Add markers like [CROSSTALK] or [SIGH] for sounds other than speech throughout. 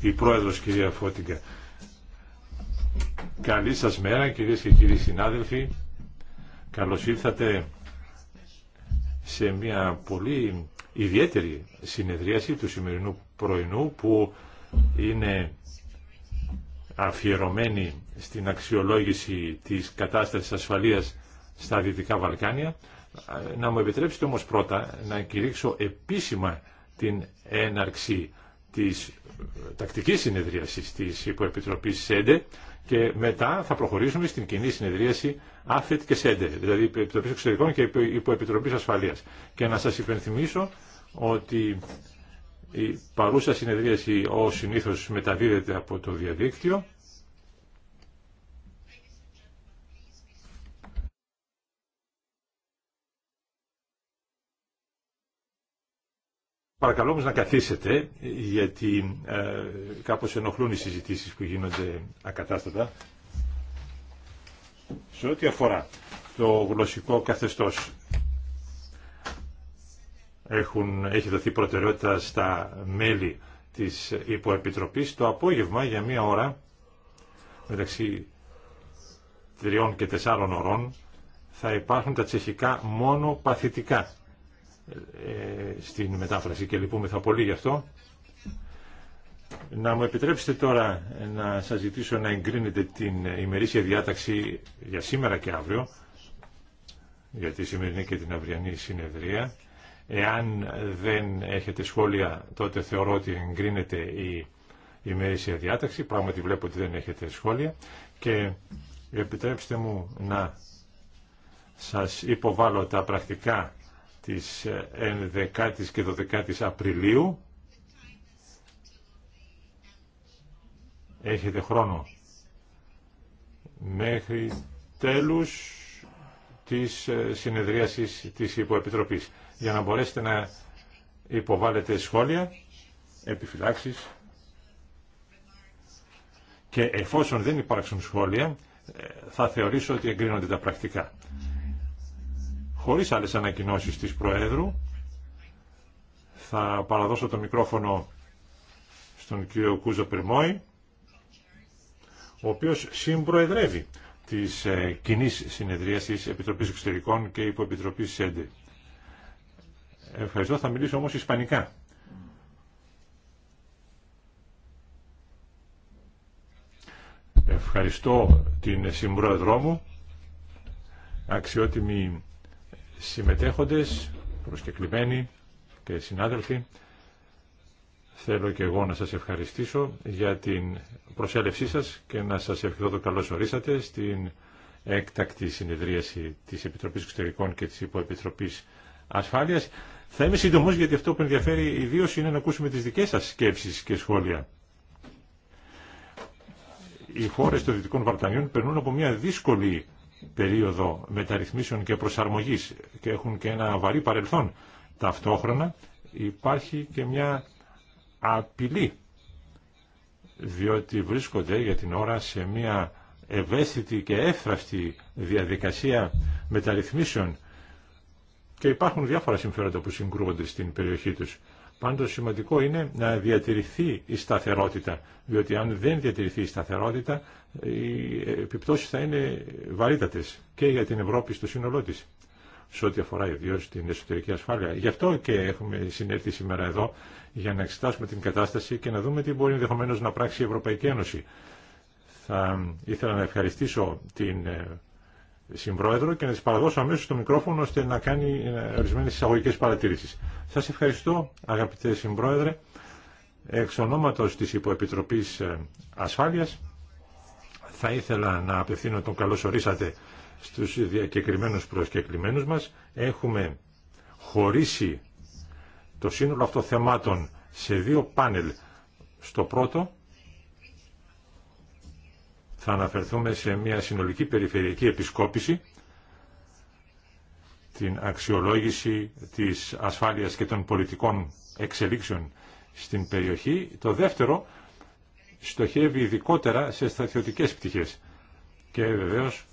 Η πρόεδρος κυρία Φώτιγκα. Καλή σας μέρα κυρίες και κύριοι συνάδελφοι. Καλώς ήρθατε σε μια πολύ ιδιαίτερη συνεδρίαση του σημερινού πρωινού που είναι αφιερωμένη στην αξιολόγηση της κατάστασης ασφαλείας στα Δυτικά Βαλκάνια. Να μου επιτρέψετε όμως πρώτα να κηρύξω επίσημα την έναρξη της ε, τακτικής συνεδρίασης της Υποεπιτροπής ΣΕΝΤΕ και μετά θα προχωρήσουμε στην κοινή συνεδρίαση ΑΦΕΤ και ΣΕΝΤΕ, δηλαδή Επιτροπής Εξωτερικών και Υποεπιτροπής Ασφαλείας. Και να σας υπενθυμίσω ότι η παρούσα συνεδρίαση, ως συνήθως, μεταδίδεται από το διαδίκτυο Παρακαλώ όμως να καθίσετε, γιατί ε, κάπως ενοχλούν οι συζητήσεις που γίνονται ακατάστατα. Σε ό,τι αφορά το γλωσσικό καθεστώς, έχουν, έχει δοθεί προτεραιότητα στα μέλη της Υποεπιτροπής το απόγευμα για μία ώρα μεταξύ τριών και τεσσάρων ωρών θα υπάρχουν τα τσεχικά μόνο παθητικά. Ε, στην μετάφραση και λυπούμεθα πολύ γι' αυτό. Να μου επιτρέψετε τώρα να σας ζητήσω να εγκρίνετε την ημερήσια διάταξη για σήμερα και αύριο, για τη σημερινή και την αυριανή συνεδρία. Εάν δεν έχετε σχόλια, τότε θεωρώ ότι εγκρίνεται η ημερήσια διάταξη. Πράγματι βλέπω ότι δεν έχετε σχόλια. Και επιτρέψτε μου να σας υποβάλω τα πρακτικά της 11ης και 12ης Απριλίου. Έχετε χρόνο μέχρι τέλους της ε, συνεδρίασης της Υποεπιτροπής για να μπορέσετε να υποβάλλετε σχόλια, επιφυλάξεις και εφόσον δεν υπάρξουν σχόλια ε, θα θεωρήσω ότι εγκρίνονται τα πρακτικά. Χωρίς άλλες ανακοινώσεις της Προέδρου, θα παραδώσω το μικρόφωνο στον κύριο Κούζο Περμόη, ο οποίος συμπροεδρεύει της ε, κοινή συνεδρίας της Επιτροπής Εξωτερικών και Υποεπιτροπής ΣΕΝΤΕ. Ευχαριστώ, θα μιλήσω όμως ισπανικά. Ευχαριστώ την συμπρόεδρό μου, αξιότιμη συμμετέχοντες, προσκεκλημένοι και συνάδελφοι, θέλω και εγώ να σας ευχαριστήσω για την προσέλευσή σας και να σας ευχηθώ το καλώς ορίσατε στην έκτακτη συνεδρίαση της Επιτροπής Εξωτερικών και της Υποεπιτροπής Ασφάλειας. Θα είμαι σύντομος γιατί αυτό που ενδιαφέρει ιδίω είναι να ακούσουμε τις δικές σας σκέψεις και σχόλια. Οι χώρες των Δυτικών Βαλκανίων περνούν από μια δύσκολη περίοδο μεταρρυθμίσεων και προσαρμογής και έχουν και ένα βαρύ παρελθόν. Ταυτόχρονα υπάρχει και μια απειλή, διότι βρίσκονται για την ώρα σε μια ευαίσθητη και εύθραυστη διαδικασία μεταρρυθμίσεων και υπάρχουν διάφορα συμφέροντα που συγκρούονται στην περιοχή τους. Πάντως σημαντικό είναι να διατηρηθεί η σταθερότητα, διότι αν δεν διατηρηθεί η σταθερότητα, οι επιπτώσεις θα είναι βαρύτατες και για την Ευρώπη στο σύνολό της, σε ό,τι αφορά ιδίω την εσωτερική ασφάλεια. Γι' αυτό και έχουμε συνέρθει σήμερα εδώ για να εξετάσουμε την κατάσταση και να δούμε τι μπορεί ενδεχομένω να πράξει η Ευρωπαϊκή Ένωση. Θα ήθελα να ευχαριστήσω την ε, συμπρόεδρο και να της παραδώσω αμέσως το μικρόφωνο ώστε να κάνει ε, ορισμένες εισαγωγικές παρατηρήσεις. Σας ευχαριστώ αγαπητέ συμπρόεδρε. Εξ ονόματος της Υποεπιτροπής ε, Ασφάλειας θα ήθελα να απευθύνω τον καλό ορίσατε στους διακεκριμένους προσκεκλημένους μας. Έχουμε χωρίσει το σύνολο αυτών θεμάτων σε δύο πάνελ. Στο πρώτο θα αναφερθούμε σε μια συνολική περιφερειακή επισκόπηση, την αξιολόγηση της ασφάλειας και των πολιτικών εξελίξεων στην περιοχή. Το δεύτερο στοχεύει ειδικότερα σε στρατιωτικές πτυχές. Και βεβαίως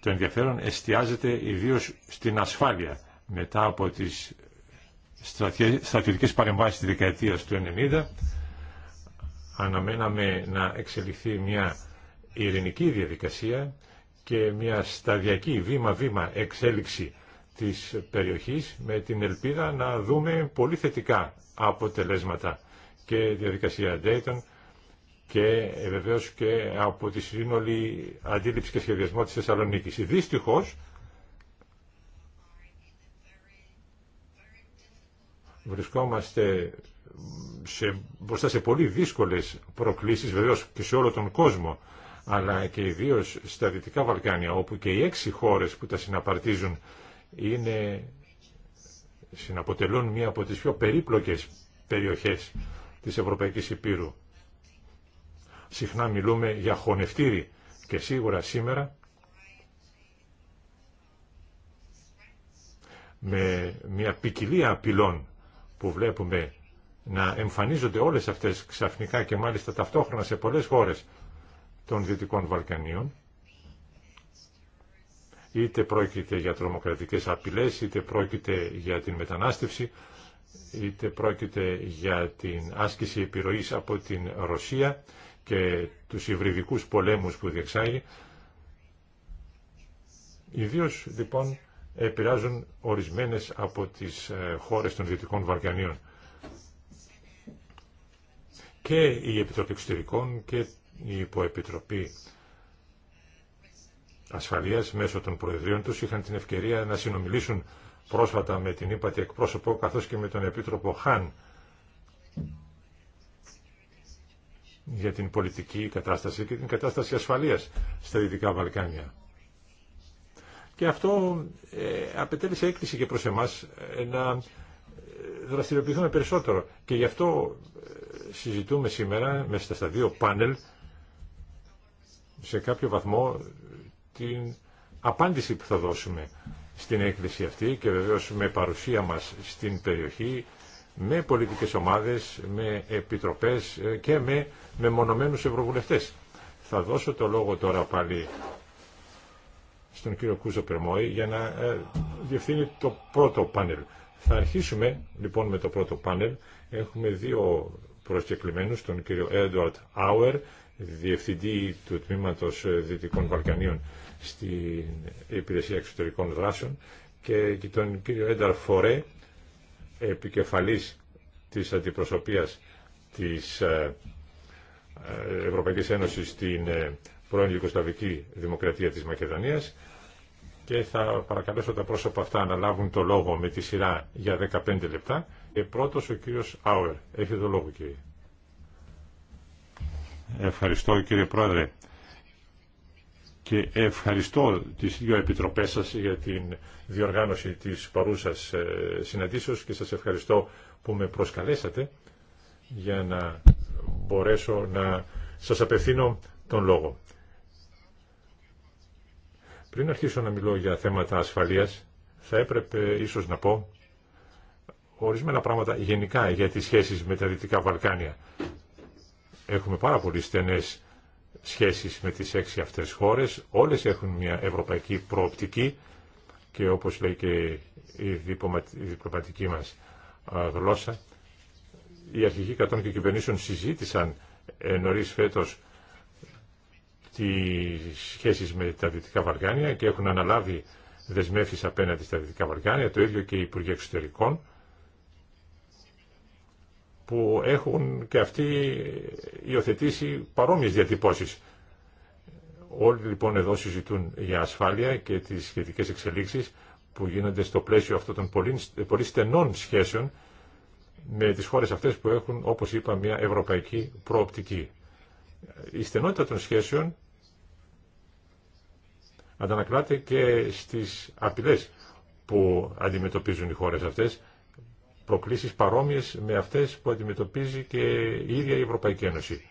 το ενδιαφέρον εστιάζεται ιδίως στην ασφάλεια μετά από τις στρατιωτικές παρεμβάσεις τη δεκαετίας του 1990 αναμέναμε να εξελιχθεί μια ειρηνική διαδικασία και μια σταδιακή βήμα-βήμα εξέλιξη της περιοχής με την ελπίδα να δούμε πολύ θετικά αποτελέσματα και διαδικασία Dayton και ε, βεβαίω και από τη σύνολη αντίληψη και σχεδιασμό της Θεσσαλονίκης. Δυστυχώς Βρισκόμαστε σε, μπροστά σε πολύ δύσκολες προκλήσεις βεβαίως και σε όλο τον κόσμο αλλά και ιδίω στα Δυτικά Βαλκάνια όπου και οι έξι χώρες που τα συναπαρτίζουν είναι, συναποτελούν μία από τις πιο περίπλοκες περιοχές της Ευρωπαϊκής Υπήρου. Συχνά μιλούμε για χωνευτήρι και σίγουρα σήμερα με μια ποικιλία απειλών που βλέπουμε να εμφανίζονται όλες αυτές ξαφνικά και μάλιστα ταυτόχρονα σε πολλές χώρες των Δυτικών Βαλκανίων, είτε πρόκειται για τρομοκρατικές απειλές, είτε πρόκειται για την μετανάστευση, είτε πρόκειται για την άσκηση επιρροής από την Ρωσία και τους υβριδικούς πολέμους που διεξάγει. Ιδίως λοιπόν επηρεάζουν ορισμένες από τις ε, χώρες των Δυτικών Βαλκανίων. Και η Επιτροπή Εξωτερικών και η Υποεπιτροπή Ασφαλείας μέσω των Προεδρίων τους είχαν την ευκαιρία να συνομιλήσουν πρόσφατα με την ύπατη εκπρόσωπο καθώς και με τον Επίτροπο Χάν για την πολιτική κατάσταση και την κατάσταση ασφαλείας στα Δυτικά Βαλκάνια. Και αυτό ε, απαιτέλεσε έκκληση και προς εμάς ε, να ε, δραστηριοποιηθούμε περισσότερο. Και γι' αυτό ε, συζητούμε σήμερα μέσα στα δύο πάνελ σε κάποιο βαθμό την απάντηση που θα δώσουμε στην έκκληση αυτή και βεβαίως με παρουσία μας στην περιοχή, με πολιτικές ομάδες, με επιτροπές και με μεμονωμένους ευρωβουλευτές. Θα δώσω το λόγο τώρα πάλι στον κύριο Κούζο Περμόη για να ε, διευθύνει το πρώτο πάνελ. Θα αρχίσουμε λοιπόν με το πρώτο πάνελ. Έχουμε δύο προσκεκλημένους, τον κύριο Έντουαρτ Άουερ, διευθυντή του Τμήματος Δυτικών Βαλκανίων στην Υπηρεσία Εξωτερικών Δράσεων και τον κύριο Ένταρ Φορέ, επικεφαλής της αντιπροσωπείας της ε, ε, Ευρωπαϊκής Ένωσης στην πρώην Ιουγκοσλαβική Δημοκρατία της Μακεδονίας και θα παρακαλέσω τα πρόσωπα αυτά να λάβουν το λόγο με τη σειρά για 15 λεπτά και πρώτος ο κύριος Άουερ. Έχετε το λόγο κύριε. Ευχαριστώ κύριε Πρόεδρε και ευχαριστώ τις δύο επιτροπές σας για την διοργάνωση της παρούσας ε, συναντήσεως και σας ευχαριστώ που με προσκαλέσατε για να μπορέσω να σας απευθύνω τον λόγο. Πριν αρχίσω να μιλώ για θέματα ασφαλείας, θα έπρεπε ίσως να πω ορισμένα πράγματα γενικά για τις σχέσεις με τα Δυτικά Βαλκάνια. Έχουμε πάρα πολύ στενές σχέσεις με τις έξι αυτές χώρες. Όλες έχουν μια ευρωπαϊκή προοπτική και όπως λέει και η διπλωματική μας γλώσσα, οι αρχηγοί κατών και κυβερνήσεων συζήτησαν ε, νωρίς φέτος τι σχέσεις με τα Δυτικά Βαργάνια και έχουν αναλάβει δεσμεύσει απέναντι στα Δυτικά Βαργάνια, το ίδιο και οι Υπουργοί Εξωτερικών, που έχουν και αυτοί υιοθετήσει παρόμοιε διατυπώσεις. Όλοι λοιπόν εδώ συζητούν για ασφάλεια και τις σχετικέ εξελίξεις που γίνονται στο πλαίσιο αυτών των πολύ, στενών σχέσεων με τις χώρες αυτές που έχουν, όπως είπα, μια ευρωπαϊκή προοπτική η στενότητα των σχέσεων αντανακλάται και στις απειλές που αντιμετωπίζουν οι χώρες αυτές, προκλήσεις παρόμοιες με αυτές που αντιμετωπίζει και η ίδια η Ευρωπαϊκή Ένωση.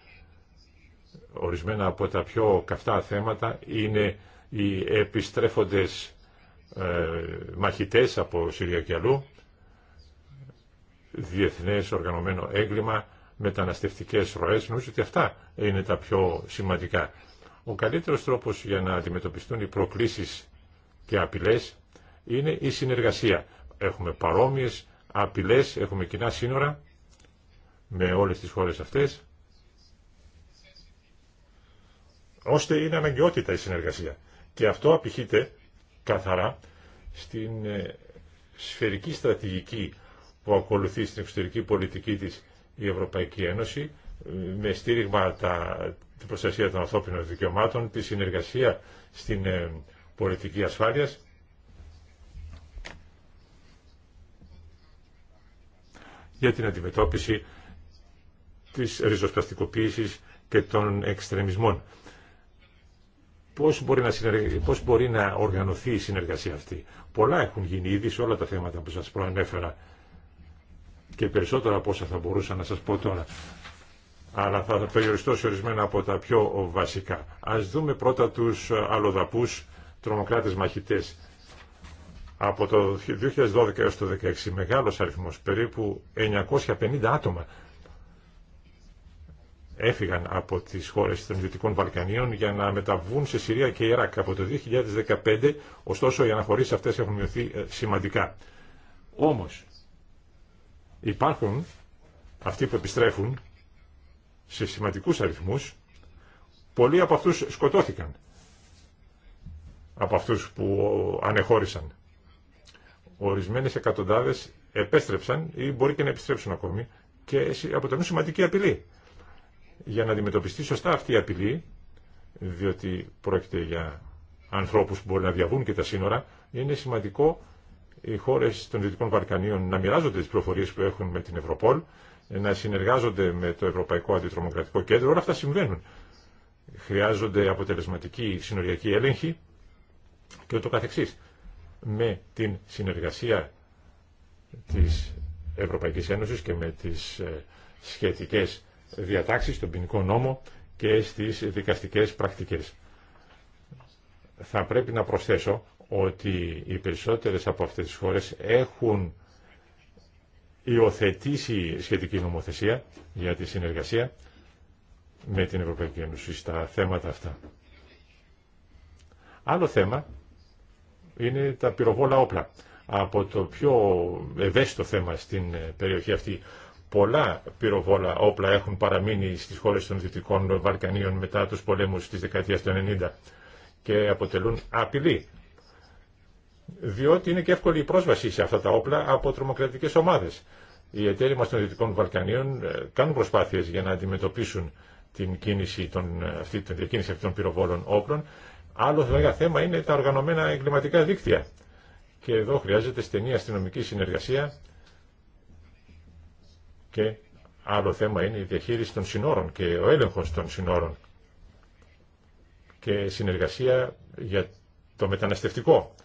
Ορισμένα από τα πιο καυτά θέματα είναι οι επιστρέφοντες ε, μαχητές από Συρία και αλλού, διεθνές οργανωμένο έγκλημα, μεταναστευτικές ροές, νομίζω ότι αυτά είναι τα πιο σημαντικά. Ο καλύτερος τρόπος για να αντιμετωπιστούν οι προκλήσεις και απειλές είναι η συνεργασία. Έχουμε παρόμοιες απειλές, έχουμε κοινά σύνορα με όλες τις χώρες αυτές, ώστε είναι αναγκαιότητα η συνεργασία. Και αυτό απηχείται καθαρά στην ε, σφαιρική στρατηγική που ακολουθεί στην εξωτερική πολιτική της η Ευρωπαϊκή Ένωση με στήριγμα τα, την προστασία των ανθρώπινων δικαιωμάτων, τη συνεργασία στην ε, πολιτική ασφάλειας. για την αντιμετώπιση της ριζοσπαστικοποίησης και των εξτρεμισμών. Πώς μπορεί, να πώς μπορεί να οργανωθεί η συνεργασία αυτή. Πολλά έχουν γίνει ήδη σε όλα τα θέματα που σας προανέφερα και περισσότερα από όσα θα μπορούσα να σας πω τώρα. Αλλά θα περιοριστώ σε ορισμένα από τα πιο βασικά. Ας δούμε πρώτα τους αλλοδαπούς τρομοκράτες μαχητές. Από το 2012 έως το 2016 μεγάλος αριθμός, περίπου 950 άτομα έφυγαν από τις χώρες των Δυτικών Βαλκανίων για να μεταβούν σε Συρία και Ιράκ. Από το 2015, ωστόσο, οι αναχωρήσεις αυτές έχουν μειωθεί ε, σημαντικά. Όμως, Υπάρχουν αυτοί που επιστρέφουν σε σημαντικούς αριθμούς. Πολλοί από αυτούς σκοτώθηκαν από αυτούς που ανεχώρησαν. Ορισμένες εκατοντάδες επέστρεψαν ή μπορεί και να επιστρέψουν ακόμη και αποτελούν σημαντική απειλή. Για να αντιμετωπιστεί σωστά αυτή η απειλή, διότι πρόκειται για ανθρώπους που μπορεί να διαβούν και τα σύνορα, είναι σημαντικό οι χώρε των Δυτικών Βαλκανίων να μοιράζονται τις πληροφορίες που έχουν με την Ευρωπόλ, να συνεργάζονται με το Ευρωπαϊκό Αντιτρομοκρατικό Κέντρο. Όλα αυτά συμβαίνουν. Χρειάζονται αποτελεσματική συνοριακή έλεγχη και ούτω καθεξής. Με την συνεργασία της Ευρωπαϊκής Ένωσης και με τις ε, σχετικές διατάξεις στον ποινικό νόμο και στι δικαστικέ πρακτικέ. Θα πρέπει να προσθέσω ότι οι περισσότερες από αυτές τις χώρες έχουν υιοθετήσει σχετική νομοθεσία για τη συνεργασία με την Ευρωπαϊκή Ένωση στα θέματα αυτά. Άλλο θέμα είναι τα πυροβόλα όπλα. Από το πιο ευαίσθητο θέμα στην περιοχή αυτή, πολλά πυροβόλα όπλα έχουν παραμείνει στις χώρες των Δυτικών Βαλκανίων μετά τους πολέμους της δεκαετίας του 90 και αποτελούν απειλή διότι είναι και εύκολη η πρόσβαση σε αυτά τα όπλα από τρομοκρατικέ ομάδε. Οι εταίροι μα των Δυτικών Βαλκανίων ε, κάνουν προσπάθειε για να αντιμετωπίσουν την, κίνηση των, ε, αυτή, την διακίνηση αυτών των πυροβόλων όπλων. Άλλο θέμα είναι τα οργανωμένα εγκληματικά δίκτυα. Και εδώ χρειάζεται στενή αστυνομική συνεργασία και άλλο θέμα είναι η διαχείριση των συνόρων και ο έλεγχο των συνόρων και συνεργασία για το μεταναστευτικό.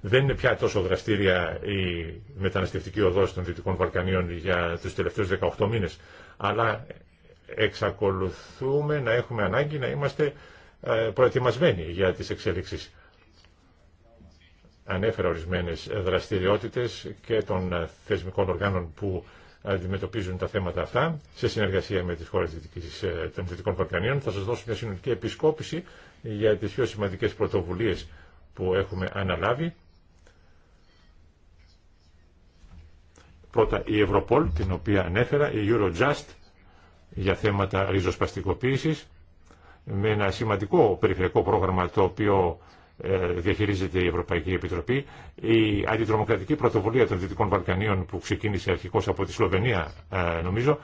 Δεν είναι πια τόσο δραστήρια η μεταναστευτική οδός των Δυτικών Βαλκανίων για τους τελευταίους 18 μήνες, αλλά εξακολουθούμε να έχουμε ανάγκη να είμαστε ε, προετοιμασμένοι για τις εξέλιξεις. Ανέφερα ορισμένες δραστηριότητες και των ε, θεσμικών οργάνων που αντιμετωπίζουν τα θέματα αυτά σε συνεργασία με τις χώρες ε, των Δυτικών Βαλκανίων. Θα σας δώσω μια συνολική επισκόπηση για τις πιο σημαντικές πρωτοβουλίες που έχουμε αναλάβει Πρώτα η Ευρωπόλ, την οποία ανέφερα, η Eurojust για θέματα ριζοσπαστικοποίησης, με ένα σημαντικό περιφερειακό πρόγραμμα το οποίο ε, διαχειρίζεται η Ευρωπαϊκή Επιτροπή. Η αντιτρομοκρατική πρωτοβουλία των Δυτικών Βαλκανίων που ξεκίνησε αρχικώς από τη Σλοβενία ε, νομίζω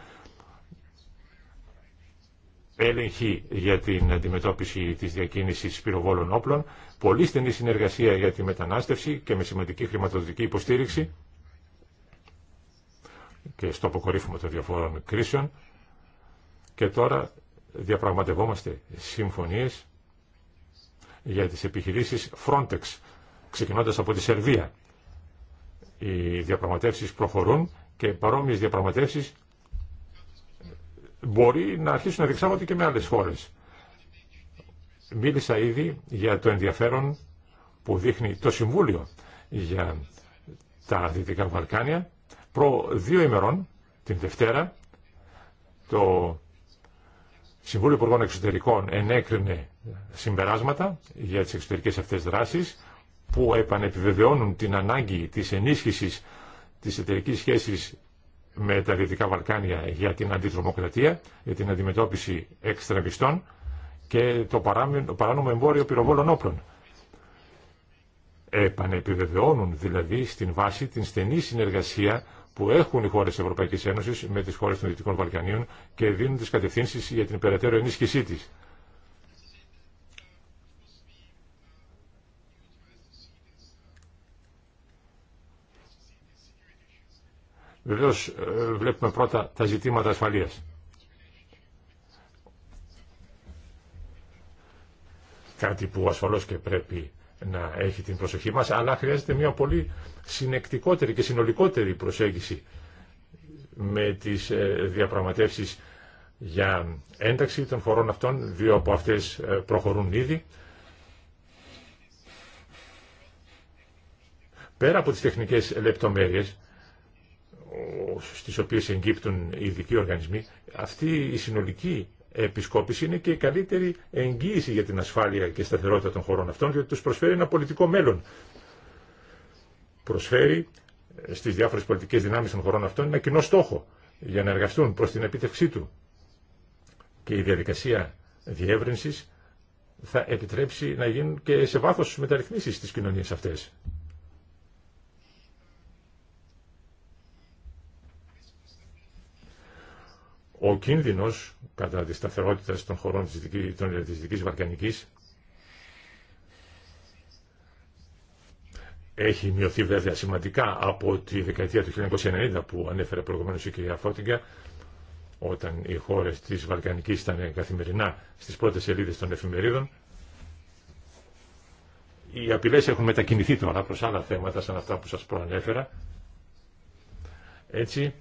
έλεγχη για την αντιμετώπιση της διακίνησης πυροβόλων όπλων, πολύ στενή συνεργασία για τη μετανάστευση και με σημαντική χρηματοδοτική υποστήριξη και στο αποκορύφωμα των διαφόρων κρίσεων και τώρα διαπραγματευόμαστε συμφωνίες για τις επιχειρήσεις Frontex, ξεκινώντας από τη Σερβία. Οι διαπραγματεύσεις προχωρούν και παρόμοιες διαπραγματεύσεις μπορεί να αρχίσουν να διεξάγονται και με άλλες χώρες. Μίλησα ήδη για το ενδιαφέρον που δείχνει το Συμβούλιο για τα Δυτικά Βαλκάνια Προ δύο ημερών, την Δευτέρα, το Συμβούλιο Υπουργών Εξωτερικών ενέκρινε συμπεράσματα για τις εξωτερικές αυτές δράσεις που επανεπιβεβαιώνουν την ανάγκη της ενίσχυσης της εταιρική σχέσης με τα Δυτικά Βαλκάνια για την αντιτρομοκρατία, για την αντιμετώπιση εξτρεμιστών και το παράνομο εμπόριο πυροβόλων όπλων. Επανεπιβεβαιώνουν δηλαδή στην βάση την στενή συνεργασία που έχουν οι χώρε τη Ευρωπαϊκή Ένωση με τι χώρε των Δυτικών Βαλκανίων και δίνουν τι κατευθύνσει για την περαιτέρω ενίσχυσή τη. Βεβαίω ε, βλέπουμε πρώτα τα ζητήματα ασφαλεία. Κάτι που ασφαλώς και πρέπει να έχει την προσοχή μας, αλλά χρειάζεται μια πολύ συνεκτικότερη και συνολικότερη προσέγγιση με τις ε, διαπραγματεύσεις για ένταξη των χωρών αυτών. Δύο από αυτές ε, προχωρούν ήδη. Πέρα από τις τεχνικές λεπτομέρειες, στις οποίες εγκύπτουν οι ειδικοί οργανισμοί, αυτή η συνολική επισκόπηση είναι και η καλύτερη εγγύηση για την ασφάλεια και σταθερότητα των χωρών αυτών, διότι τους προσφέρει ένα πολιτικό μέλλον. Προσφέρει ε, στις διάφορες πολιτικές δυνάμεις των χωρών αυτών ένα κοινό στόχο για να εργαστούν προς την επίτευξή του. Και η διαδικασία διεύρυνσης θα επιτρέψει να γίνουν και σε βάθος μεταρρυθμίσεις στις κοινωνίες αυτές. Ο κίνδυνο κατά τη σταθερότητα των χωρών της, Δυτική των, έχει μειωθεί βέβαια σημαντικά από τη δεκαετία του 1990 που ανέφερε προηγουμένως η κυρία Φώτιγκα όταν οι χώρες της Βαλκανική ήταν καθημερινά στις πρώτες σελίδες των εφημερίδων. Οι απειλές έχουν μετακινηθεί τώρα προς άλλα θέματα σαν αυτά που σας προανέφερα. Έτσι,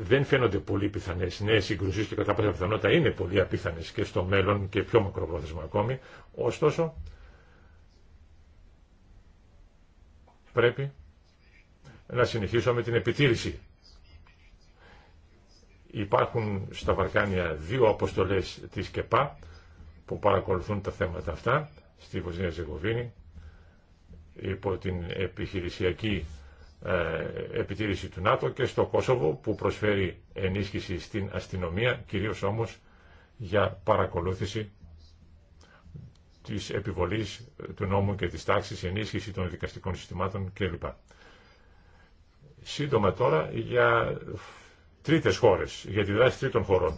δεν φαίνονται πολύ πιθανέ νέε συγκρουσίε και κατά πάσα πιθανότητα είναι πολύ απίθανε και στο μέλλον και πιο μακροπρόθεσμα ακόμη. Ωστόσο, πρέπει να συνεχίσουμε την επιτήρηση. Υπάρχουν στα Βαρκάνια δύο αποστολές της ΚΕΠΑ που παρακολουθούν τα θέματα αυτά στη Βοσνία Ζεγοβίνη υπό την επιχειρησιακή ε, επιτήρηση του ΝΑΤΟ και στο Κόσοβο που προσφέρει ενίσχυση στην αστυνομία, κυρίως όμως για παρακολούθηση της επιβολής του νόμου και της τάξης, ενίσχυση των δικαστικών συστημάτων κλπ. Σύντομα τώρα για τρίτες χώρες, για τη δράση τρίτων χωρών.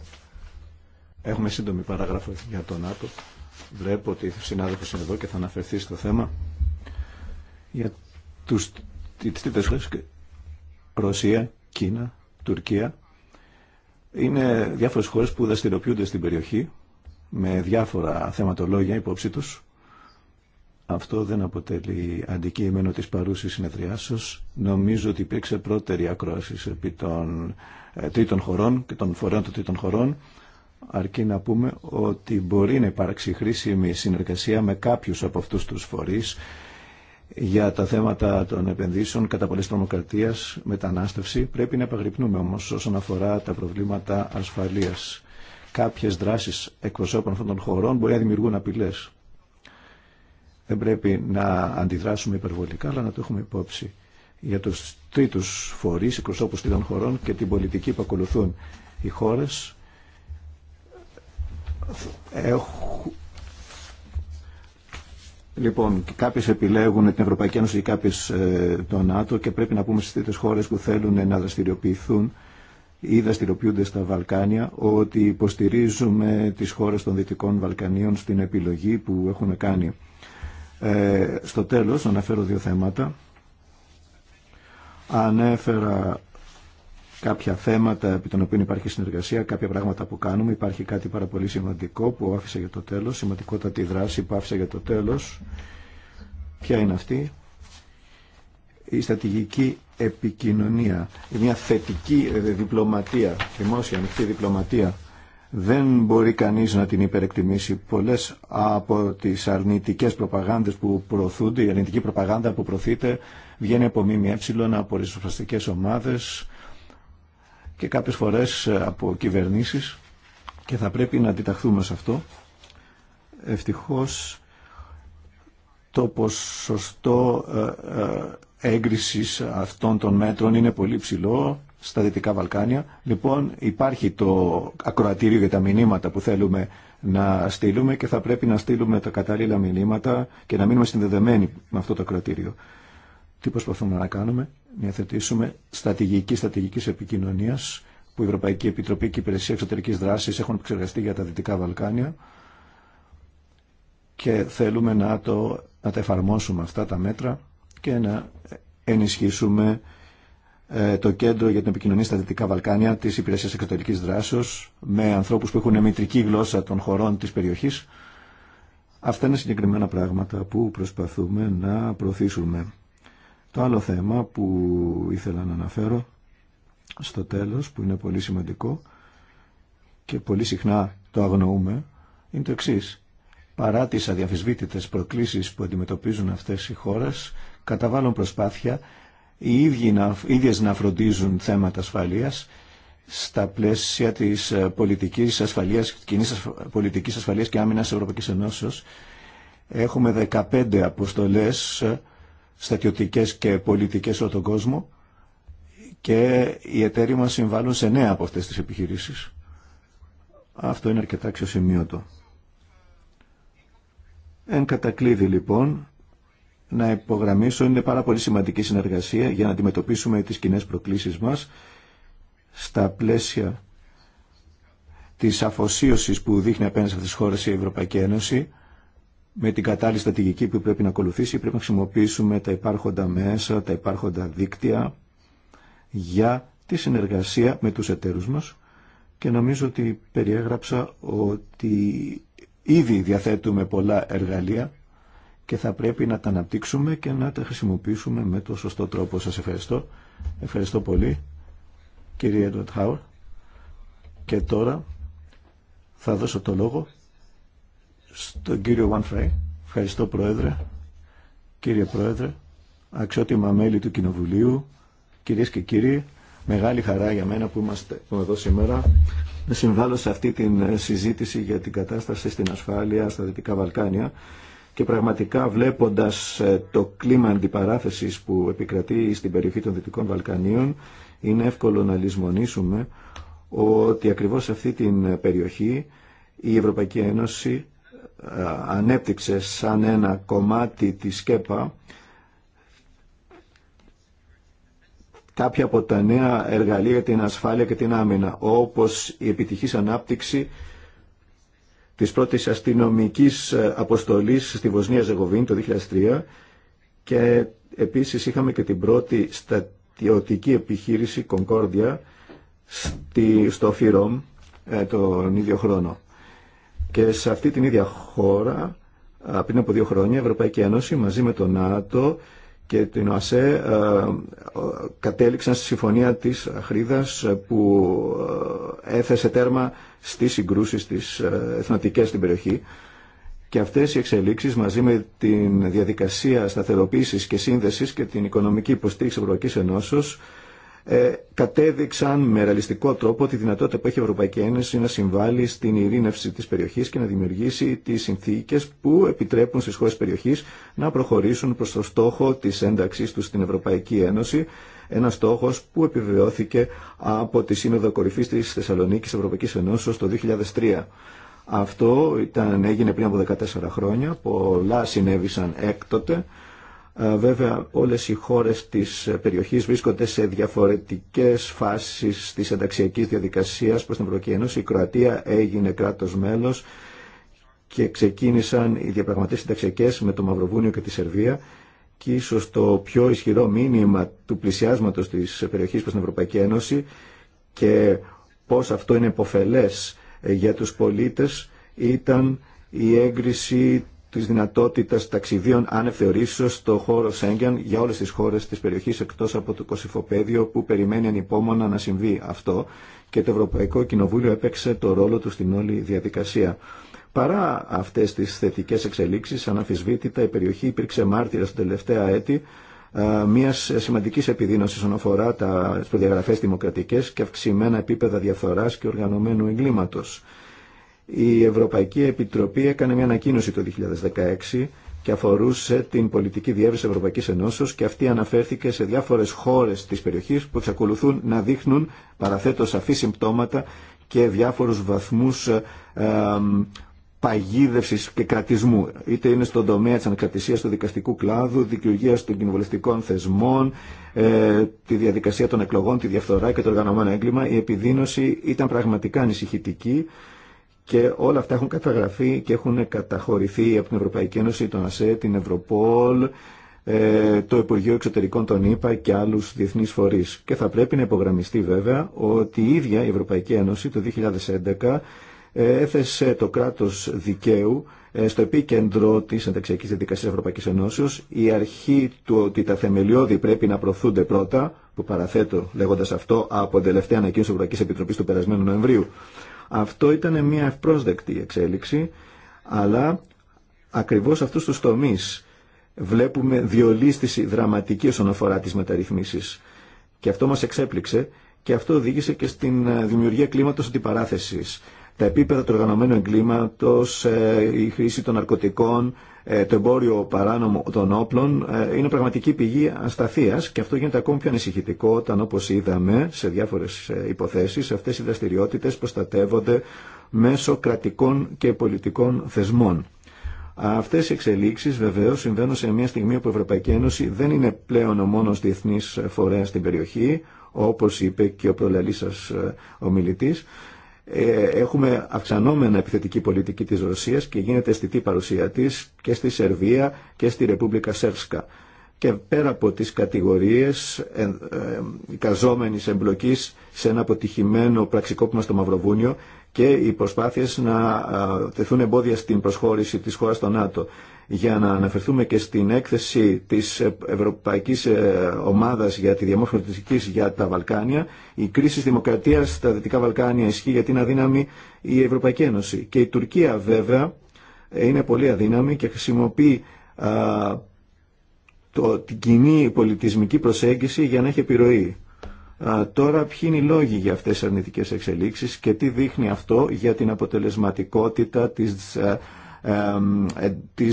Έχουμε σύντομη παράγραφο για το ΝΑΤΟ. Βλέπω ότι η συνάδελφος είναι εδώ και θα αναφερθεί στο θέμα για τους τις τρίτες χώρες, Ρωσία, Κίνα, Τουρκία, είναι διάφορες χώρες που δραστηριοποιούνται στην περιοχή με διάφορα θεματολόγια υπόψη τους. Αυτό δεν αποτελεί αντικείμενο της παρούσης συνεδριάσεως. Νομίζω ότι υπήρξε πρώτερη ακρόαση επί των ε, τρίτων χωρών και των φορέων των τρίτων χωρών αρκεί να πούμε ότι μπορεί να υπάρξει χρήσιμη συνεργασία με κάποιους από αυτούς τους φορείς για τα θέματα των επενδύσεων, πολλές τρομοκρατίας, μετανάστευση. Πρέπει να επαγρυπνούμε όμως όσον αφορά τα προβλήματα ασφαλείας. Κάποιες δράσεις εκπροσώπων αυτών των χωρών μπορεί να δημιουργούν απειλές. Δεν πρέπει να αντιδράσουμε υπερβολικά, αλλά να το έχουμε υπόψη. Για τους τρίτους φορείς, εκπροσώπους τρίτων χωρών και την πολιτική που ακολουθούν οι χώρες, Λοιπόν, κάποιε επιλέγουν την Ευρωπαϊκή Ένωση και κάποιε ε, το ΝΑΤΟ και πρέπει να πούμε στι τρίτε χώρε που θέλουν να δραστηριοποιηθούν ή δραστηριοποιούνται στα Βαλκάνια ότι υποστηρίζουμε τις χώρες των Δυτικών Βαλκανίων στην επιλογή που έχουν κάνει. Ε, στο τέλος αναφέρω δύο θέματα. Ανέφερα κάποια θέματα επί των οποίων υπάρχει συνεργασία, κάποια πράγματα που κάνουμε. Υπάρχει κάτι πάρα πολύ σημαντικό που άφησα για το τέλος, σημαντικότατη δράση που άφησα για το τέλος. Ποια είναι αυτή? Η στατηγική επικοινωνία, μια θετική ε, διπλωματία, δημόσια ανοιχτή διπλωματία. Δεν μπορεί κανείς να την υπερεκτιμήσει. Πολλές από τις αρνητικές προπαγάνδες που προωθούνται, η αρνητική προπαγάνδα που προωθείται βγαίνει από ΜΜΕ, από ριζοσπαστικές ομάδες, και κάποιες φορές ε, από κυβερνήσεις και θα πρέπει να αντιταχθούμε σε αυτό. Ευτυχώς το ποσοστό ε, ε, έγκρισης αυτών των μέτρων είναι πολύ ψηλό στα Δυτικά Βαλκάνια. Λοιπόν υπάρχει το ακροατήριο για τα μηνύματα που θέλουμε να στείλουμε και θα πρέπει να στείλουμε τα κατάλληλα μηνύματα και να μείνουμε συνδεδεμένοι με αυτό το ακροατήριο. Τι προσπαθούμε να κάνουμε να θετήσουμε στρατηγική επικοινωνία που η Ευρωπαϊκή Επιτροπή και η Υπηρεσία εξωτερική δράση έχουν εξεργαστεί για τα Δυτικά Βαλκάνια και θέλουμε να, το, να τα εφαρμόσουμε αυτά τα μέτρα και να ενισχύσουμε ε, το κέντρο για την επικοινωνία στα Δυτικά Βαλκάνια της Υπηρεσίας Εξωτερικής Δράσεως με ανθρώπους που έχουν μητρική γλώσσα των χωρών της περιοχής. Αυτά είναι συγκεκριμένα πράγματα που προσπαθούμε να προωθήσουμε. Το άλλο θέμα που ήθελα να αναφέρω στο τέλος, που είναι πολύ σημαντικό και πολύ συχνά το αγνοούμε, είναι το εξής. Παρά τις αδιαφυσβήτητες προκλήσεις που αντιμετωπίζουν αυτές οι χώρες, καταβάλλουν προσπάθεια οι ίδιες να φροντίζουν θέματα ασφαλείας στα πλαίσια της ε, πολιτικής ασφαλείας, κοινής πολιτικής ασφαλείας και άμυνας της Ευρωπαϊκής Έχουμε 15 αποστολές ε, Στατιωτικέ και πολιτικές όλο τον κόσμο και οι εταίροι μας συμβάλλουν σε νέα από αυτές τις επιχειρήσεις. Αυτό είναι αρκετά αξιοσημείωτο. Εν κατακλείδη λοιπόν, να υπογραμμίσω είναι πάρα πολύ σημαντική συνεργασία για να αντιμετωπίσουμε τις κοινέ προκλήσεις μας στα πλαίσια της αφοσίωσης που δείχνει απέναντι σε αυτές τις χώρες η Ευρωπαϊκή Ένωση με την κατάλληλη στρατηγική που πρέπει να ακολουθήσει, πρέπει να χρησιμοποιήσουμε τα υπάρχοντα μέσα, τα υπάρχοντα δίκτυα για τη συνεργασία με τους εταίρους μας και νομίζω ότι περιέγραψα ότι ήδη διαθέτουμε πολλά εργαλεία και θα πρέπει να τα αναπτύξουμε και να τα χρησιμοποιήσουμε με το σωστό τρόπο. Σας ευχαριστώ. Ευχαριστώ πολύ, κύριε Χάουρ. Και τώρα θα δώσω το λόγο στον κύριο Βανφρέ, ευχαριστώ Πρόεδρε, κύριε Πρόεδρε, αξιότιμα μέλη του Κοινοβουλίου, κυρίες και κύριοι, μεγάλη χαρά για μένα που είμαστε εδώ σήμερα να συμβάλλω σε αυτή την ε, συζήτηση για την κατάσταση στην ασφάλεια στα Δυτικά Βαλκάνια και πραγματικά βλέποντας ε, το κλίμα αντιπαράθεσης που επικρατεί στην περιοχή των Δυτικών Βαλκανίων είναι εύκολο να λησμονήσουμε ότι ακριβώς σε αυτή την ε, περιοχή η Ευρωπαϊκή Ένωση ε, ανέπτυξε σαν ένα κομμάτι της ΣΚΕΠΑ κάποια από τα νέα εργαλεία για την ασφάλεια και την άμυνα, όπως η επιτυχής ανάπτυξη της πρώτης αστυνομικής ε, αποστολής στη Βοσνία Ζεγοβίνη το 2003 και επίσης είχαμε και την πρώτη στατιωτική επιχείρηση Κονκόρδια στο ΦΥΡΟΜ ε, τον ίδιο χρόνο. Και σε αυτή την ίδια χώρα, πριν από δύο χρόνια, η Ευρωπαϊκή Ένωση μαζί με το ΝΑΤΟ και την ΟΑΣΕ κατέληξαν στη συμφωνία της Αχρίδας που έθεσε τέρμα στις συγκρούσεις της εθνοτικές στην περιοχή. Και αυτές οι εξελίξεις μαζί με τη διαδικασία σταθεροποίησης και σύνδεσης και την οικονομική υποστήριξη Ευρωπαϊκής Ενώσεως ε, κατέδειξαν με ρεαλιστικό τρόπο τη δυνατότητα που έχει η Ευρωπαϊκή Ένωση να συμβάλλει στην ειρήνευση της περιοχής και να δημιουργήσει τις συνθήκες που επιτρέπουν στις χώρες περιοχής να προχωρήσουν προς το στόχο της ένταξής τους στην Ευρωπαϊκή Ένωση, ένα στόχο που επιβεβαιώθηκε από τη Σύνοδο Κορυφή τη Θεσσαλονίκη Ευρωπαϊκή Ενώσης το 2003. Αυτό ήταν, έγινε πριν από 14 χρόνια, πολλά συνέβησαν έκτοτε. Ε, βέβαια όλες οι χώρες της ε, περιοχής βρίσκονται σε διαφορετικές φάσεις της ενταξιακής διαδικασίας προς την Ευρωπαϊκή Ένωση. Η Κροατία έγινε κράτος μέλος και ξεκίνησαν οι διαπραγματεύσεις ενταξιακές με το Μαυροβούνιο και τη Σερβία και ίσως το πιο ισχυρό μήνυμα του πλησιάσματος της περιοχής προς την Ευρωπαϊκή Ένωση και πώς αυτό είναι υποφελές ε, για τους πολίτες ήταν η έγκριση Τη δυνατότητα ταξιδίων άνευ στο χώρο Σέγγεν για όλε τι χώρε τη περιοχή εκτό από το Κωσυφοπαίδιο που περιμένει ανυπόμονα να συμβεί αυτό και το Ευρωπαϊκό Κοινοβούλιο έπαιξε το ρόλο του στην όλη διαδικασία. Παρά αυτέ τι θετικέ εξελίξει, αναφυσβήτητα η περιοχή υπήρξε μάρτυρα στην τελευταία έτη μια σημαντική επιδείνωση όσον αφορά τι προδιαγραφέ δημοκρατικέ και αυξημένα επίπεδα διαφθορά και οργανωμένου εγκλήματο. Η Ευρωπαϊκή Επιτροπή έκανε μια ανακοίνωση το 2016 και αφορούσε την πολιτική διεύρυνση Ευρωπαϊκή Ενώσεω και αυτή αναφέρθηκε σε διάφορε χώρε τη περιοχή που εξακολουθούν να δείχνουν παραθέτω σαφή συμπτώματα και διάφορου βαθμού ε, παγίδευση και κρατισμού. Είτε είναι στον τομέα τη ανεξαρτησία του δικαστικού κλάδου, δικαιολογία των κοινοβουλευτικών θεσμών, ε, τη διαδικασία των εκλογών, τη διαφθορά και το οργανωμένο έγκλημα, η επιδείνωση ήταν πραγματικά ανησυχητική και όλα αυτά έχουν καταγραφεί και έχουν καταχωρηθεί από την Ευρωπαϊκή Ένωση, τον ΑΣΕ, την Ευρωπόλ, ε, το Υπουργείο Εξωτερικών των ΗΠΑ και άλλους διεθνείς φορείς. Και θα πρέπει να υπογραμμιστεί βέβαια ότι η ίδια η Ευρωπαϊκή Ένωση το 2011 ε, έθεσε το κράτος δικαίου ε, στο επίκεντρο της ενταξιακής διαδικασίας Ευρωπαϊκής Ενώσεως η αρχή του ότι τα θεμελιώδη πρέπει να προωθούνται πρώτα, που παραθέτω λέγοντα αυτό από την τελευταία ανακοίνωση της Ευρωπαϊκής του περασμένου Νοεμβρίου. Αυτό ήταν μια ευπρόσδεκτη εξέλιξη, αλλά ακριβώς αυτούς τους τομείς βλέπουμε διολίσθηση δραματική όσον αφορά τις μεταρρυθμίσεις. Και αυτό μας εξέπληξε και αυτό οδήγησε και στην ε, δημιουργία κλίματος αντιπαράθεσης. Τα επίπεδα του οργανωμένου εγκλήματος, ε, η χρήση των ναρκωτικών, ε, το εμπόριο παράνομο των όπλων ε, είναι πραγματική πηγή ασταθείας και αυτό γίνεται ακόμη πιο ανησυχητικό όταν όπως είδαμε σε διάφορες ε, υποθέσεις αυτές οι δραστηριότητες προστατεύονται μέσω κρατικών και πολιτικών θεσμών. Αυτές οι εξελίξεις βεβαίως συμβαίνουν σε μια στιγμή που η Ευρωπαϊκή Ένωση δεν είναι πλέον ο μόνος διεθνής φορέας στην περιοχή όπως είπε και ο προλαλής σας ομιλητής ε, έχουμε αυξανόμενα επιθετική πολιτική της Ρωσίας και γίνεται αισθητή παρουσία της και στη Σερβία και στη Ρεπούμπλικα Σέρσκα. Και πέρα από τις κατηγορίες ε, ε, καζόμενης εμπλοκής σε ένα αποτυχημένο πραξικόπημα στο Μαυροβούνιο και οι προσπάθειες να τεθούν εμπόδια στην προσχώρηση της χώρας στο ΝΑΤΟ για να αναφερθούμε και στην έκθεση της Ευρωπαϊκής ε, Ομάδας για τη Διαμόρφωση για τα Βαλκάνια. Η κρίση της δημοκρατίας στα Δυτικά Βαλκάνια ισχύει για την αδύναμη η Ευρωπαϊκή Ένωση. Και η Τουρκία βέβαια είναι πολύ αδύναμη και χρησιμοποιεί το, την κοινή πολιτισμική προσέγγιση για να έχει επιρροή. τώρα ποιοι είναι οι λόγοι για αυτές τις αρνητικές εξελίξεις και τι δείχνει αυτό για την αποτελεσματικότητα της ε, τη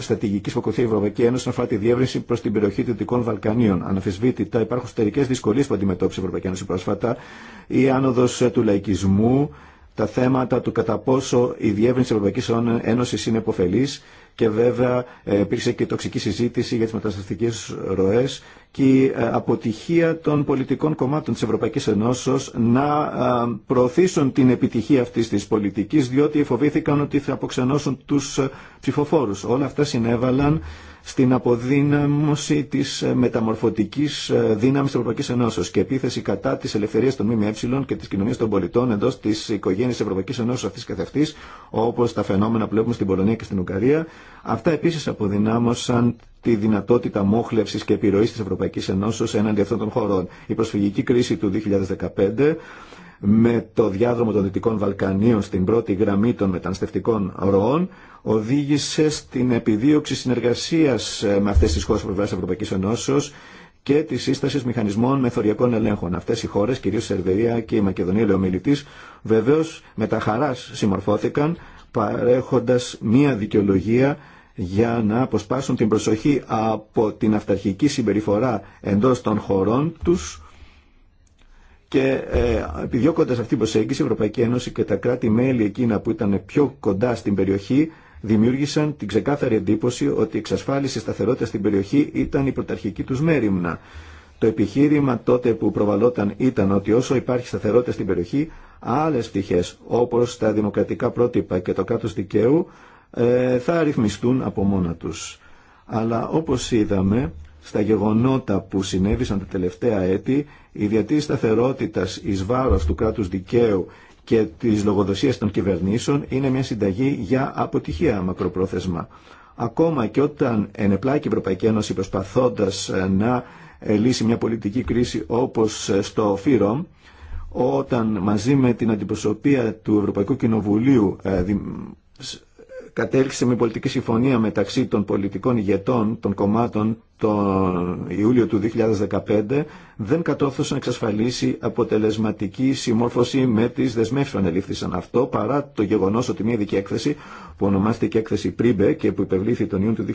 στρατηγική που ακολουθεί η Ευρωπαϊκή Ένωση όσον αφορά τη διεύρυνση προ την περιοχή των Δυτικών Βαλκανίων. Αναφεσβήτητα υπάρχουν εσωτερικέ δυσκολίε που αντιμετώπισε η Ευρωπαϊκή Ένωση πρόσφατα, η άνοδο ε, του λαϊκισμού, τα θέματα του κατά πόσο η διεύρυνση τη Ευρωπαϊκή Ένωση είναι υποφελή και βέβαια ε, υπήρξε και τοξική συζήτηση για τις μεταναστευτικές ροές και η ε, αποτυχία των πολιτικών κομμάτων της Ευρωπαϊκής Ενώσεως να ε, προωθήσουν την επιτυχία αυτής της πολιτικής διότι φοβήθηκαν ότι θα αποξενώσουν τους ψηφοφόρους. Όλα αυτά συνέβαλαν στην αποδύναμωση τη ε, μεταμορφωτική ε, δύναμη τη Ευρωπαϊκή Ενώσεως και επίθεση κατά τη ελευθερία των ΜΜΕ και τη κοινωνία των πολιτών εντό τη οικογένεια τη Ευρωπαϊκή Ενώσεως αυτή και αυτής, όπω τα φαινόμενα που βλέπουμε στην Πολωνία και στην Ουγγαρία. Αυτά επίση αποδυνάμωσαν τη δυνατότητα μόχλευση και επιρροή τη Ευρωπαϊκής Ενώσεως έναντι αυτών των χωρών. Η προσφυγική κρίση του 2015 με το διάδρομο των Δυτικών Βαλκανίων στην πρώτη γραμμή των μεταναστευτικών ροών οδήγησε στην επιδίωξη συνεργασίας ε, με αυτές τις χώρες της Ευρωπαϊκής Ενώσεω και τη σύσταση μηχανισμών μεθοριακών ελέγχων. Αυτέ οι χώρε, κυρίω η Σερβερία και η Μακεδονία, λέει ο μιλητή, βεβαίω με τα χαρά συμμορφώθηκαν, παρέχοντα μία δικαιολογία για να αποσπάσουν την προσοχή από την αυταρχική συμπεριφορά εντός των χωρών τους και ε, επιδιώκοντας αυτή την προσέγγιση η Ευρωπαϊκή Ένωση και τα κράτη-μέλη εκείνα που ήταν πιο κοντά στην περιοχή δημιούργησαν την ξεκάθαρη εντύπωση ότι η εξασφάλιση σταθερότητα στην περιοχή ήταν η πρωταρχική τους μέρημνα. Το επιχείρημα τότε που προβαλόταν ήταν ότι όσο υπάρχει σταθερότητα στην περιοχή, άλλε στοιχείες, όπως τα δημοκρατικά πρότυπα και το κράτο δικαίου ε, θα ρυθμιστούν από μόνα τους. Αλλά όπω είδαμε, στα γεγονότα που συνέβησαν τα τελευταία έτη, η διατήρηση σταθερότητα ει βάρο του κράτου δικαίου και της λογοδοσίας των κυβερνήσεων είναι μια συνταγή για αποτυχία μακροπρόθεσμα. Ακόμα και όταν ενεπλάκει η Ευρωπαϊκή Ένωση προσπαθώντας ε, να ε, λύσει μια πολιτική κρίση όπως ε, στο ΦΥΡΟΜ, όταν μαζί με την αντιπροσωπεία του Ευρωπαϊκού Κοινοβουλίου κατέληξε με πολιτική συμφωνία μεταξύ των πολιτικών ηγετών των κομμάτων τον Ιούλιο του 2015 δεν κατόρθωσε να εξασφαλίσει αποτελεσματική συμμόρφωση με τις δεσμεύσεις που ανελήφθησαν. Αυτό παρά το γεγονός ότι μια ειδική έκθεση που ονομάστηκε έκθεση Πρίμπε και που υπευλήθη τον Ιούνιο του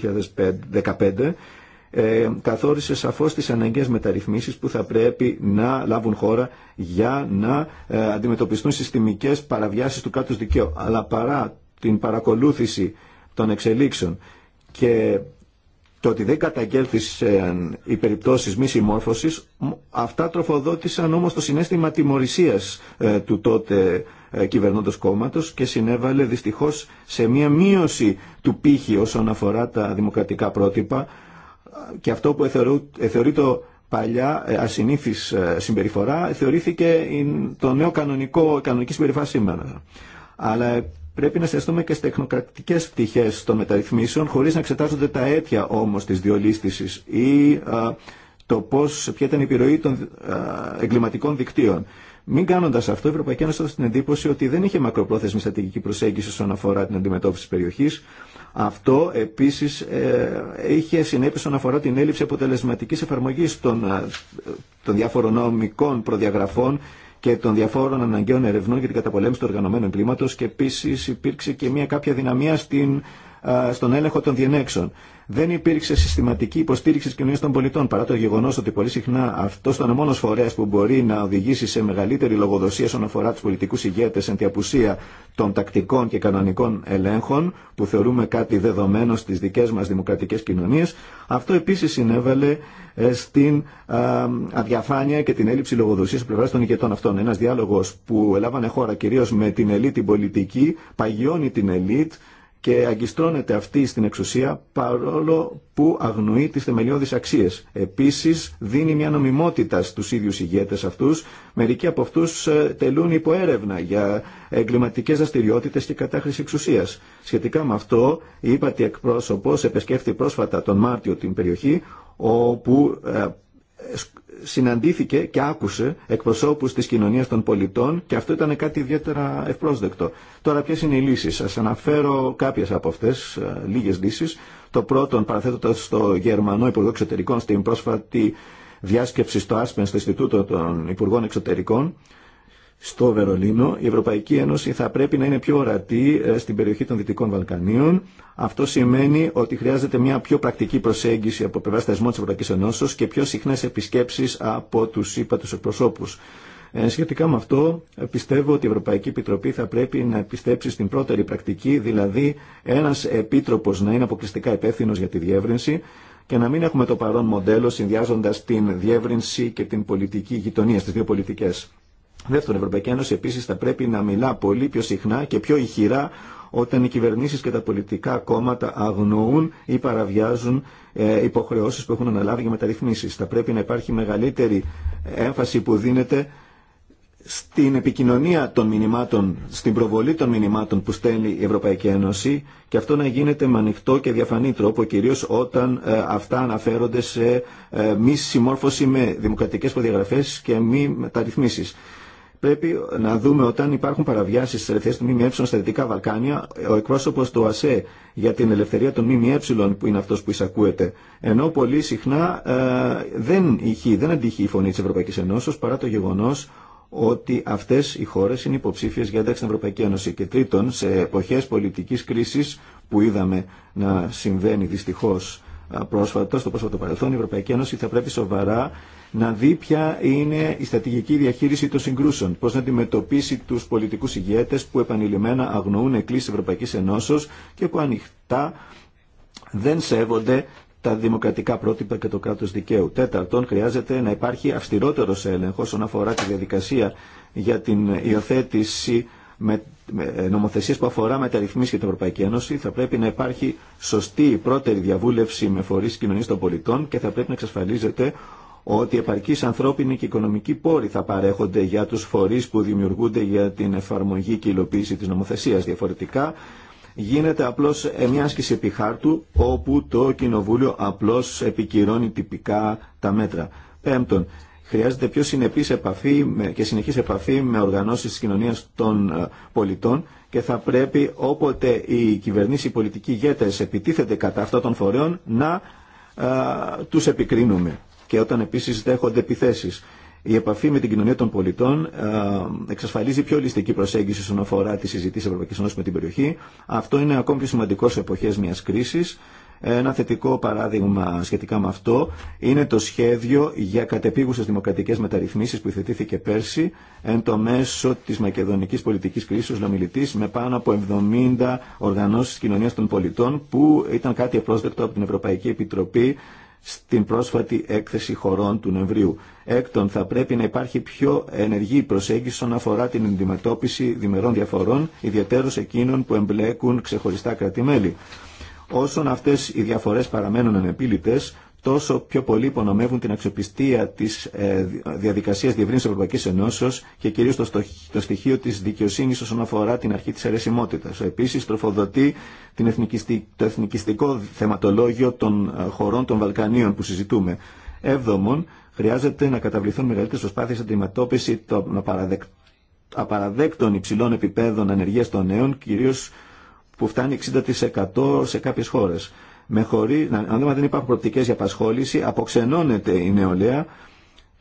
2015 ε, καθόρισε σαφώς τις αναγκαίες μεταρρυθμίσεις που θα πρέπει να λάβουν χώρα για να ε, αντιμετωπιστούν συστημικές παραβιάσεις του κάτους δικαίου. Αλλά παρά την παρακολούθηση των εξελίξεων και το ότι δεν καταγγέλθησαν οι περιπτώσεις μη συμμόρφωσης, αυτά τροφοδότησαν όμως το συνέστημα τιμωρησίας ε, του τότε ε, κυβερνώντος κόμματος και συνέβαλε δυστυχώς σε μία μείωση του πύχη όσον αφορά τα δημοκρατικά πρότυπα και αυτό που θεωρεί το παλιά ε, ασυνήθις συμπεριφορά θεωρήθηκε το νέο κανονικό, κανονική συμπεριφορά σήμερα. Αλλά Πρέπει να στεστούμε και στι τεχνοκρατικέ πτυχέ των μεταρρυθμίσεων, χωρί να εξετάζονται τα αίτια όμω τη διολίστηση ή το των εγκληματικών ποια ήταν η επιρροή των α, εγκληματικών δικτύων. Μην κάνοντα αυτό, η Ευρωπαϊκή Ένωση έδωσε την εντύπωση ότι δεν είχε μακροπρόθεσμη στρατηγική προσέγγιση όσον αφορά την αντιμετώπιση τη περιοχή. Αυτό επίση ε, είχε συνέπειε όσον αφορά την έλλειψη αποτελεσματική εφαρμογή των, των διαφορονομικών προδιαγραφών και των διαφόρων αναγκαίων ερευνών για την καταπολέμηση του οργανωμένου εγκλήματος και επίσης υπήρξε και μια κάποια δυναμία στην στον έλεγχο των διενέξεων. Δεν υπήρξε συστηματική υποστήριξη τη κοινωνία των πολιτών, παρά το γεγονό ότι πολύ συχνά αυτό ήταν ο μόνο φορέα που μπορεί να οδηγήσει σε μεγαλύτερη λογοδοσία όσον αφορά του πολιτικού ηγέτε εν τη απουσία των τακτικών και κανονικών ελέγχων, που θεωρούμε κάτι δεδομένο στι δικέ μα δημοκρατικέ κοινωνίε. Αυτό επίση συνέβαλε ε, στην αδιαφάνεια και την έλλειψη λογοδοσία από πλευρά των ηγετών αυτών. Ένα διάλογο που έλαβανε χώρα κυρίω με την ελίτ πολιτική, παγιώνει την ελίτ και αγκιστρώνεται αυτή στην εξουσία παρόλο που αγνοεί τις θεμελιώδεις αξίες. Επίσης δίνει μια νομιμότητα στους ίδιους ηγέτες αυτούς. Μερικοί από αυτούς ε, τελούν υποέρευνα για εγκληματικές δραστηριότητε και κατάχρηση εξουσίας. Σχετικά με αυτό, η ύπατη εκπρόσωπος επεσκέφθη πρόσφατα τον Μάρτιο την περιοχή όπου ε, συναντήθηκε και άκουσε εκπροσώπους της κοινωνίας των πολιτών και αυτό ήταν κάτι ιδιαίτερα ευπρόσδεκτο. Τώρα ποιες είναι οι λύσεις. Σας αναφέρω κάποιες από αυτές, ε, λίγες λύσεις. Το πρώτο παραθέτοντας στο Γερμανό Υπουργό Εξωτερικών στην πρόσφατη διάσκεψη στο Άσπεν στο Ινστιτούτο των Υπουργών Εξωτερικών στο Βερολίνο, η Ευρωπαϊκή Ένωση θα πρέπει να είναι πιο ορατή ε, στην περιοχή των Δυτικών Βαλκανίων. Αυτό σημαίνει ότι χρειάζεται μια πιο πρακτική προσέγγιση από πλευρά θεσμών τη Ευρωπαϊκή Ενώσεω και πιο συχνέ επισκέψει από του ύπατου εκπροσώπου. Ε, σχετικά με αυτό, ε, πιστεύω ότι η Ευρωπαϊκή Επιτροπή θα πρέπει να επιστέψει στην πρώτερη πρακτική, δηλαδή ένα επίτροπο να είναι αποκλειστικά υπεύθυνο για τη διεύρυνση και να μην έχουμε το παρόν μοντέλο συνδυάζοντα την διεύρυνση και την πολιτική γειτονία στι δύο πολιτικέ. Δεύτερον, η Ευρωπαϊκή Ένωση επίση θα πρέπει να μιλά πολύ πιο συχνά και πιο ηχηρά όταν οι κυβερνήσει και τα πολιτικά κόμματα αγνοούν ή παραβιάζουν ε, υποχρεώσει που έχουν αναλάβει για μεταρρυθμίσει. Θα πρέπει να υπάρχει μεγαλύτερη έμφαση που δίνεται στην επικοινωνία των μηνυμάτων, στην προβολή των μηνυμάτων που στέλνει η Ευρωπαϊκή Ένωση και αυτό να γίνεται με ανοιχτό και διαφανή τρόπο, κυρίως όταν ε, αυτά μηνυματων που στελνει η ευρωπαικη ενωση και αυτο να γινεται με ανοιχτο και διαφανη τροπο κυριως οταν αυτα αναφερονται σε ε, μη συμμόρφωση με δημοκρατικές προδιαγραφές και μη μεταρρυθμίσεις πρέπει να δούμε όταν υπάρχουν παραβιάσεις στις ελευθερίες του ΜΜΕ στα Δυτικά Βαλκάνια, ο εκπρόσωπος του ΑΣΕ για την ελευθερία των ΜΜΕ που είναι αυτός που εισακούεται. Ενώ πολύ συχνά ε, δεν, ηχεί, δεν αντυχεί η φωνή της Ευρωπαϊκής Ενώσης, παρά το γεγονός ότι αυτές οι χώρες είναι υποψήφιες για ένταξη στην Ευρωπαϊκή Ένωση. Και τρίτον, σε εποχές πολιτικής κρίσης που είδαμε να συμβαίνει δυστυχώς πρόσφατα, στο πρόσφατο παρελθόν, η Ευρωπαϊκή Ένωση θα πρέπει σοβαρά να δει ποια είναι η στρατηγική διαχείριση των συγκρούσεων, πώ να αντιμετωπίσει του πολιτικού ηγέτε που επανειλημμένα αγνοούν εκκλήσει Ευρωπαϊκή Ενώσεω και που ανοιχτά δεν σέβονται τα δημοκρατικά πρότυπα και το κράτο δικαίου. Τέταρτον, χρειάζεται να υπάρχει αυστηρότερο έλεγχο όσον αφορά τη διαδικασία για την υιοθέτηση με ε, νομοθεσίες που αφορά μεταρρυθμίσεις για την Ευρωπαϊκή Ένωση θα πρέπει να υπάρχει σωστή πρώτερη διαβούλευση με φορείς κοινωνίας των πολιτών και θα πρέπει να εξασφαλίζεται ότι επαρκείς ανθρώπινοι και οικονομικοί πόροι θα παρέχονται για τους φορείς που δημιουργούνται για την εφαρμογή και υλοποίηση της νομοθεσίας. Διαφορετικά γίνεται απλώς μια άσκηση επιχάρτου όπου το Κοινοβούλιο απλώς επικυρώνει τυπικά τα μέτρα. Πέμπτον, Χρειάζεται πιο συνεπής επαφή και συνεχής επαφή με οργανώσεις της κοινωνίας των ε, πολιτών και θα πρέπει όποτε οι κυβερνήσει οι πολιτικοί ηγέτες επιτίθεται κατά αυτά των φορέων να ε, τους επικρίνουμε και όταν επίσης δέχονται επιθέσεις. Η επαφή με την κοινωνία των πολιτών ε, εξασφαλίζει πιο ληστική προσέγγιση στον αφορά τη συζήτηση Ευρωπαϊκή Ένωση με την περιοχή. Αυτό είναι ακόμη πιο σημαντικό σε εποχέ μια κρίση ένα θετικό παράδειγμα σχετικά με αυτό είναι το σχέδιο για κατεπίγουσες δημοκρατικές μεταρρυθμίσεις που υθετήθηκε πέρσι εν το μέσο της μακεδονικής πολιτικής κρίσης νομιλητής με πάνω από 70 οργανώσεις κοινωνίας των πολιτών που ήταν κάτι επρόσδεκτο από την Ευρωπαϊκή Επιτροπή στην πρόσφατη έκθεση χωρών του Νοεμβρίου. Έκτον, θα πρέπει να υπάρχει πιο ενεργή προσέγγιση όσον αφορά την αντιμετώπιση διμερών διαφορών, ιδιαίτερω εκείνων που εμπλέκουν ξεχωριστά Όσον αυτές οι διαφορές παραμένουν ανεπίλητες, τόσο πιο πολύ υπονομεύουν την αξιοπιστία της ε, διαδικασίας διευρύνσης Ευρωπαϊκής Ενώσεως και κυρίως το, το στοιχείο της δικαιοσύνης όσον αφορά την αρχή της αρεσιμότητας. Επίσης, τροφοδοτεί την το εθνικιστικό θεματολόγιο των ε, χωρών των Βαλκανίων που συζητούμε. Έβδομον, χρειάζεται να καταβληθούν μεγαλύτερες προσπάθειες αντιμετώπιση των απαραδεκτών υψηλών επιπέδων ανεργία των νέων, κυρίως που φτάνει 60% σε κάποιες χώρες. Με χωρί, αν δεν υπάρχουν προπτικές για απασχόληση, αποξενώνεται η νεολαία,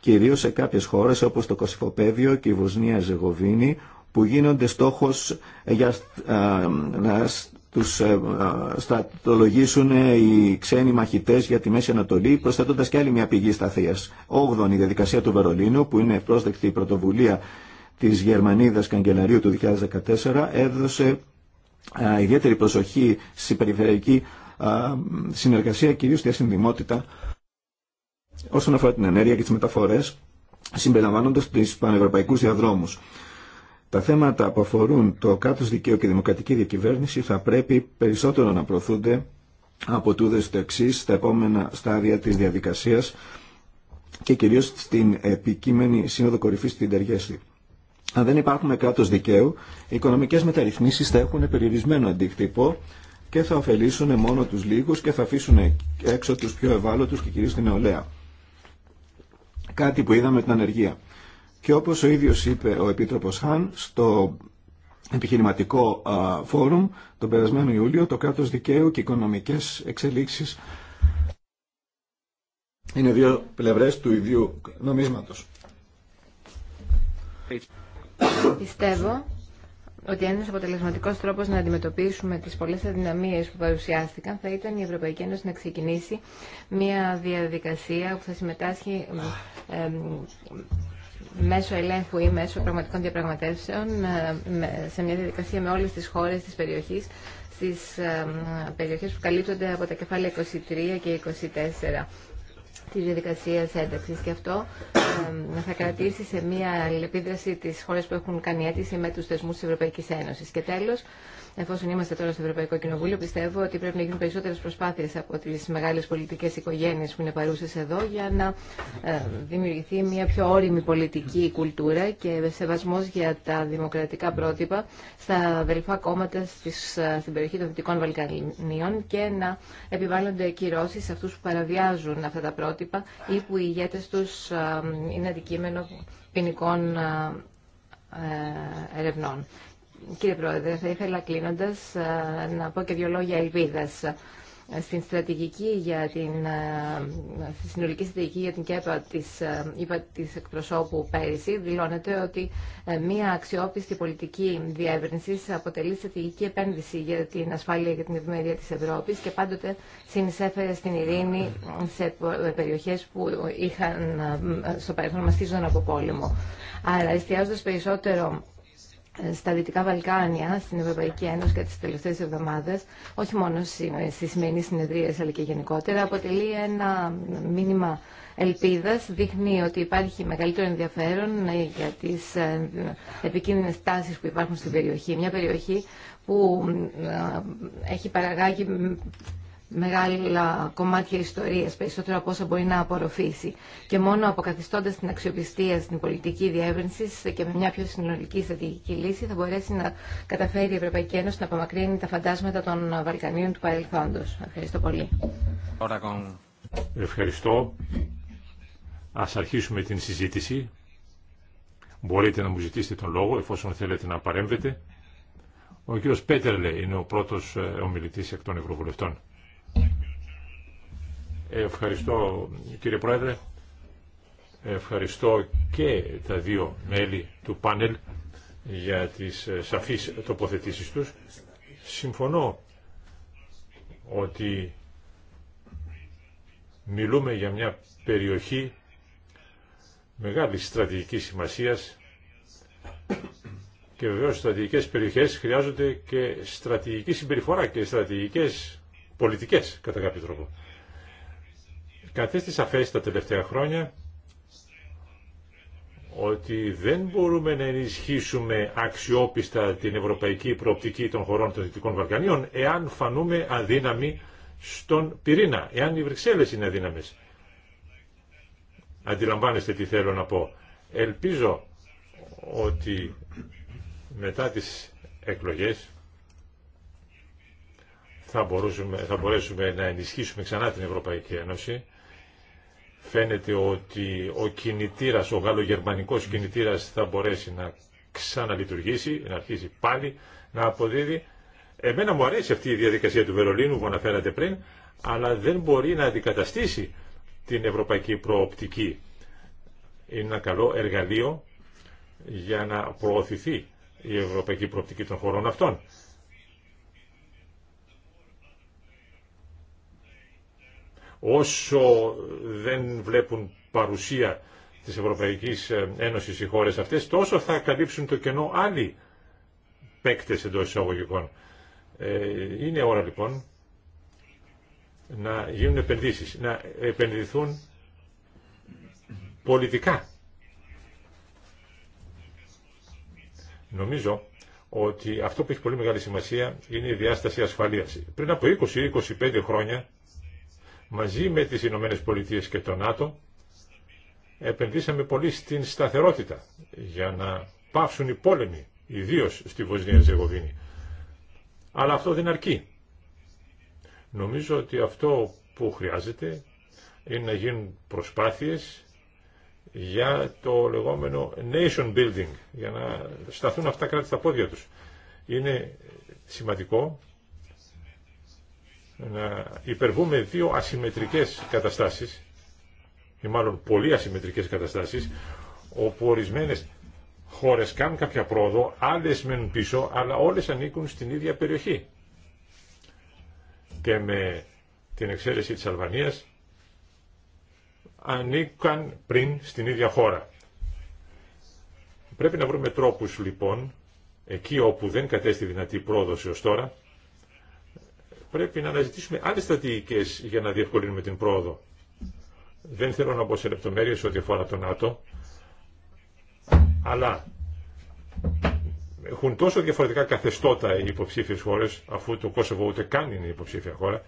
κυρίως σε κάποιες χώρες όπως το Κωσυφοπέδιο και η Βοσνία Ζεγοβίνη, που γίνονται στόχος ε, για ε, να τους ε, στρατολογήσουν οι ξένοι μαχητές για τη Μέση Ανατολή, προσθέτοντας και άλλη μια πηγή σταθείας. Όγδον η διαδικασία του Βερολίνου, που είναι πρόσδεκτη η πρωτοβουλία της Γερμανίδας Καγκελαρίου του 2014, έδωσε ε, ιδιαίτερη προσοχή στην περιφερειακή ε, συνεργασία, κυρίως στη ασυνδημότητα, όσον αφορά την ενέργεια και τις μεταφορές, συμπεριλαμβάνοντας τις πανευρωπαϊκούς διαδρόμους. Τα θέματα που αφορούν το κάτω δικαίου και δημοκρατική διακυβέρνηση θα πρέπει περισσότερο να προωθούνται από τούδε στο εξή στα επόμενα στάδια της διαδικασίας και κυρίως στην επικείμενη Σύνοδο Κορυφής στην Τεργέστη. Αν δεν υπάρχουν κράτος δικαίου, οι οικονομικές μεταρρυθμίσεις θα έχουν περιορισμένο αντίκτυπο και θα ωφελήσουν μόνο τους λίγους και θα αφήσουν έξω τους πιο ευάλωτους και κυρίως την νεολαία. Κάτι που είδαμε την ανεργία. Και όπως ο ίδιος είπε ο Επίτροπος Χαν στο επιχειρηματικό φόρουμ τον περασμένο Ιούλιο, το κράτος δικαίου και οι οικονομικές εξελίξεις είναι δύο πλευρές του ίδιου νομίσματος. Πιστεύω ότι ένα αποτελεσματικό τρόπος να αντιμετωπίσουμε τις πολλές αδυναμίε που παρουσιάστηκαν θα ήταν η Ευρωπαϊκή Ένωση να ξεκινήσει μια διαδικασία που θα συμμετάσχει μέσω ελέγχου ή μέσω πραγματικών διαπραγματεύσεων ε, σε μια διαδικασία με όλες τις χώρες της περιοχής στις περιοχές που καλύπτονται από τα κεφάλαια 23 και 24 τη διαδικασία ένταξη. Και αυτό θα κρατήσει σε μια αλληλεπίδραση τι χώρε που έχουν κάνει αίτηση με του θεσμού τη Ευρωπαϊκή Ένωση. Και τέλο, εφόσον είμαστε τώρα στο Ευρωπαϊκό Κοινοβούλιο, πιστεύω ότι πρέπει να γίνουν περισσότερε προσπάθειε από τι μεγάλε πολιτικέ οικογένειε που είναι παρούσε εδώ για να δημιουργηθεί μια πιο όρημη πολιτική κουλτούρα και σεβασμό για τα δημοκρατικά πρότυπα στα αδελφά κόμματα στην περιοχή των Δυτικών Βαλκανίων και να επιβάλλονται κυρώσει σε αυτού που παραβιάζουν αυτά τα πρότυπα ή που οι ηγέτες τους ε, είναι αντικείμενο ποινικών ε, ε, ερευνών. Κύριε Πρόεδρε, θα ήθελα κλείνοντας να πω και δύο λόγια ελπίδας στην στρατηγική για την ε, στη συνολική στρατηγική για την ΚΕΠΑ της, ε, είπα, της εκπροσώπου πέρυσι δηλώνεται ότι ε, μια αξιόπιστη πολιτική διεύρυνση αποτελεί στρατηγική επένδυση για την ασφάλεια και την ευημερία της Ευρώπης και πάντοτε συνεισέφερε στην ειρήνη σε περιοχές που είχαν στο παρελθόν μαστίζονταν από πόλεμο. Άρα εστιάζοντας περισσότερο στα Δυτικά Βαλκάνια, στην Ευρωπαϊκή Ένωση και τις τελευταίες εβδομάδες, όχι μόνο ε, στις σημερινές συνεδρίες αλλά και γενικότερα, αποτελεί ένα μήνυμα ελπίδας, δείχνει ότι υπάρχει μεγαλύτερο ενδιαφέρον ε, για τις ε, επικίνδυνες τάσεις που υπάρχουν στην περιοχή. Μια περιοχή που έχει παραγάγει μεγάλα κομμάτια ιστορία περισσότερο από όσα μπορεί να απορροφήσει. Και μόνο αποκαθιστώντα την αξιοπιστία στην πολιτική διεύρυνση και με μια πιο συνολική στρατηγική λύση θα μπορέσει να καταφέρει η Ευρωπαϊκή Ένωση να απομακρύνει τα φαντάσματα των Βαλκανίων του παρελθόντο. Ευχαριστώ πολύ. Ευχαριστώ. Ας αρχίσουμε την συζήτηση. Μπορείτε να μου ζητήσετε τον λόγο εφόσον θέλετε να παρέμβετε. Ο κύριος Πέτερλε είναι ο πρώτος ε, ομιλητής εκ των Ευρωβουλευτών. Ευχαριστώ κύριε Πρόεδρε. Ευχαριστώ και τα δύο μέλη του πάνελ για τις ε, σαφείς τοποθετήσεις τους. Συμφωνώ ότι μιλούμε για μια περιοχή μεγάλης στρατηγικής σημασίας και βεβαίως στρατηγικές περιοχές χρειάζονται και στρατηγική συμπεριφορά και στρατηγικές πολιτικές κατά κάποιο τρόπο. Κατέστησα σαφές τα τελευταία χρόνια ότι δεν μπορούμε να ενισχύσουμε αξιόπιστα την ευρωπαϊκή προοπτική των χωρών των Δυτικών Βαλκανίων εάν φανούμε αδύναμοι στον πυρήνα, εάν οι Βρυξέλλες είναι αδύναμες. Αντιλαμβάνεστε τι θέλω να πω. Ελπίζω ότι μετά τις εκλογές θα, θα μπορέσουμε να ενισχύσουμε ξανά την Ευρωπαϊκή Ένωση φαίνεται ότι ο κινητήρας, ο γαλλογερμανικός κινητήρας θα μπορέσει να ξαναλειτουργήσει, να αρχίσει πάλι να αποδίδει. Εμένα μου αρέσει αυτή η διαδικασία του Βερολίνου που αναφέρατε πριν, αλλά δεν μπορεί να αντικαταστήσει την ευρωπαϊκή προοπτική. Είναι ένα καλό εργαλείο για να προωθηθεί η ευρωπαϊκή προοπτική των χωρών αυτών. Όσο δεν βλέπουν παρουσία της Ευρωπαϊκής ε, Ένωσης οι χώρες αυτές, τόσο θα καλύψουν το κενό άλλοι παίκτες εντό εισαγωγικών. Ε, είναι ώρα λοιπόν να γίνουν επενδύσεις, να επενδυθούν πολιτικά. Νομίζω ότι αυτό που έχει πολύ μεγάλη σημασία είναι η διάσταση ασφαλείας. Πριν από 20-25 χρόνια μαζί με τις Ηνωμένες Πολιτείες και το ΝΑΤΟ επενδύσαμε πολύ στην σταθερότητα για να πάυσουν οι πόλεμοι, ιδίως στη Βοσνία Ζεγοβίνη. Αλλά αυτό δεν αρκεί. Νομίζω ότι αυτό που χρειάζεται είναι να γίνουν προσπάθειες για το λεγόμενο nation building, για να σταθούν αυτά κράτη στα πόδια τους. Είναι σημαντικό να υπερβούμε δύο ασυμμετρικές καταστάσεις ή μάλλον πολύ ασυμμετρικές καταστάσεις όπου ορισμένες χώρες κάνουν κάποια πρόοδο, άλλες μένουν πίσω, αλλά όλες ανήκουν στην ίδια περιοχή. Και με την εξαίρεση της Αλβανίας ανήκαν πριν στην ίδια χώρα. Πρέπει να βρούμε τρόπους λοιπόν, εκεί όπου δεν κατέστη δυνατή πρόοδος έως τώρα, πρέπει να αναζητήσουμε άλλε στρατηγικέ για να διευκολύνουμε την πρόοδο. Δεν θέλω να πω σε λεπτομέρειε ό,τι αφορά το ΝΑΤΟ, αλλά έχουν τόσο διαφορετικά καθεστώτα οι υποψήφιε χώρε, αφού το Κόσοβο ούτε καν είναι υποψήφια χώρα,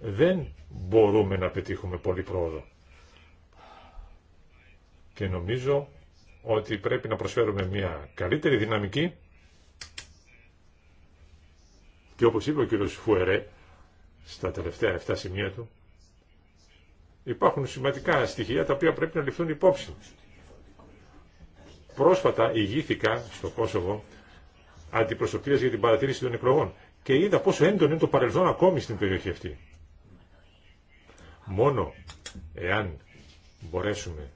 δεν μπορούμε να πετύχουμε πολύ πρόοδο. Και νομίζω ότι πρέπει να προσφέρουμε μια καλύτερη δυναμική και όπως είπε ο κύριος Φουερέ στα τελευταία 7 σημεία του, υπάρχουν σημαντικά στοιχεία τα οποία πρέπει να ληφθούν υπόψη. Πρόσφατα ηγήθηκα στο Κόσοβο αντιπροσωπείας για την παρατήρηση των εκλογών και είδα πόσο έντονο είναι το παρελθόν ακόμη στην περιοχή αυτή. Μόνο εάν μπορέσουμε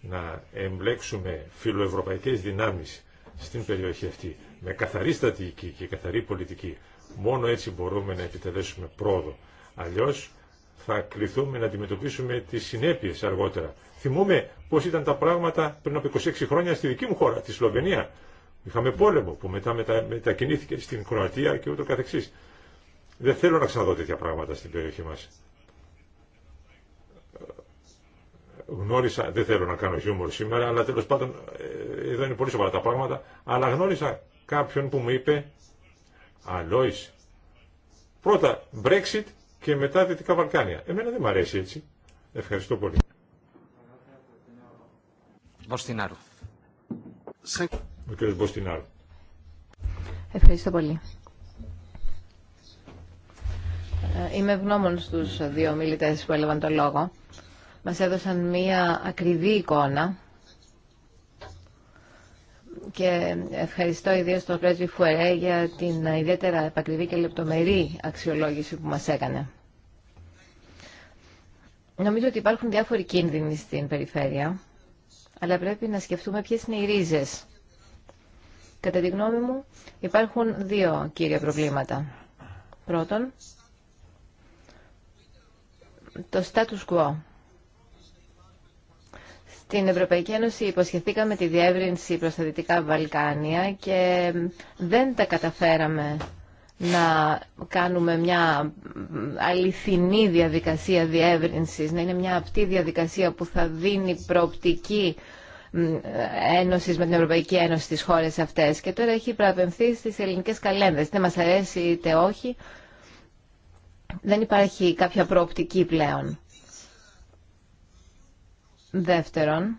να εμπλέξουμε φιλοευρωπαϊκές δυνάμεις στην περιοχή αυτή με καθαρή στατική και καθαρή πολιτική. Μόνο έτσι μπορούμε να επιτελέσουμε πρόοδο. Αλλιώς θα κληθούμε να αντιμετωπίσουμε τις συνέπειες αργότερα. Θυμούμε πώς ήταν τα πράγματα πριν από 26 χρόνια στη δική μου χώρα, τη Σλοβενία. Είχαμε πόλεμο που μετά μετα, μετακινήθηκε στην Κροατία και ούτω καθεξής. Δεν θέλω να ξαναδώ τέτοια πράγματα στην περιοχή μας. γνώρισα, δεν θέλω να κάνω χιούμορ σήμερα, αλλά τέλος πάντων ε, εδώ είναι πολύ σοβαρά τα πράγματα, αλλά γνώρισα κάποιον που μου είπε Αλόης, πρώτα Brexit και μετά Δυτικά Βαλκάνια. Εμένα δεν μου αρέσει έτσι. Ευχαριστώ πολύ. Μποστινάρου. Ευχαριστώ πολύ. Ε, είμαι ευγνώμων στους δύο μιλητές που έλαβαν το λόγο μας έδωσαν μία ακριβή εικόνα και ευχαριστώ ιδίω τον πρέσβη Φουερέ για την ιδιαίτερα επακριβή και λεπτομερή αξιολόγηση που μας έκανε. Νομίζω ότι υπάρχουν διάφοροι κίνδυνοι στην περιφέρεια, αλλά πρέπει να σκεφτούμε ποιες είναι οι ρίζες. Κατά τη γνώμη μου υπάρχουν δύο κύρια προβλήματα. Πρώτον, το status quo. Την Ευρωπαϊκή Ένωση υποσχεθήκαμε τη διεύρυνση προς τα Δυτικά Βαλκάνια και δεν τα καταφέραμε να κάνουμε μια αληθινή διαδικασία διεύρυνσης, να είναι μια απτή διαδικασία που θα δίνει προοπτική ένωση με την Ευρωπαϊκή Ένωση στις χώρες αυτές και τώρα έχει προαπαινθεί στις ελληνικές καλένδες. δεν μας αρέσει είτε όχι, δεν υπάρχει κάποια προοπτική πλέον. Δεύτερον,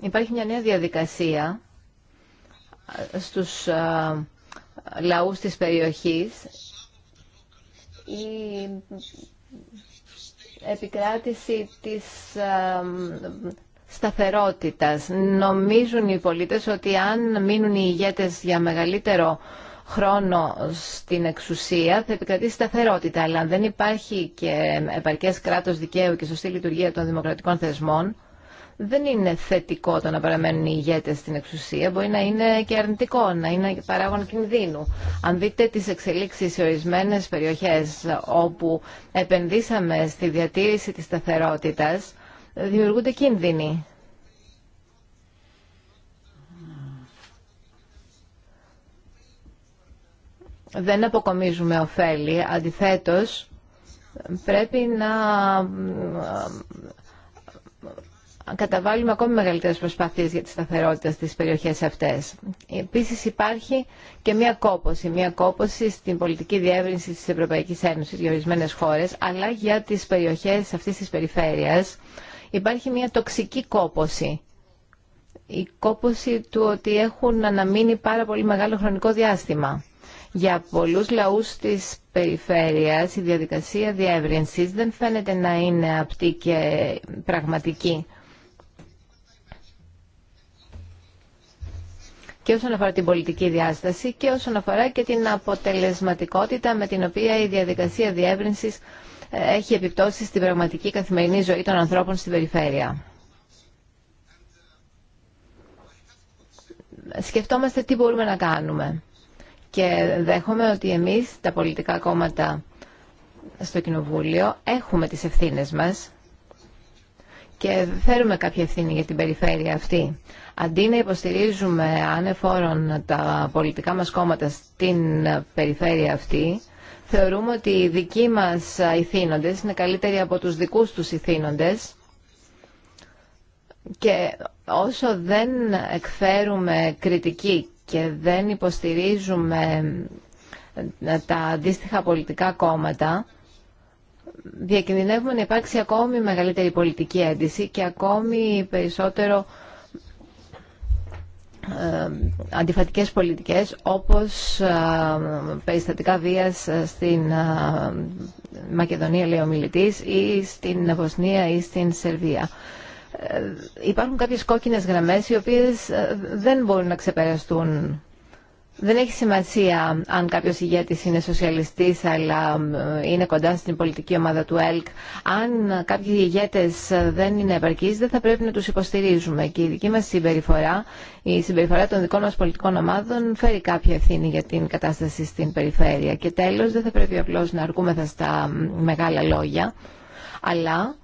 υπάρχει μια νέα διαδικασία ε, στους ε, λαούς της περιοχής η επικράτηση της ε, σταθερότητας. Νομίζουν οι πολίτες ότι αν μείνουν οι ηγέτες για μεγαλύτερο χρόνο στην εξουσία θα επικρατήσει σταθερότητα. Αλλά αν δεν υπάρχει και επαρκές κράτος δικαίου και σωστή λειτουργία των δημοκρατικών θεσμών, δεν είναι θετικό το να παραμένουν οι ηγέτες στην εξουσία. Μπορεί να είναι και αρνητικό, να είναι παράγον κινδύνου. Αν δείτε τις εξελίξεις σε ορισμένες περιοχές όπου επενδύσαμε στη διατήρηση της σταθερότητας, δημιουργούνται κίνδυνοι. δεν αποκομίζουμε ωφέλη. Αντιθέτως, πρέπει να ε, καταβάλουμε ακόμη μεγαλύτερες προσπάθειες για τη σταθερότητα στις περιοχές αυτές. Επίσης υπάρχει και μια κόποση, μια κόποση στην πολιτική διεύρυνση της Ευρωπαϊκής Ένωσης για ορισμένε χώρες, αλλά για τις περιοχές αυτής της περιφέρειας υπάρχει μια τοξική κόποση. Η κόποση του ότι έχουν αναμείνει πάρα πολύ μεγάλο χρονικό διάστημα. Για πολλούς λαούς της περιφέρειας η διαδικασία διεύρυνσης δεν φαίνεται να είναι απτή και πραγματική. και όσον αφορά την πολιτική διάσταση και όσον αφορά και την αποτελεσματικότητα με την οποία η διαδικασία διεύρυνσης ε, έχει επιπτώσει στην πραγματική καθημερινή ζωή των ανθρώπων στην περιφέρεια. Σκεφτόμαστε τι μπορούμε να κάνουμε. Και δέχομαι ότι εμείς τα πολιτικά κόμματα στο Κοινοβούλιο έχουμε τις ευθύνες μας και φέρουμε κάποια ευθύνη για την περιφέρεια αυτή. Αντί να υποστηρίζουμε ανεφόρον τα πολιτικά μας κόμματα στην περιφέρεια αυτή, θεωρούμε ότι οι δικοί μας ηθήνοντες είναι καλύτεροι από τους δικούς τους ηθήνοντες και όσο δεν εκφέρουμε κριτική και δεν υποστηρίζουμε ε, τα αντίστοιχα πολιτικά κόμματα, διακινδυνεύουμε να υπάρξει ακόμη μεγαλύτερη πολιτική ένταση και ακόμη περισσότερο ε, αντιφατικές πολιτικές όπως ε, περιστατικά βίας στην Μακεδονία λέει ο ή στην Βοσνία ή στην Σερβία. Ε, υπάρχουν κάποιες κόκκινες γραμμές οι οποίες ε, δεν μπορούν να ξεπεραστούν. Δεν έχει σημασία αν κάποιος ηγέτης είναι σοσιαλιστής αλλά ε, είναι κοντά στην πολιτική ομάδα του ΕΛΚ. Αν κάποιοι ηγέτες δεν είναι επαρκείς δεν θα πρέπει να τους υποστηρίζουμε και η δική μας συμπεριφορά, η συμπεριφορά των δικών μας πολιτικών ομάδων φέρει κάποια ευθύνη για την κατάσταση στην περιφέρεια. Και τέλος δεν θα πρέπει απλώς να αρκούμεθα στα μεγάλα λόγια αλλά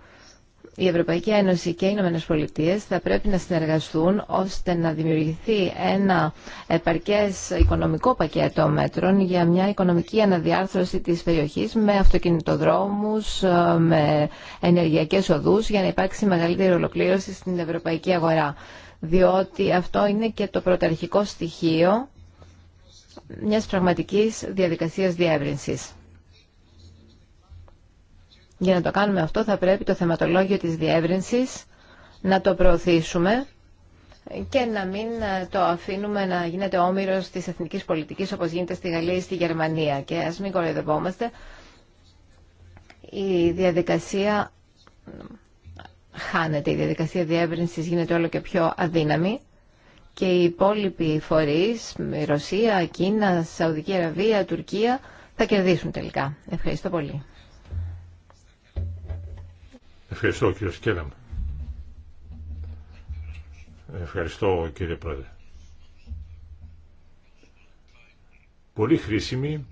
η Ευρωπαϊκή Ένωση και οι Ηνωμένε Πολιτείε θα πρέπει να συνεργαστούν ώστε να δημιουργηθεί ένα επαρκές οικονομικό πακέτο μέτρων για μια οικονομική αναδιάρθρωση της περιοχής με αυτοκινητοδρόμους, ε, με ενεργειακές οδούς για να υπάρξει μεγαλύτερη ολοκλήρωση στην ευρωπαϊκή αγορά. Διότι αυτό είναι και το πρωταρχικό στοιχείο μιας πραγματικής διαδικασίας διεύρυνσης. Για να το κάνουμε αυτό θα πρέπει το θεματολόγιο της διεύρυνσης να το προωθήσουμε και να μην ε, το αφήνουμε να γίνεται όμοιρος της εθνικής πολιτικής όπως γίνεται στη Γαλλία ή στη Γερμανία. Και ας μην κοροϊδευόμαστε, η διαδικασία χάνεται, η διαδικασία διεύρυνσης γίνεται όλο και πιο αδύναμη και οι υπόλοιποι φορείς, η Ρωσία, Κίνα, Σαουδική Αραβία, Τουρκία, θα κερδίσουν τελικά. Ευχαριστώ πολύ. Ευχαριστώ Σκέλα Σκέλαμ. Ευχαριστώ κύριε Πρόεδρε. Πολύ χρήσιμη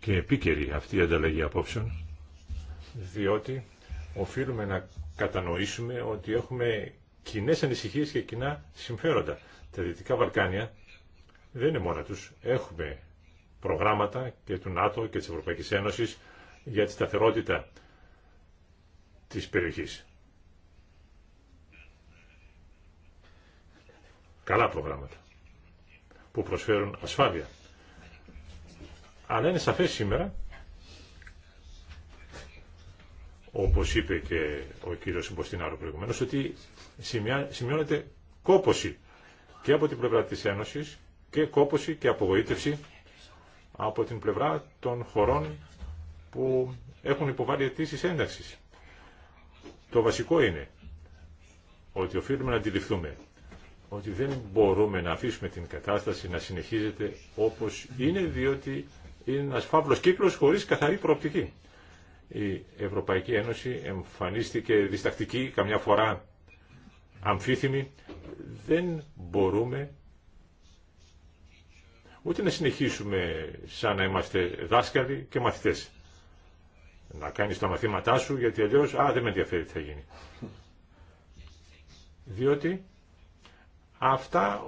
και επίκαιρη αυτή η ανταλλαγή απόψεων, διότι οφείλουμε να κατανοήσουμε ότι έχουμε κοινέ ανησυχίες και κοινά συμφέροντα. Τα Δυτικά Βαλκάνια δεν είναι μόνα τους. Έχουμε προγράμματα και του ΝΑΤΟ και της Ευρωπαϊκής Ένωσης για τη σταθερότητα της περιοχής. Καλά προγράμματα που προσφέρουν ασφάλεια. Αλλά είναι σαφές σήμερα, όπως είπε και ο κύριος Μποστινάρο προηγουμένως, ότι σημειώνεται κόποση και από την πλευρά της Ένωσης και κόποση και απογοήτευση από την πλευρά των χωρών που έχουν υποβάλει αιτήσεις ένταξης. Το βασικό είναι ότι οφείλουμε να αντιληφθούμε ότι δεν μπορούμε να αφήσουμε την κατάσταση να συνεχίζεται όπως είναι, διότι είναι ένας φαύλος κύκλος χωρίς καθαρή προοπτική. Η Ευρωπαϊκή Ένωση εμφανίστηκε διστακτική, καμιά φορά αμφίθυμη. Δεν μπορούμε ούτε να συνεχίσουμε σαν να είμαστε δάσκαλοι και μαθητές να κάνεις τα μαθήματά σου γιατί αλλιώς, α, δεν με ενδιαφέρει τι θα γίνει. Διότι αυτά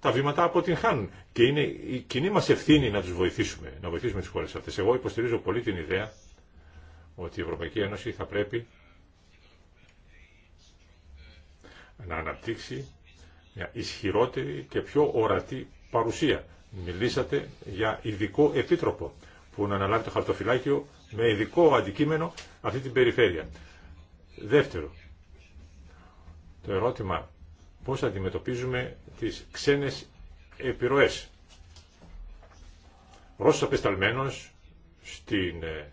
τα βήματα αποτυγχάνουν και είναι η κοινή μας ευθύνη να τους βοηθήσουμε, να βοηθήσουμε τις χώρες αυτές. Εγώ υποστηρίζω πολύ την ιδέα ότι η Ευρωπαϊκή Ένωση θα πρέπει να αναπτύξει μια ισχυρότερη και πιο ορατή παρουσία. Μιλήσατε για ειδικό επίτροπο που να αναλάβει το χαρτοφυλάκιο με ειδικό αντικείμενο αυτή την περιφέρεια. Δεύτερο, το ερώτημα πώς αντιμετωπίζουμε τις ξένες επιρροές. Ρώσος απεσταλμένος στην ε,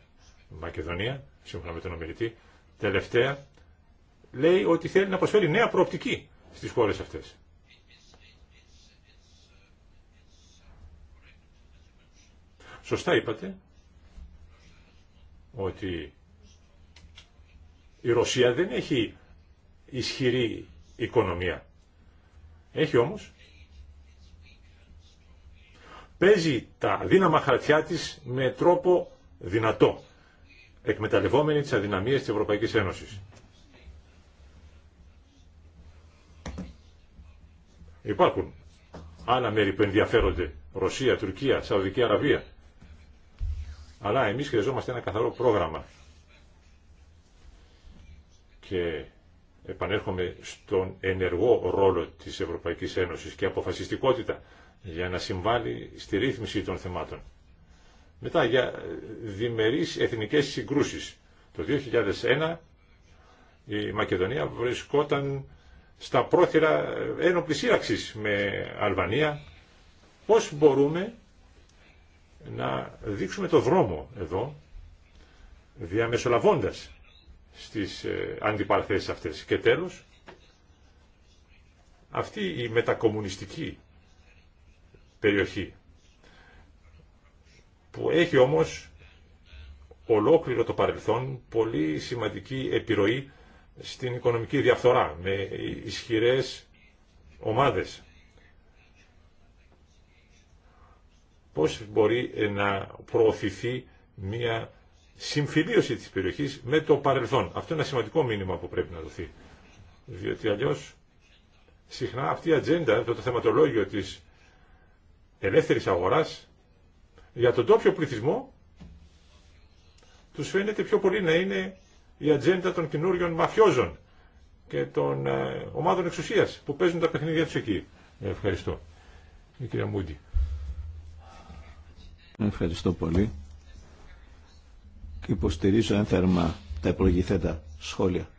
Μακεδονία, σύμφωνα με τον ομιλητή, τελευταία, λέει ότι θέλει να προσφέρει νέα προοπτική στις χώρες αυτές. Σωστά είπατε ότι η Ρωσία δεν έχει ισχυρή οικονομία. Έχει όμως. Παίζει τα δύναμα χαρτιά της με τρόπο δυνατό, εκμεταλλευόμενη τις αδυναμίες της Ευρωπαϊκής Ένωσης. Υπάρχουν άλλα μέρη που ενδιαφέρονται. Ρωσία, Τουρκία, Σαουδική Αραβία. Αλλά εμείς χρειαζόμαστε ένα καθαρό πρόγραμμα. Και επανέρχομαι στον ενεργό ρόλο της Ευρωπαϊκής Ένωσης και αποφασιστικότητα για να συμβάλλει στη ρύθμιση των θεμάτων. Μετά για διμερείς εθνικές συγκρούσεις. Το 2001 η Μακεδονία βρισκόταν στα πρόθυρα ένοπλης σύραξης με Αλβανία. Πώς μπορούμε να δείξουμε το δρόμο εδώ, διαμεσολαβώντας στις ε, αντιπαρθέσεις αυτές. Και τέλος, αυτή η μετακομμουνιστική περιοχή, που έχει όμως ολόκληρο το παρελθόν πολύ σημαντική επιρροή στην οικονομική διαφθορά, με ισχυρές ομάδες πώς μπορεί ε, να προωθηθεί μια συμφιλίωση της περιοχής με το παρελθόν. Αυτό είναι ένα σημαντικό μήνυμα που πρέπει να δοθεί. Διότι αλλιώς συχνά αυτή η ατζέντα, το, θεματολόγιο της ελεύθερης αγοράς για τον τόπιο πληθυσμό τους φαίνεται πιο πολύ να είναι η ατζέντα των καινούριων μαφιόζων και των ε, ομάδων εξουσίας που παίζουν τα παιχνίδια τους εκεί. Ευχαριστώ. Η κυρία Μούντι. Ευχαριστώ πολύ. Και υποστηρίζω ένθερμα τα επλογηθέντα σχόλια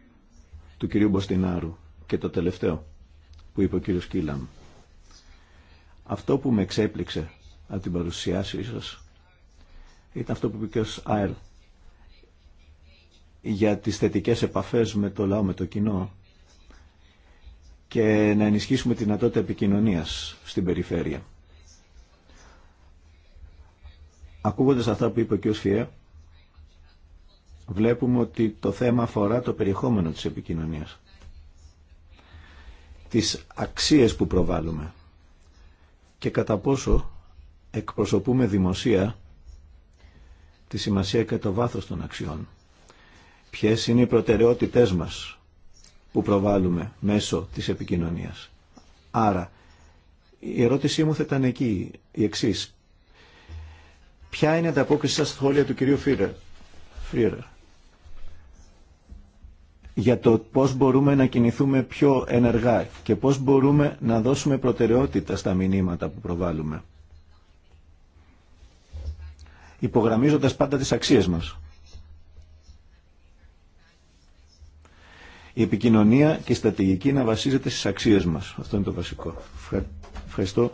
του κυρίου Μποστινάρου και το τελευταίο που είπε ο κύριος Κίλαμ. Αυτό που με εξέπληξε από την παρουσιάση σα ήταν αυτό που είπε ο κ. Άιλ για τις θετικές επαφές με το λαό, με το κοινό και να ενισχύσουμε τη δυνατότητα επικοινωνίας στην περιφέρεια. Ακούγοντας αυτά που είπε ο κ. Φιέ, βλέπουμε ότι το θέμα αφορά το περιεχόμενο της επικοινωνίας. Τις αξίες που προβάλλουμε και κατά πόσο εκπροσωπούμε δημοσία τη σημασία και το βάθος των αξιών. Ποιες είναι οι προτεραιότητές μας που προβάλλουμε μέσω της επικοινωνίας. Άρα, η ερώτησή μου θα ήταν εκεί, η εξής. Ποια είναι η ανταπόκριση σας στη σχόλια του κυρίου Φίρερ. Για το πώς μπορούμε να κινηθούμε πιο ενεργά και πώς μπορούμε να δώσουμε προτεραιότητα στα μηνύματα που προβάλλουμε. Υπογραμμίζοντας πάντα τις αξίες μας. Η επικοινωνία και η στρατηγική να βασίζεται στις αξίες μας. Αυτό είναι το βασικό. Ευχαριστώ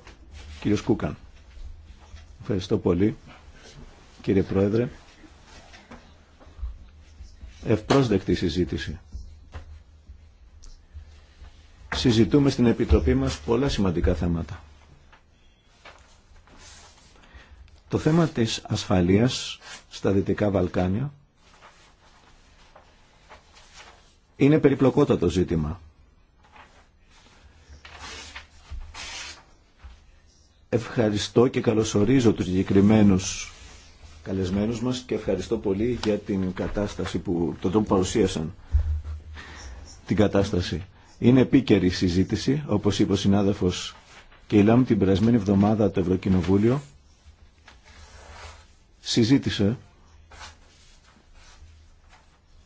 κύριο Σκούκαν. Ευχαριστώ πολύ κύριε Πρόεδρε. Ευπρόσδεκτη συζήτηση. Συζητούμε στην Επιτροπή μας πολλά σημαντικά θέματα. Το θέμα της ασφαλείας στα Δυτικά Βαλκάνια είναι περιπλοκότατο ζήτημα. Ευχαριστώ και καλωσορίζω τους συγκεκριμένου καλεσμένους μας και ευχαριστώ πολύ για την κατάσταση που τον τρόπο παρουσίασαν την κατάσταση. Είναι επίκαιρη συζήτηση, όπως είπε ο συνάδελφος ΛΑΜ την περασμένη εβδομάδα το Ευρωκοινοβούλιο συζήτησε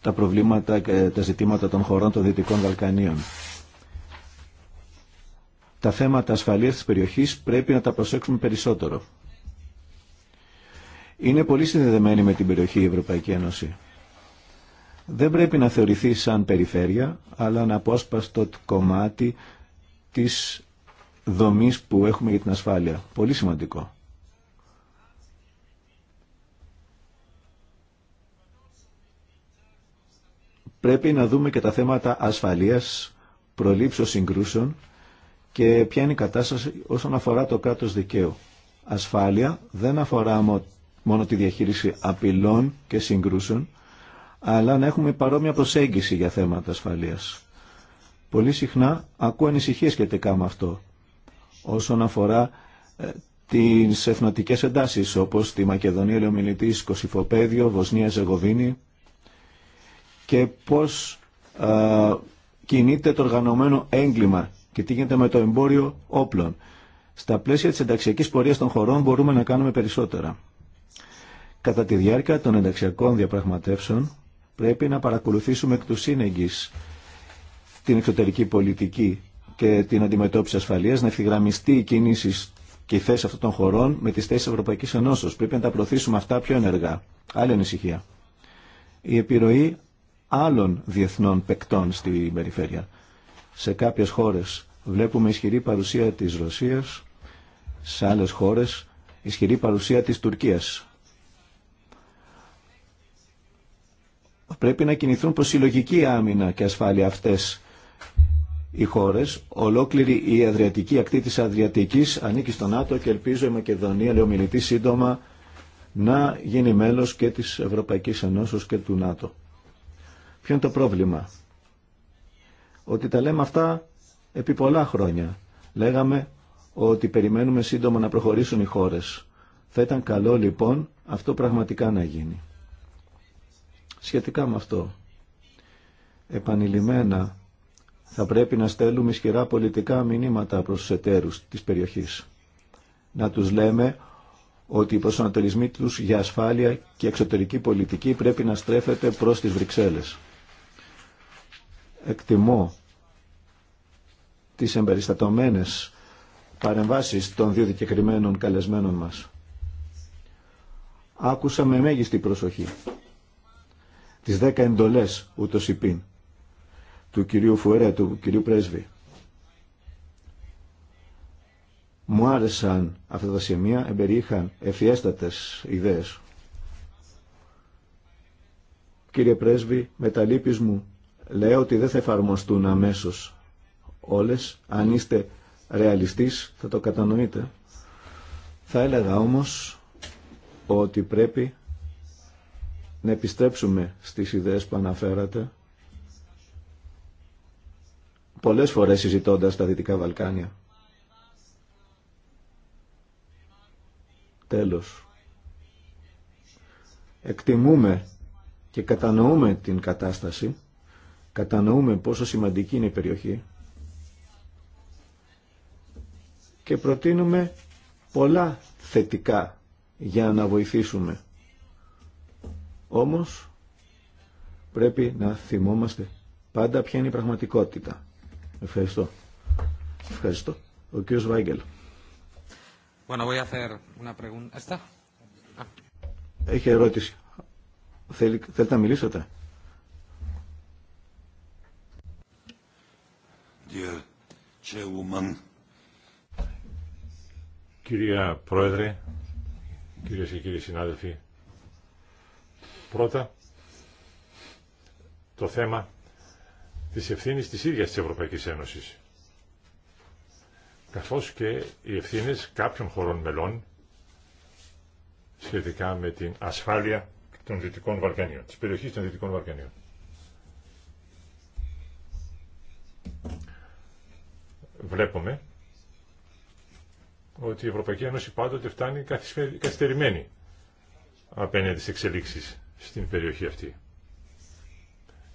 τα προβλήματα και τα ζητήματα των χωρών των Δυτικών Βαλκανίων. Τα θέματα ασφαλείας της περιοχής πρέπει να τα προσέξουμε περισσότερο είναι πολύ συνδεδεμένη με την περιοχή η Ευρωπαϊκή Ένωση. Δεν πρέπει να θεωρηθεί σαν περιφέρεια, αλλά να απόσπαστο κομμάτι της δομής που έχουμε για την ασφάλεια. Πολύ σημαντικό. Πρέπει να δούμε και τα θέματα ασφαλείας, προλήψεως συγκρούσεων και ποια είναι η κατάσταση όσον αφορά το κράτος δικαίου. Ασφάλεια δεν αφορά μόνο μόνο τη διαχείριση απειλών και συγκρούσεων, αλλά να έχουμε παρόμοια προσέγγιση για θέματα ασφαλείας. Πολύ συχνά ακούω ανησυχίε σχετικά με αυτό, όσον αφορά ε, τις εθνοτικές εντάσεις, όπως τη Μακεδονία, Λεωμιλητής, Κωσυφοπαίδιο, Βοσνία, Ζεγοβίνη και πώς ε, κινείται το οργανωμένο έγκλημα και τι γίνεται με το εμπόριο όπλων. Στα πλαίσια της ενταξιακής πορείας των χωρών μπορούμε να κάνουμε περισσότερα. Κατά τη διάρκεια των ενταξιακών διαπραγματεύσεων πρέπει να παρακολουθήσουμε εκ του σύνεγγυς την εξωτερική πολιτική και την αντιμετώπιση ασφαλείας, να ευθυγραμμιστεί η κίνηση και η θέση αυτών των χωρών με τις θέσεις Ευρωπαϊκής Ενώσεως. Πρέπει να τα προωθήσουμε αυτά πιο ενεργά. Άλλη ανησυχία. Η επιρροή άλλων διεθνών παικτών στην περιφέρεια. Σε κάποιες χώρες βλέπουμε ισχυρή παρουσία της Ρωσίας, σε άλλες χώρες ισχυρή παρουσία της Τουρκίας. πρέπει να κινηθούν προς συλλογική άμυνα και ασφάλεια αυτές οι χώρες. Ολόκληρη η Αδριατική ακτή της Αδριατικής ανήκει στο ΝΑΤΟ και ελπίζω η Μακεδονία, λέει ο σύντομα να γίνει μέλος και της Ευρωπαϊκής Ενώσεως και του ΝΑΤΟ. Ποιο είναι το πρόβλημα. Ότι τα λέμε αυτά επί πολλά χρόνια. Λέγαμε ότι περιμένουμε σύντομα να προχωρήσουν οι χώρες. Θα ήταν καλό λοιπόν αυτό πραγματικά να γίνει σχετικά με αυτό. Επανειλημμένα θα πρέπει να στέλνουμε ισχυρά πολιτικά μηνύματα προς τους εταίρους της περιοχής. Να τους λέμε ότι οι προσανατολισμοί τους για ασφάλεια και εξωτερική πολιτική πρέπει να στρέφεται προς τις Βρυξέλλες. Εκτιμώ τις εμπεριστατωμένες παρεμβάσεις των δύο δικαιωμένων καλεσμένων μας. Άκουσα με μέγιστη προσοχή τις δέκα εντολές ούτως υπήν του κυρίου Φουερέ, του κυρίου Πρέσβη. Μου άρεσαν αυτά τα σημεία, εμπεριείχαν ευφιέστατες ιδέες. Κύριε Πρέσβη, με τα λύπης μου λέω ότι δεν θα εφαρμοστούν αμέσως όλες. Αν είστε ρεαλιστής θα το κατανοείτε. Θα έλεγα όμως ότι πρέπει να επιστρέψουμε στις ιδέες που αναφέρατε. Πολλές φορές συζητώντα τα Δυτικά Βαλκάνια. Τέλος. Εκτιμούμε και κατανοούμε την κατάσταση, κατανοούμε πόσο σημαντική είναι η περιοχή και προτείνουμε πολλά θετικά για να βοηθήσουμε όμως πρέπει να θυμόμαστε πάντα ποια είναι η πραγματικότητα. Ευχαριστώ. Ευχαριστώ. Ο κ. Βάγκελ. Ah. Έχει ερώτηση. Θέλει, θέλετε να μιλήσετε. Κυρία Πρόεδρε, κυρίες και κύριοι συνάδελφοι, Πρώτα, το θέμα της ευθύνης της ίδιας της Ευρωπαϊκής Ένωσης, καθώς και οι ευθύνες κάποιων χωρών μελών σχετικά με την ασφάλεια των Δυτικών Βαλκανίων, της περιοχής των Δυτικών Βαλκανίων. Βλέπουμε ότι η Ευρωπαϊκή Ένωση πάντοτε φτάνει καθυστερημένη απέναντι στις εξελίξεις στην περιοχή αυτή.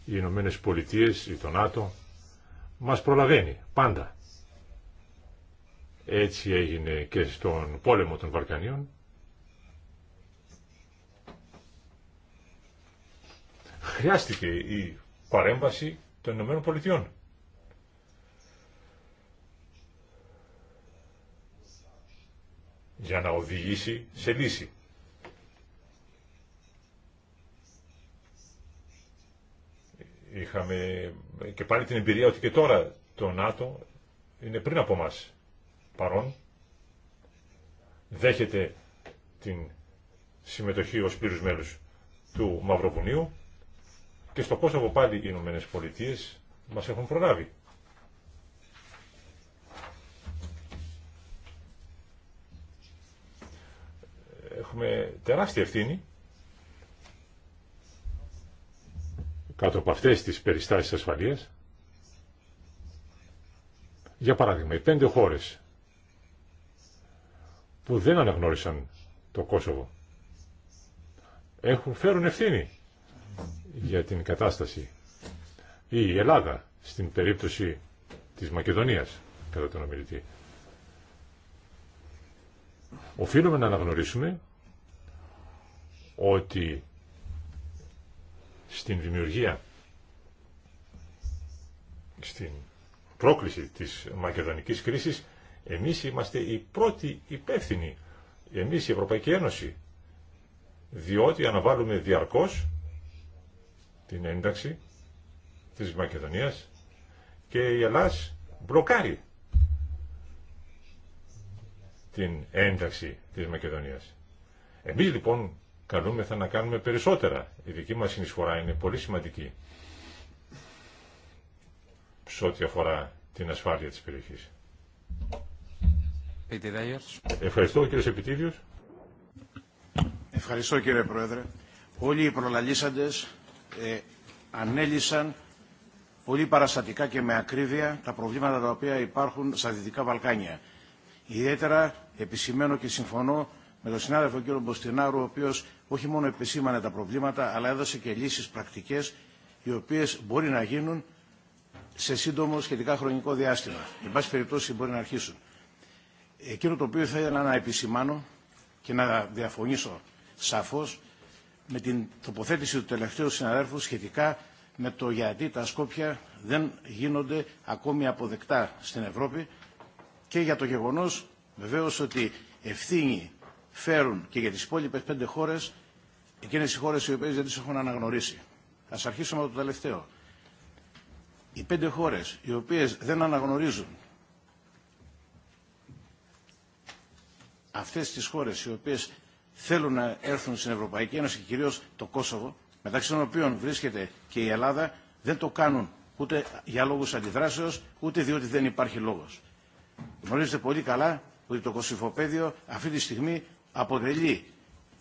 Οι Ηνωμένε Πολιτείε ή το ΝΑΤΟ μας προλαβαίνει πάντα. Έτσι έγινε και στον πόλεμο των Βαρκανιών. Χρειάστηκε η παρέμβαση των Ηνωμένων Πολιτειών. για να οδηγήσει σε λύση. Είχαμε και πάλι την εμπειρία ότι και τώρα το ΝΑΤΟ είναι πριν από μας παρόν, δέχεται την συμμετοχή ως πλήρους μέλους του Μαυροβουνίου και στο πόσο από πάλι οι Ηνωμένες Πολιτείες μας έχουν προλάβει. Έχουμε τεράστια ευθύνη κάτω από αυτές τις περιστάσεις ασφαλείας. Για παράδειγμα, οι πέντε χώρες που δεν αναγνώρισαν το Κόσοβο έχουν, φέρουν ευθύνη για την κατάσταση. Ή η Ελλάδα στην περίπτωση της Μακεδονίας κατά τον ομιλητή. Οφείλουμε να αναγνωρίσουμε ότι στην δημιουργία, στην πρόκληση της μακεδονικής κρίσης, εμείς είμαστε οι πρώτοι υπεύθυνοι, εμείς η Ευρωπαϊκή Ένωση, διότι αναβάλουμε διαρκώς την ένταξη της Μακεδονίας και η Ελλάς μπλοκάρει την ένταξη της Μακεδονίας. Εμείς λοιπόν καλούμεθα να κάνουμε περισσότερα. Η δική μας συνεισφορά είναι πολύ σημαντική σε ό,τι αφορά την ασφάλεια της περιοχής. Ευχαριστώ κύριε Επιτίδιος. Ευχαριστώ κύριε Πρόεδρε. Όλοι οι προλαλήσαντες ε, ανέλησαν πολύ παραστατικά και με ακρίβεια τα προβλήματα τα οποία υπάρχουν στα Δυτικά Βαλκάνια. Ιδιαίτερα επισημαίνω και συμφωνώ με τον συνάδελφο κύριο Μποστινάρου, ο οποίο όχι μόνο επισήμανε τα προβλήματα, αλλά έδωσε και λύσει πρακτικέ, οι οποίε μπορεί να γίνουν σε σύντομο σχετικά χρονικό διάστημα. Εν πάση περιπτώσει, μπορεί να αρχίσουν. Εκείνο το οποίο θα ήθελα να επισημάνω και να διαφωνήσω σαφώ με την τοποθέτηση του τελευταίου συναδέλφου σχετικά με το γιατί τα Σκόπια δεν γίνονται ακόμη αποδεκτά στην Ευρώπη και για το γεγονός βεβαίως ότι ευθύνη φέρουν και για τις υπόλοιπες πέντε χώρες, εκείνες οι χώρες οι οποίες δεν τις έχουν αναγνωρίσει. Ας αρχίσουμε από το τελευταίο. Οι πέντε χώρες οι οποίες δεν αναγνωρίζουν αυτές τις χώρες οι οποίες θέλουν να έρθουν στην Ευρωπαϊκή Ένωση και κυρίως το Κόσοβο, μεταξύ των οποίων βρίσκεται και η Ελλάδα, δεν το κάνουν ούτε για λόγους αντιδράσεως, ούτε διότι δεν υπάρχει λόγος. Γνωρίζετε πολύ καλά ότι το Κωσυφοπαίδιο αυτή τη στιγμή αποτελεί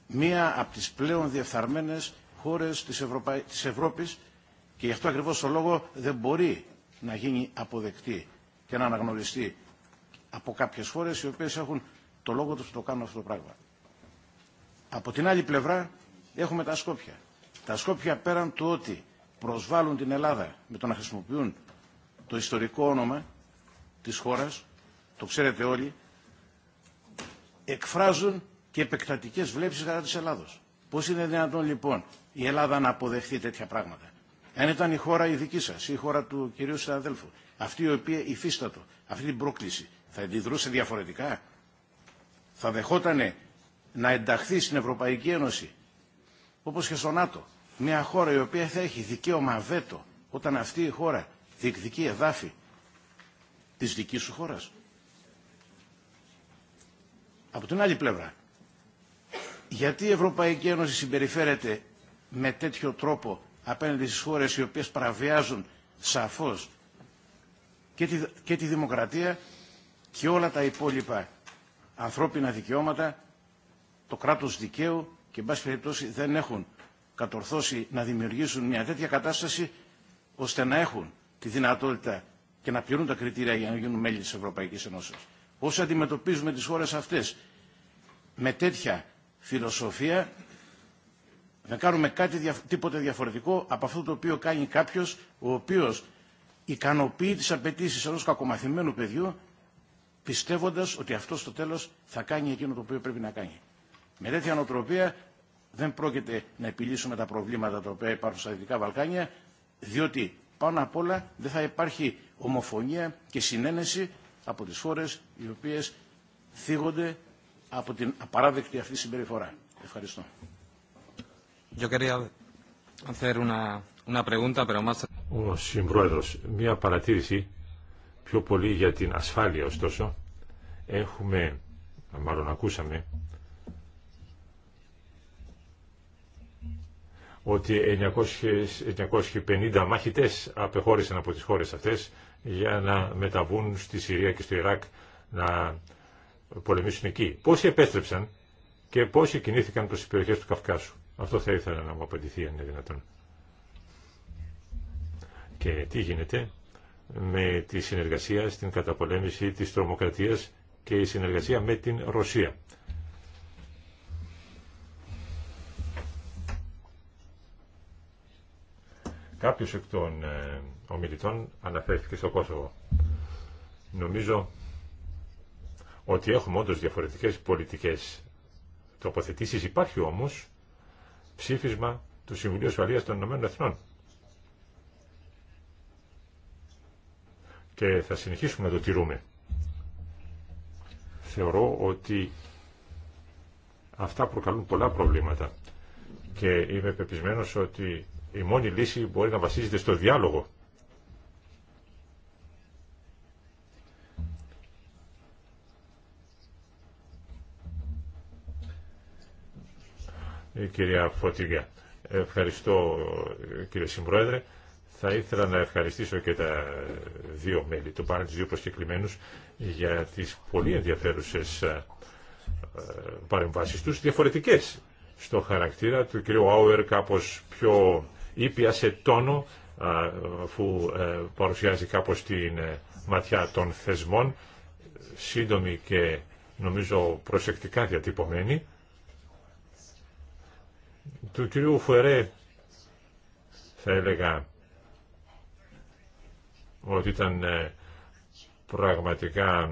μία από τις πλέον διεφθαρμένες χώρες της, Ευρωπα... της Ευρώπης και γι' αυτό ακριβώς το λόγο δεν μπορεί να γίνει αποδεκτή και να αναγνωριστεί από κάποιες χώρες οι οποίες έχουν το λόγο τους το κάνουν αυτό το πράγμα. Από την άλλη πλευρά έχουμε τα Σκόπια. Τα Σκόπια πέραν του ότι προσβάλλουν την Ελλάδα με το να χρησιμοποιούν το ιστορικό όνομα της χώρας, το ξέρετε όλοι, εκφράζουν και επεκτατικέ βλέψει κατά τη Ελλάδο. Πώ είναι δυνατόν λοιπόν η Ελλάδα να αποδεχθεί τέτοια πράγματα. Αν ήταν η χώρα η δική σα ή η χώρα του κυρίου συναδέλφου, αυτή η οποία υφίστατο αυτή την πρόκληση, θα αντιδρούσε διαφορετικά. Θα δεχότανε να ενταχθεί στην Ευρωπαϊκή Ένωση, όπω και στο ΝΑΤΟ, μια χώρα η οποία θα έχει δικαίωμα βέτο όταν αυτή η χώρα διεκδικεί εδάφη τη δική σου χώρα. Από την άλλη πλευρά, γιατί η Ευρωπαϊκή Ένωση συμπεριφέρεται με τέτοιο τρόπο απέναντι στις χώρες οι οποίες παραβιάζουν σαφώς και τη, δημοκρατία και όλα τα υπόλοιπα ανθρώπινα δικαιώματα, το κράτος δικαίου και εν πάση περιπτώσει δεν έχουν κατορθώσει να δημιουργήσουν μια τέτοια κατάσταση ώστε να έχουν τη δυνατότητα και να πληρούν τα κριτήρια για να γίνουν μέλη της Ευρωπαϊκής Ένωσης. Όσοι αντιμετωπίζουμε τις χώρες αυτές με τέτοια φιλοσοφία να κάνουμε κάτι τίποτε διαφορετικό από αυτό το οποίο κάνει κάποιος ο οποίος ικανοποιεί τις απαιτήσει ενός κακομαθημένου παιδιού πιστεύοντας ότι αυτό στο τέλος θα κάνει εκείνο το οποίο πρέπει να κάνει. Με τέτοια νοοτροπία δεν πρόκειται να επιλύσουμε τα προβλήματα τα οποία υπάρχουν στα Δυτικά Βαλκάνια διότι πάνω απ' όλα δεν θα υπάρχει ομοφωνία και συνένεση από τις χώρε οι οποίες θίγονται από την απαράδεκτη αυτή συμπεριφορά. Ευχαριστώ. Ο Συμπρόεδρος, μία παρατήρηση πιο πολύ για την ασφάλεια ωστόσο. Έχουμε, μάλλον ακούσαμε, ότι 950 μαχητές απεχώρησαν από τις χώρες αυτές για να μεταβούν στη Συρία και στο Ιράκ να πολεμήσουν εκεί. Πόσοι επέστρεψαν και πόσοι κινήθηκαν προς τις περιοχές του Καυκάσου. Αυτό θα ήθελα να μου απαντηθεί αν είναι δυνατόν. Και τι γίνεται με τη συνεργασία στην καταπολέμηση της τρομοκρατίας και η συνεργασία με την Ρωσία. Κάποιος εκ των ε, ομιλητών αναφέρθηκε στο Κόσοβο. Νομίζω ότι έχουμε όντως διαφορετικές πολιτικές τοποθετήσεις. Υπάρχει όμως ψήφισμα του Συμβουλίου Ασφαλείας των Ηνωμένων Εθνών. Και θα συνεχίσουμε να το τηρούμε. Θεωρώ ότι αυτά προκαλούν πολλά προβλήματα και είμαι πεπισμένος ότι η μόνη λύση μπορεί να βασίζεται στο διάλογο Ε, κυρία Φωτιγιά. Ευχαριστώ κύριε Συμπρόεδρε. Θα ήθελα να ευχαριστήσω και τα δύο μέλη του πάνελ, τους δύο προσκεκλημένους, για τις πολύ ενδιαφέρουσες ε, παρεμβάσεις τους, διαφορετικές στο χαρακτήρα του κυρίου Άουερ, κάπως πιο ήπια σε τόνο, ε, αφού παρουσιάζει κάπως την ματιά των θεσμών, σύντομη και νομίζω προσεκτικά διατυπωμένη του κυρίου Φουερέ θα έλεγα ότι ήταν ε, πραγματικά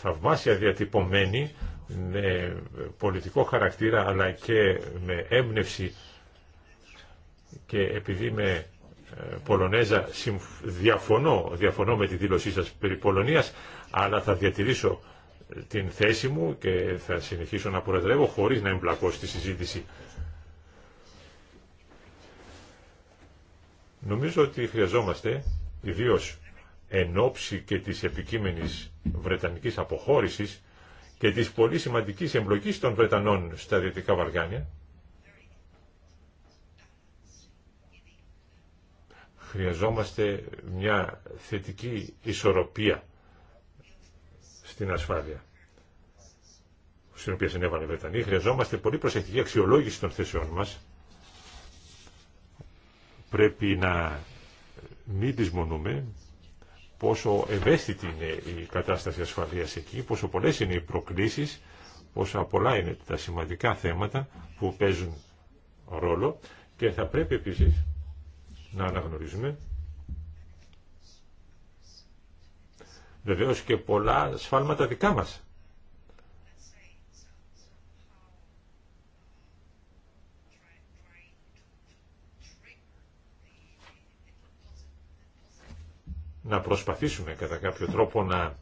θαυμάσια διατυπωμένη με πολιτικό χαρακτήρα αλλά και με έμπνευση και επειδή με ε, Πολωνέζα διαφωνώ, διαφωνώ με τη δήλωσή σας περί Πολωνίας αλλά θα διατηρήσω την θέση μου και θα συνεχίσω να προεδρεύω χωρίς να εμπλακώ στη συζήτηση. Νομίζω ότι χρειαζόμαστε, ιδίω εν ώψη και της επικείμενης Βρετανικής αποχώρησης και της πολύ σημαντικής εμπλοκής των Βρετανών στα Δυτικά Βαργάνια, χρειαζόμαστε μια θετική ισορροπία στην ασφάλεια, στην οποία συνέβαλε η Βρετανία. Χρειαζόμαστε πολύ προσεκτική αξιολόγηση των θέσεών μας. Πρέπει να μην δυσμονούμε πόσο ευαίσθητη είναι η κατάσταση ασφαλείας εκεί, πόσο πολλές είναι οι προκλήσεις, πόσο πολλά είναι τα σημαντικά θέματα που παίζουν ρόλο και θα πρέπει επίσης να αναγνωρίζουμε Βεβαίως και πολλά σφάλματα δικά μας. Να προσπαθήσουμε κατά κάποιο τρόπο να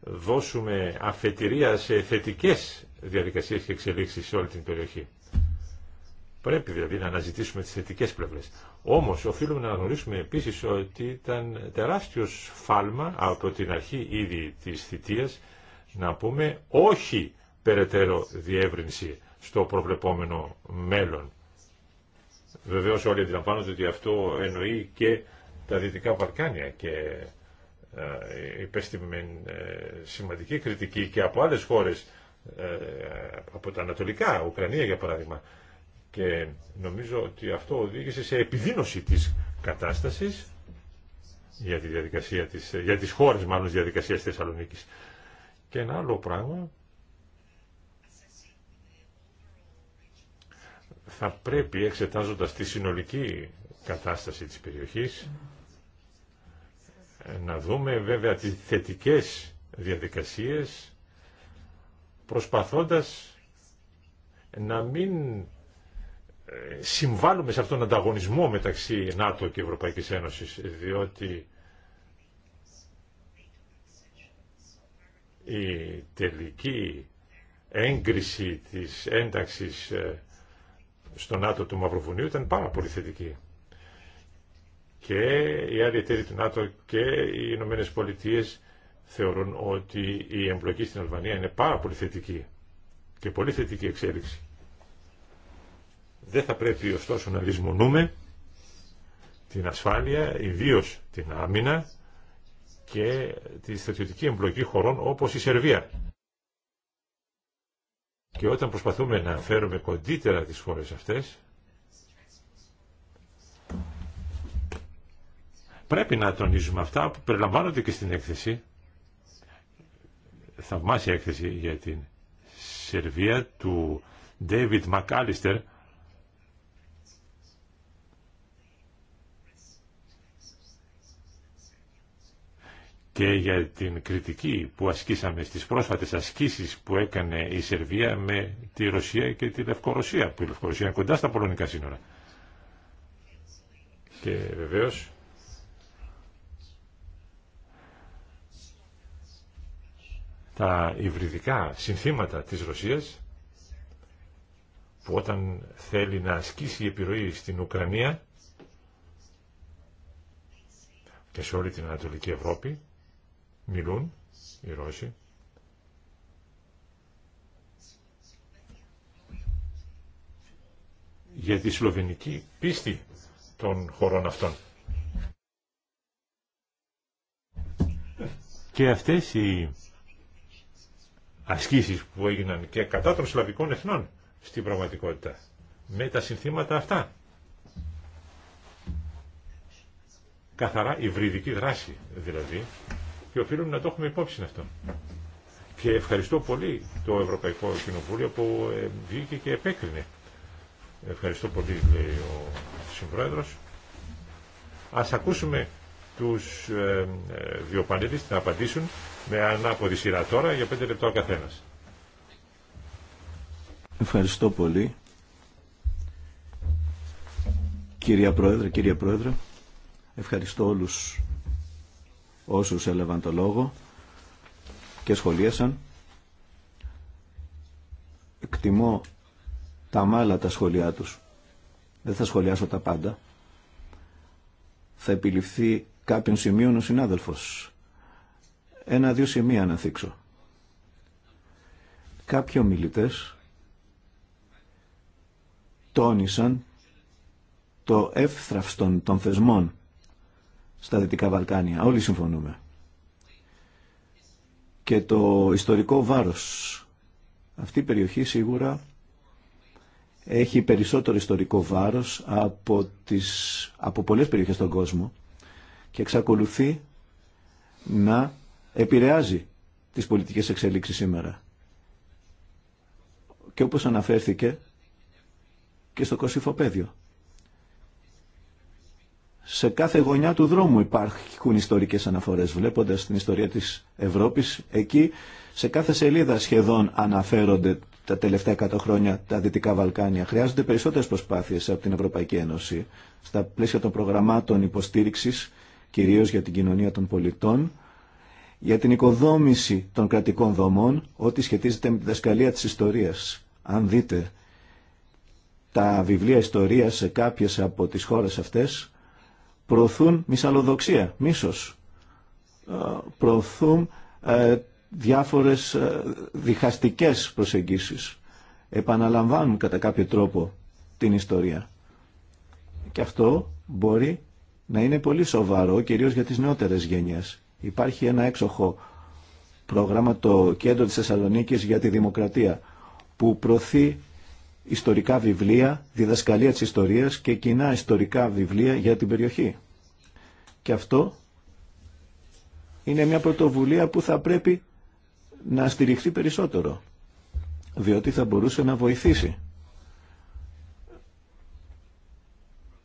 δώσουμε αφετηρία σε θετικές διαδικασίες και εξελίξεις σε όλη την περιοχή. Πρέπει δηλαδή να αναζητήσουμε τις θετικές πλευρές. Όμως οφείλουμε να γνωρίσουμε επίσης ότι ήταν τεράστιο σφάλμα από την αρχή ήδη της θητείας να πούμε όχι περαιτέρω διεύρυνση στο προβλεπόμενο μέλλον. Βεβαίως όλοι αντιλαμβάνονται ότι αυτό εννοεί και τα Δυτικά Βαλκάνια και ε, υπέστη με ε, σημαντική κριτική και από άλλες χώρες ε, από τα Ανατολικά, Ουκρανία για παράδειγμα και νομίζω ότι αυτό οδήγησε σε επιδείνωση της κατάστασης για τη διαδικασία της, για τις χώρες μάλλον της διαδικασίας της Και ένα άλλο πράγμα θα πρέπει εξετάζοντας τη συνολική κατάσταση της περιοχής να δούμε βέβαια τις θετικές διαδικασίες προσπαθώντας να μην συμβάλλουμε σε αυτόν τον ανταγωνισμό μεταξύ ΝΑΤΟ και Ευρωπαϊκής Ένωσης, διότι η τελική έγκριση της ένταξης ε, στο ΝΑΤΟ του Μαυροβουνίου ήταν πάρα πολύ θετική. Και οι άλλοι εταίροι του ΝΑΤΟ και οι Ηνωμένε Πολιτείε θεωρούν ότι η εμπλοκή στην Αλβανία είναι πάρα πολύ θετική και πολύ θετική εξέλιξη. Δεν θα πρέπει ωστόσο να λησμονούμε την ασφάλεια, ιδίω την άμυνα και τη στρατιωτική εμπλοκή χωρών όπως η Σερβία. Και όταν προσπαθούμε να φέρουμε κοντύτερα τις χώρες αυτές, πρέπει να τονίζουμε αυτά που περιλαμβάνονται και στην έκθεση, θαυμάσια έκθεση για την Σερβία του David McAllister, και για την κριτική που ασκήσαμε στις πρόσφατες ασκήσεις που έκανε η Σερβία με τη Ρωσία και τη Λευκορωσία, που η Λευκορωσία είναι κοντά στα πολωνικά σύνορα. Και βεβαίως τα υβριδικά συνθήματα της Ρωσίας που όταν θέλει να ασκήσει επιρροή στην Ουκρανία και σε όλη την Ανατολική Ευρώπη μιλούν, οι Ρώσοι, για τη σλοβενική πίστη των χωρών αυτών. Και αυτές οι ασκήσεις που έγιναν και κατά των σλαβικών εθνών στην πραγματικότητα, με τα συνθήματα αυτά. Καθαρά υβριδική δράση δηλαδή, και οφείλουμε να το έχουμε υπόψη αυτό. Και ευχαριστώ πολύ το Ευρωπαϊκό Κοινοβούλιο που ε, βγήκε και επέκρινε. Ευχαριστώ πολύ, λέει ο Συμπρόεδρος. Ας ακούσουμε τους ε, ε, δύο δύο να απαντήσουν με ανάποδη σειρά τώρα για πέντε λεπτά ο καθένας. Ευχαριστώ πολύ. Κυρία Πρόεδρε, κυρία Πρόεδρε, ευχαριστώ όλους όσους έλαβαν το λόγο και σχολίασαν. Εκτιμώ τα μάλα τα σχολιά τους. Δεν θα σχολιάσω τα πάντα. Θα επιληφθεί κάποιον σημείο ο συνάδελφος. Ένα-δύο σημεία να θίξω. Κάποιοι ομιλητές τόνισαν το εύθραυστον των θεσμών στα Δυτικά Βαλκάνια. Όλοι συμφωνούμε. Και το ιστορικό βάρος. Αυτή η περιοχή σίγουρα έχει περισσότερο ιστορικό βάρος από, τις, από πολλές περιοχές στον κόσμο και εξακολουθεί να επηρεάζει τις πολιτικές εξελίξεις σήμερα. Και όπως αναφέρθηκε και στο Κωσυφοπέδιο σε κάθε γωνιά του δρόμου υπάρχουν ιστορικές αναφορές. Βλέποντας την ιστορία της Ευρώπης, εκεί σε κάθε σελίδα σχεδόν αναφέρονται τα τελευταία 100 χρόνια τα Δυτικά Βαλκάνια. Χρειάζονται περισσότερες προσπάθειες από την Ευρωπαϊκή Ένωση στα πλαίσια των προγραμμάτων υποστήριξης, κυρίως για την κοινωνία των πολιτών, για την οικοδόμηση των κρατικών δομών, ό,τι σχετίζεται με τη δασκαλία της ιστορίας. Αν δείτε τα βιβλία ιστορίας σε κάποιες από τις χώρες αυτές, προωθούν μυσαλλοδοξία, μίσος, ε, προωθούν ε, διάφορες ε, διχαστικές προσεγγίσεις. Επαναλαμβάνουν κατά κάποιο τρόπο την ιστορία. Και αυτό μπορεί να είναι πολύ σοβαρό, κυρίως για τις νεότερες γενιές. Υπάρχει ένα έξοχο πρόγραμμα, το Κέντρο της Θεσσαλονίκη για τη Δημοκρατία, που προωθεί ιστορικά βιβλία, διδασκαλία της ιστορίας και κοινά ιστορικά βιβλία για την περιοχή. Και αυτό είναι μια πρωτοβουλία που θα πρέπει να στηριχθεί περισσότερο, διότι θα μπορούσε να βοηθήσει.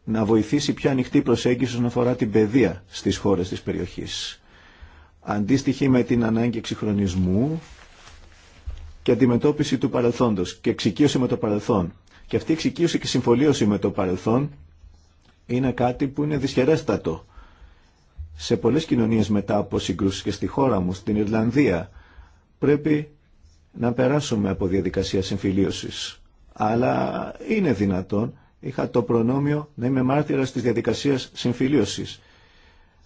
Να βοηθήσει πια ανοιχτή προσέγγιση όσον αφορά την παιδεία στις χώρες της περιοχής. Αντίστοιχη με την ανάγκη εξυγχρονισμού και αντιμετώπιση του παρελθόντος και εξοικείωση με το παρελθόν. Και αυτή η εξοικείωση και συμφωλίωση με το παρελθόν είναι κάτι που είναι δυσχερέστατο. Σε πολλές κοινωνίες μετά από συγκρούσεις και στη χώρα μου, στην Ιρλανδία, πρέπει να περάσουμε από διαδικασία συμφιλίωσης. Αλλά είναι δυνατόν, είχα το προνόμιο να είμαι μάρτυρας της διαδικασίας συμφιλίωσης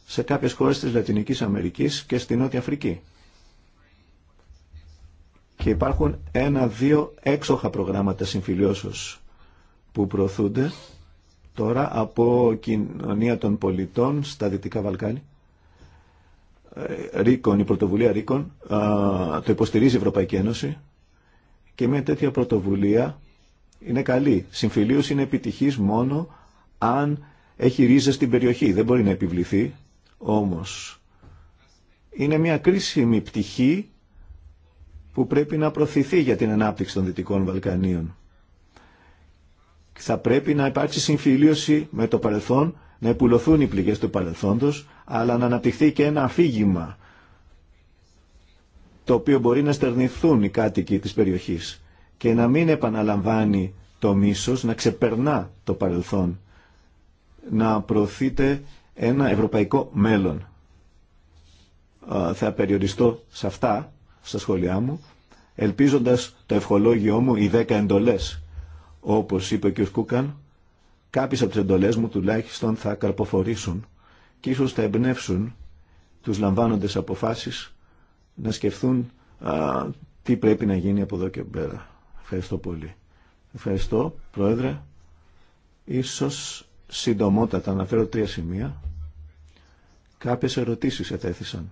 σε κάποιες χώρες της Λατινικής Αμερικής και στη Νότια Αφρική και υπάρχουν ένα-δύο έξοχα προγράμματα συμφιλιώσεως που προωθούνται τώρα από κοινωνία των πολιτών στα Δυτικά Βαλκάνια. Ε, Ρίκον, η πρωτοβουλία Ρίκον το υποστηρίζει η Ευρωπαϊκή Ένωση και μια τέτοια πρωτοβουλία είναι καλή. Συμφιλίωση είναι επιτυχής μόνο αν έχει ρίζες στην περιοχή. Δεν μπορεί να επιβληθεί, όμως είναι μια κρίσιμη πτυχή που πρέπει να προωθηθεί για την ανάπτυξη των Δυτικών Βαλκανίων. Θα πρέπει να υπάρξει συμφιλίωση με το παρελθόν, να επουλωθούν οι πληγές του παρελθόντος, αλλά να αναπτυχθεί και ένα αφήγημα το οποίο μπορεί να στερνηθούν οι κάτοικοι της περιοχής και να μην επαναλαμβάνει το μίσος, να ξεπερνά το παρελθόν, να προωθείται ένα ευρωπαϊκό μέλλον. Θα περιοριστώ σε αυτά στα σχόλιά μου, ελπίζοντας το ευχολόγιο μου οι δέκα εντολές. Όπως είπε ο κ. Κούκαν, κάποιες από τις εντολές μου τουλάχιστον θα καρποφορήσουν και ίσως θα εμπνεύσουν τους λαμβάνοντες αποφάσεις να σκεφτούν τι πρέπει να γίνει από εδώ και πέρα. Ευχαριστώ πολύ. Ευχαριστώ, Πρόεδρε. Ίσως συντομότατα αναφέρω τρία σημεία. Κάποιες ερωτήσεις εθέθησαν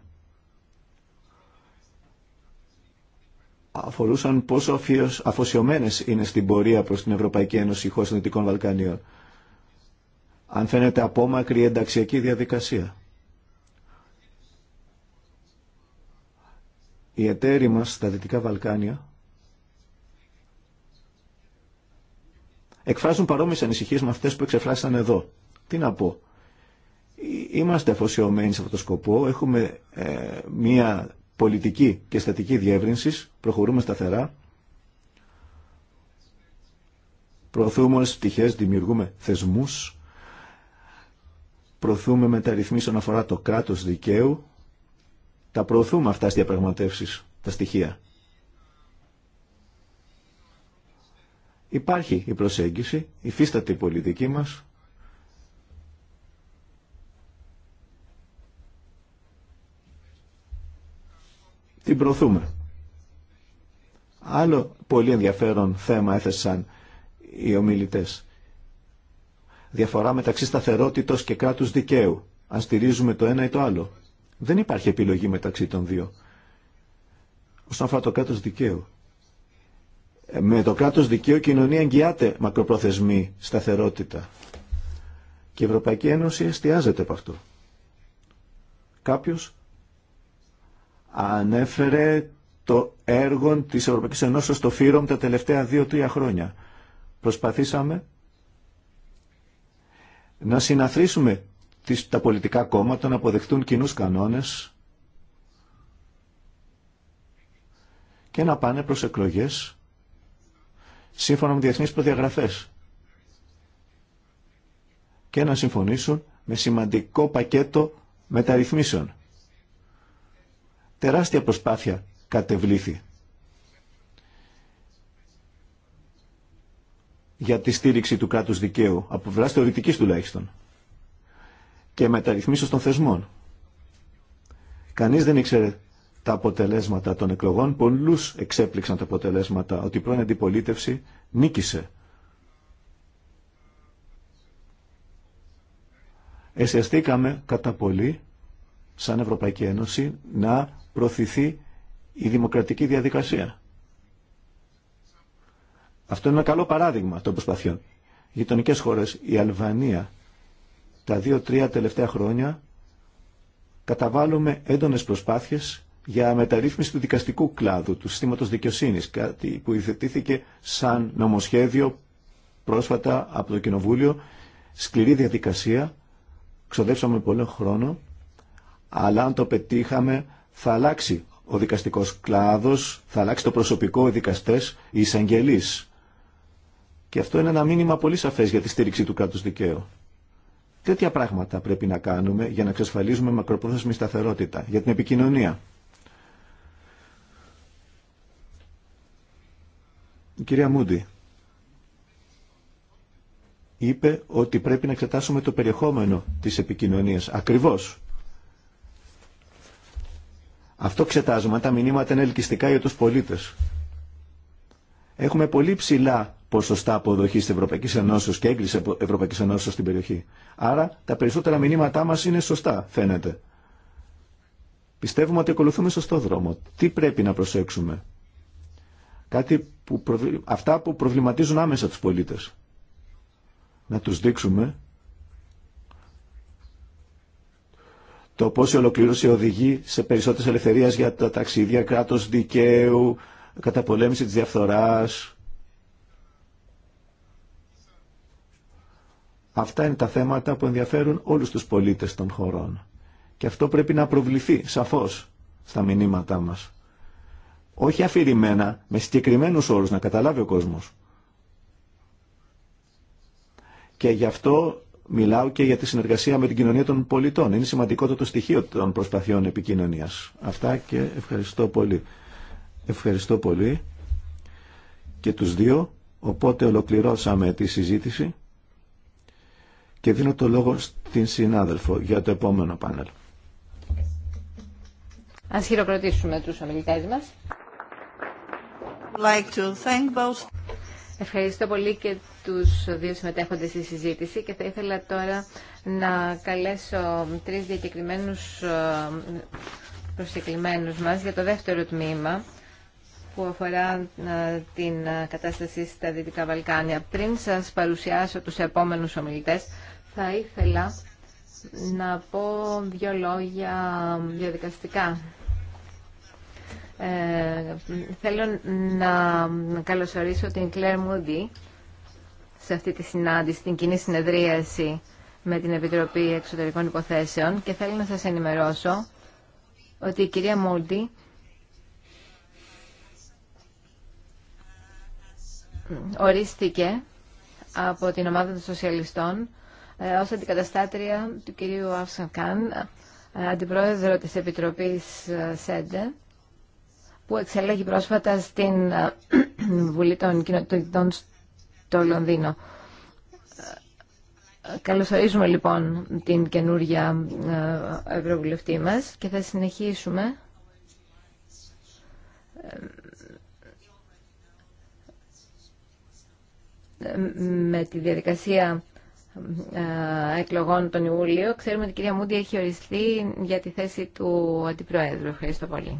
αφορούσαν πόσο αφοσιωμένε είναι στην πορεία προς την Ευρωπαϊκή Ένωση οι χώρε των Δυτικών Βαλκανίων. Αν φαίνεται απόμακρη ενταξιακή διαδικασία. Οι εταίροι μας στα Δυτικά Βαλκάνια εκφράζουν παρόμοιες ανησυχίες με αυτές που εξεφράσαν εδώ. Τι να πω. Είμαστε αφοσιωμένοι σε αυτό το σκοπό. Έχουμε ε, μία πολιτική και στατική διεύρυνση. Προχωρούμε σταθερά. Προωθούμε όλε τι δημιουργούμε θεσμού. Προωθούμε μεταρρυθμίσει όσον αφορά το κράτος δικαίου. Τα προωθούμε αυτά στι διαπραγματεύσει, τα στοιχεία. Υπάρχει η προσέγγιση, υφίσταται η πολιτική μας, την προωθούμε. Άλλο πολύ ενδιαφέρον θέμα έθεσαν οι ομιλητές. Διαφορά μεταξύ σταθερότητος και κράτους δικαίου. Αν στηρίζουμε το ένα ή το άλλο. Δεν υπάρχει επιλογή μεταξύ των δύο. Όσον αφορά το κράτος δικαίου. Ε, με το κράτος δικαίου κοινωνία εγγυάται μακροπρόθεσμη σταθερότητα. Και η Ευρωπαϊκή Ένωση εστιάζεται από αυτό. Κάποιος ανέφερε το έργο της Ευρωπαϊκής Ένωσης στο ΦΥΡΟΜ τα τελευταία δύο-τρία χρόνια. Προσπαθήσαμε να συναθρήσουμε τις, τα πολιτικά κόμματα να αποδεχτούν κοινούς κανόνες και να πάνε προς εκλογές σύμφωνα με διεθνείς προδιαγραφές και να συμφωνήσουν με σημαντικό πακέτο μεταρρυθμίσεων Τεράστια προσπάθεια κατεβλήθη για τη στήριξη του κράτους δικαίου, από βράση θεωρητικής τουλάχιστον, και μεταρρυθμίσεως των θεσμών. Κανείς δεν ήξερε τα αποτελέσματα των εκλογών, πολλούς εξέπληξαν τα αποτελέσματα, ότι η πρώην αντιπολίτευση νίκησε. Εσιαστήκαμε κατά πολύ σαν Ευρωπαϊκή Ένωση να προωθηθεί η δημοκρατική διαδικασία. Αυτό είναι ένα καλό παράδειγμα των προσπαθειών. Οι γειτονικέ χώρε, η Αλβανία, τα δύο-τρία τελευταία χρόνια καταβάλουμε έντονες προσπάθειες για μεταρρύθμιση του δικαστικού κλάδου, του συστήματος δικαιοσύνης, κάτι που υιοθετήθηκε σαν νομοσχέδιο πρόσφατα από το Κοινοβούλιο, σκληρή διαδικασία, ξοδέψαμε πολύ χρόνο αλλά αν το πετύχαμε θα αλλάξει ο δικαστικός κλάδος, θα αλλάξει το προσωπικό, οι δικαστές, οι εισαγγελείς. Και αυτό είναι ένα μήνυμα πολύ σαφές για τη στήριξη του κράτους δικαίου. Τέτοια πράγματα πρέπει να κάνουμε για να εξασφαλίζουμε μακροπρόθεσμη σταθερότητα, για την επικοινωνία. Η κυρία Μούντι είπε ότι πρέπει να εξετάσουμε το περιεχόμενο της επικοινωνίας. Ακριβώς. Αυτό ξετάζουμε τα μηνύματα είναι ελκυστικά για τους πολίτες. Έχουμε πολύ ψηλά ποσοστά αποδοχή τη Ευρωπαϊκή Ενώσεω και έγκριση Ευρωπαϊκή Ενώσεω στην περιοχή. Άρα τα περισσότερα μηνύματά μα είναι σωστά, φαίνεται. Πιστεύουμε ότι ακολουθούμε σωστό δρόμο. Τι πρέπει να προσέξουμε. Κάτι που Αυτά που προβληματίζουν άμεσα τους πολίτες. Να τους δείξουμε το πώς η ολοκληρώση οδηγεί σε περισσότερες ελευθερίες για τα ταξίδια, κράτος δικαίου, καταπολέμηση της διαφθοράς. Αυτά είναι τα θέματα που ενδιαφέρουν όλους τους πολίτες των χωρών. Και αυτό πρέπει να προβληθεί σαφώς στα μηνύματά μας. Όχι αφηρημένα, με συγκεκριμένου όρους να καταλάβει ο κόσμος. Και γι' αυτό Μιλάω και για τη συνεργασία με την κοινωνία των πολιτών. Είναι σημαντικό το στοιχείο των προσπαθειών επικοινωνίας. Αυτά και ευχαριστώ πολύ. Ευχαριστώ πολύ και τους δύο. Οπότε ολοκληρώσαμε τη συζήτηση και δίνω το λόγο στην συνάδελφο για το επόμενο πάνελ. Ας χειροκροτήσουμε τους ομιλητές μας. Like to thank both. Ευχαριστώ πολύ και τους δύο συμμετέχοντες στη συζήτηση και θα ήθελα τώρα να καλέσω τρεις διακεκριμένους ε, προσκεκλημένους μας για το δεύτερο τμήμα που αφορά ε, την ε, κατάσταση στα Δυτικά Βαλκάνια. Πριν σας παρουσιάσω τους επόμενους ομιλητές, θα ήθελα να πω δύο λόγια διαδικαστικά ε, θέλω να καλωσορίσω την Κλέρ Μούντι σε αυτή τη συνάντηση, την κοινή συνεδρίαση με την Επιτροπή Εξωτερικών Υποθέσεων και θέλω να σας ενημερώσω ότι η κυρία Μούντι ορίστηκε από την ομάδα των σοσιαλιστών ε, ως αντικαταστάτρια του κυρίου Αυσαν Καν, ε, αντιπρόεδρο της Επιτροπής ε, ΣΕΝΤΕ που εξελέγει πρόσφατα στην ε, [CLEARS THROAT] Βουλή των Κοινοτήτων στο Λονδίνο. Ε, καλωσορίζουμε λοιπόν την καινούργια ε, Ευρωβουλευτή μας και θα συνεχίσουμε με τη διαδικασία εκλογών τον Ιούλιο. Ξέρουμε ότι η κυρία Μούντι έχει οριστεί για τη θέση του Αντιπροέδρου. Ευχαριστώ πολύ.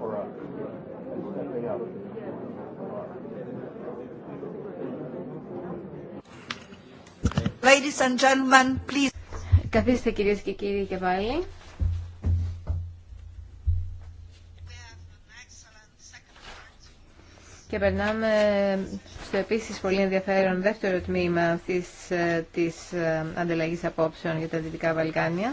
for Ladies and gentlemen, please. Καθίστε κυρίες και κύριοι και πάλι. Και περνάμε στο επίσης πολύ ενδιαφέρον δεύτερο τμήμα αυτής ε, της ε, ανταλλαγής απόψεων για τα Δυτικά Βαλκάνια.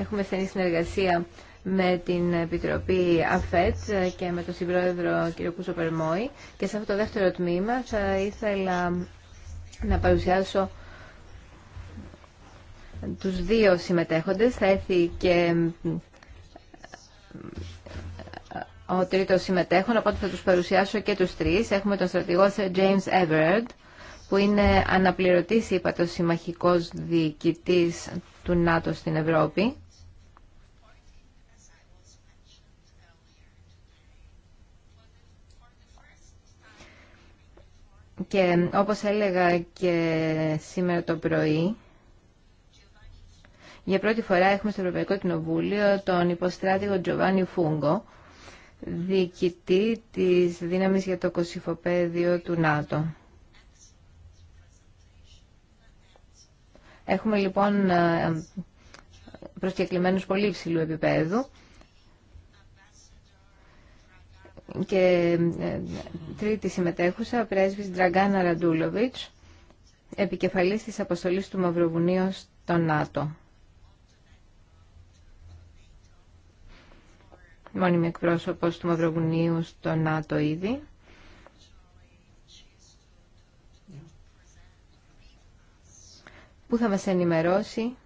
Έχουμε στενή συνεργασία με την Επιτροπή ΑΦΕΤ και με τον Συμπρόεδρο κ. Κούσο Περμόη και σε αυτό το δεύτερο τμήμα θα ήθελα να παρουσιάσω τους δύο συμμετέχοντες. Θα έρθει και ε, ο τρίτος συμμετέχον, οπότε θα τους παρουσιάσω και τους τρεις. Έχουμε τον στρατηγό Sir James Everard, που είναι αναπληρωτής, είπα, το συμμαχικός διοικητής του ΝΑΤΟ στην Ευρώπη. Και όπως έλεγα και σήμερα το πρωί, για πρώτη φορά έχουμε στο Ευρωπαϊκό Κοινοβούλιο τον υποστράτηγο Τζοβάνι Φούγκο, διοικητή της δύναμης για το κοσυφοπαίδιο του ΝΑΤΟ. Έχουμε λοιπόν ε, προσκεκλημένους πολύ υψηλού επίπεδου και ε, τρίτη συμμετέχουσα, ο πρέσβης Δραγκάνα Ραντούλοβιτς, επικεφαλής της αποστολής του Μαυροβουνίου στο ΝΑΤΟ. Μόνιμη εκπρόσωπος του Μαυροβουνίου στο ΝΑΤΟ ήδη. που θα μας ενημερώσει,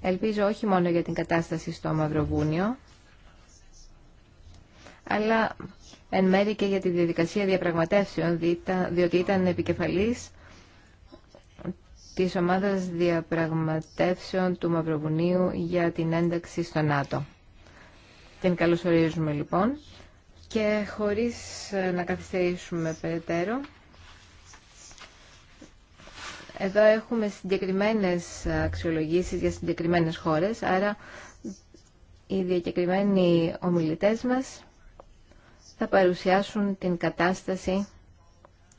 ελπίζω όχι μόνο για την κατάσταση στο Μαυροβούνιο, αλλά εν μέρη και για τη διαδικασία διαπραγματεύσεων, διότι ήταν επικεφαλής της ομάδας διαπραγματεύσεων του Μαυροβουνίου για την ένταξη στο ΝΑΤΟ. Την καλωσορίζουμε λοιπόν και χωρίς ε, να καθυστερήσουμε περαιτέρω, εδώ έχουμε συγκεκριμένες αξιολογήσεις για συγκεκριμένες χώρες, άρα οι διακεκριμένοι ομιλητές μας θα παρουσιάσουν την κατάσταση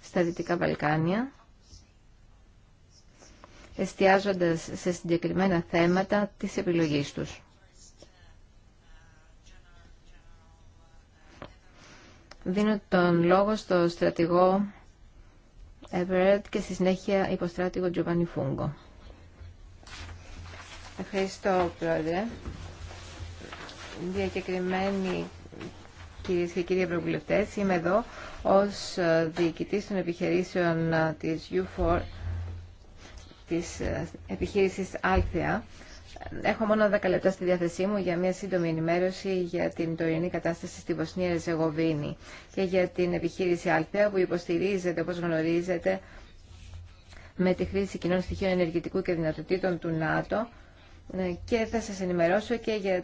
στα Δυτικά Βαλκάνια, εστιάζοντας σε συγκεκριμένα θέματα της επιλογής τους. Δίνω τον λόγο στο στρατηγό Everett και στη συνέχεια υποστράτηγο Giovanni Φούγκο. Ευχαριστώ, Πρόεδρε. Διακεκριμένη Κυρίε και κύριοι Ευρωβουλευτέ, είμαι εδώ ω ε, διοικητή των επιχειρήσεων τη ε, U4 της ε, επιχείρηση Althea. Έχω μόνο 10 λεπτά στη διάθεσή μου για μια σύντομη ενημέρωση για την τωρινή κατάσταση στη Βοσνία Ρεζεγοβίνη και για την επιχείρηση Althea που υποστηρίζεται, όπω γνωρίζετε, με τη χρήση κοινών στοιχείων ενεργητικού και δυνατοτήτων του ΝΑΤΟ και θα σας ενημερώσω και για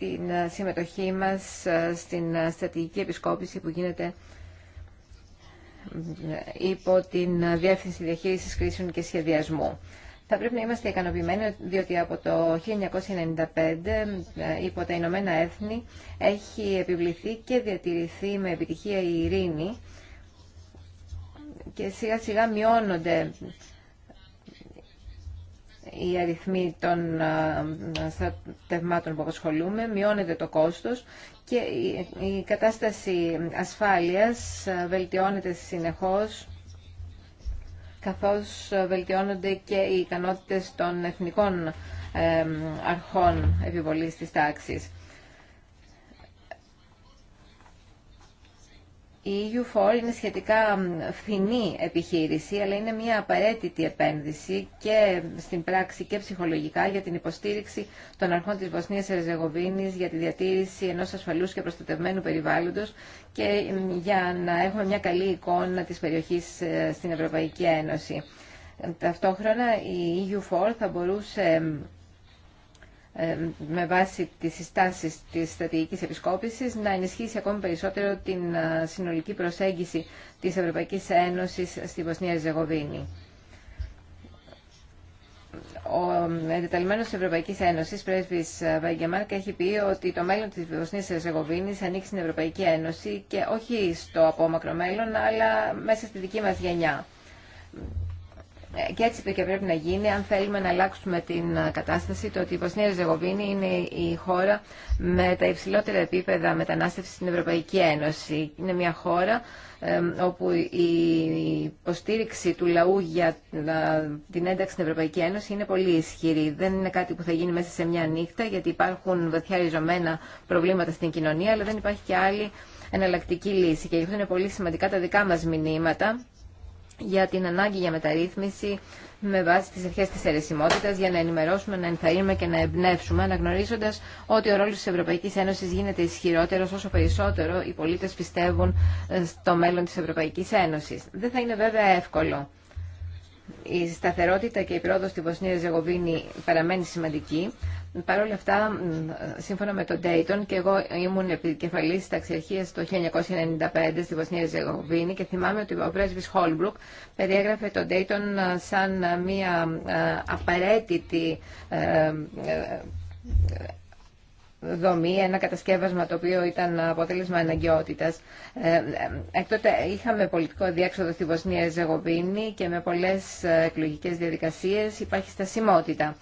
την ε, συμμετοχή μας ε, στην ε, στρατηγική επισκόπηση που γίνεται υπό την Διεύθυνση Διαχείρισης Κρίσεων και Σχεδιασμού. Θα πρέπει να είμαστε ικανοποιημένοι διότι από το 1995 υπό τα Ηνωμένα Έθνη έχει επιβληθεί και διατηρηθεί με επιτυχία η ειρήνη και σιγά σιγά μειώνονται οι αριθμοί των ε, στρατευμάτων που απασχολούμε, μειώνεται το κόστος και η κατάσταση ασφάλειας ε, βελτιώνεται συνεχώς καθώς βελτιώνονται και οι ικανότητες των εθνικών ε, αρχών επιβολής της τάξης. Η EU4 είναι σχετικά φθηνή επιχείρηση, αλλά είναι μια απαραίτητη επένδυση και στην πράξη και ψυχολογικά για την υποστήριξη των αρχών της Βοσνίας Ερζεγοβίνης, για τη διατήρηση ενός ασφαλούς και προστατευμένου περιβάλλοντος και για να έχουμε μια καλή εικόνα της περιοχής ε, στην Ευρωπαϊκή Ένωση. Ταυτόχρονα η EU4 θα μπορούσε ε, με βάση τις συστάσεις της στρατηγικής επισκόπησης να ενισχύσει ακόμη περισσότερο την ε, συνολική προσέγγιση της Ευρωπαϊκής Ένωσης στη Βοσνία Ζεγοβίνη. Ο ε, εντεταλμένος της Ευρωπαϊκής Ένωσης, πρέσβης Βαγγεμάρκ, έχει πει ότι το μέλλον της Βοσνίας Ερζεγοβίνης ανήκει στην Ευρωπαϊκή Ένωση και όχι στο απόμακρο μέλλον, αλλά μέσα στη δική μας γενιά και έτσι και πρέπει να γίνει αν θέλουμε να αλλάξουμε την ε, κατάσταση το ότι η Βοσνία Ριζεγοβίνη είναι η χώρα με τα υψηλότερα επίπεδα μετανάστευση στην Ευρωπαϊκή Ένωση. Είναι μια χώρα όπου η υποστήριξη του λαού για ε, την ένταξη στην Ευρωπαϊκή Ένωση είναι πολύ ισχυρή. Δεν είναι κάτι που θα γίνει μέσα σε μια νύχτα γιατί υπάρχουν βαθιά ριζωμένα προβλήματα στην κοινωνία αλλά δεν υπάρχει και άλλη εναλλακτική λύση και γι' αυτό είναι πολύ σημαντικά τα δικά μας μηνύματα για την ανάγκη για μεταρρύθμιση με βάση τις αρχές της αιρεσιμότητας για να ενημερώσουμε, να ενθαρρύνουμε και να εμπνεύσουμε αναγνωρίζοντας ότι ο ρόλος της Ευρωπαϊκής Ένωσης γίνεται ισχυρότερο όσο περισσότερο οι πολίτες πιστεύουν ε, στο μέλλον της Ευρωπαϊκής Ένωσης. Δεν θα είναι βέβαια εύκολο. Η σταθερότητα και η πρόοδος στη Βοσνία Ζεγοβίνη παραμένει σημαντική, Παρ' όλα αυτά, σύμφωνα με τον Ντέιτον και εγώ ήμουν επικεφαλή ταξιαρχία το 1995 στη Βοσνία Ζεγοβίνη και θυμάμαι ότι ο πρέσβη Χόλμπρουκ περιέγραφε τον Ντέιτον ε, σαν μια ε, απαραίτητη ε, δομή, ένα κατασκεύασμα το οποίο ήταν αποτέλεσμα αναγκαιότητας. Εκτότε ε, είχαμε πολιτικό διέξοδο στη Βοσνία Ζεγοβίνη και με πολλές ε, εκλογικές διαδικασίες υπάρχει στασιμότητα.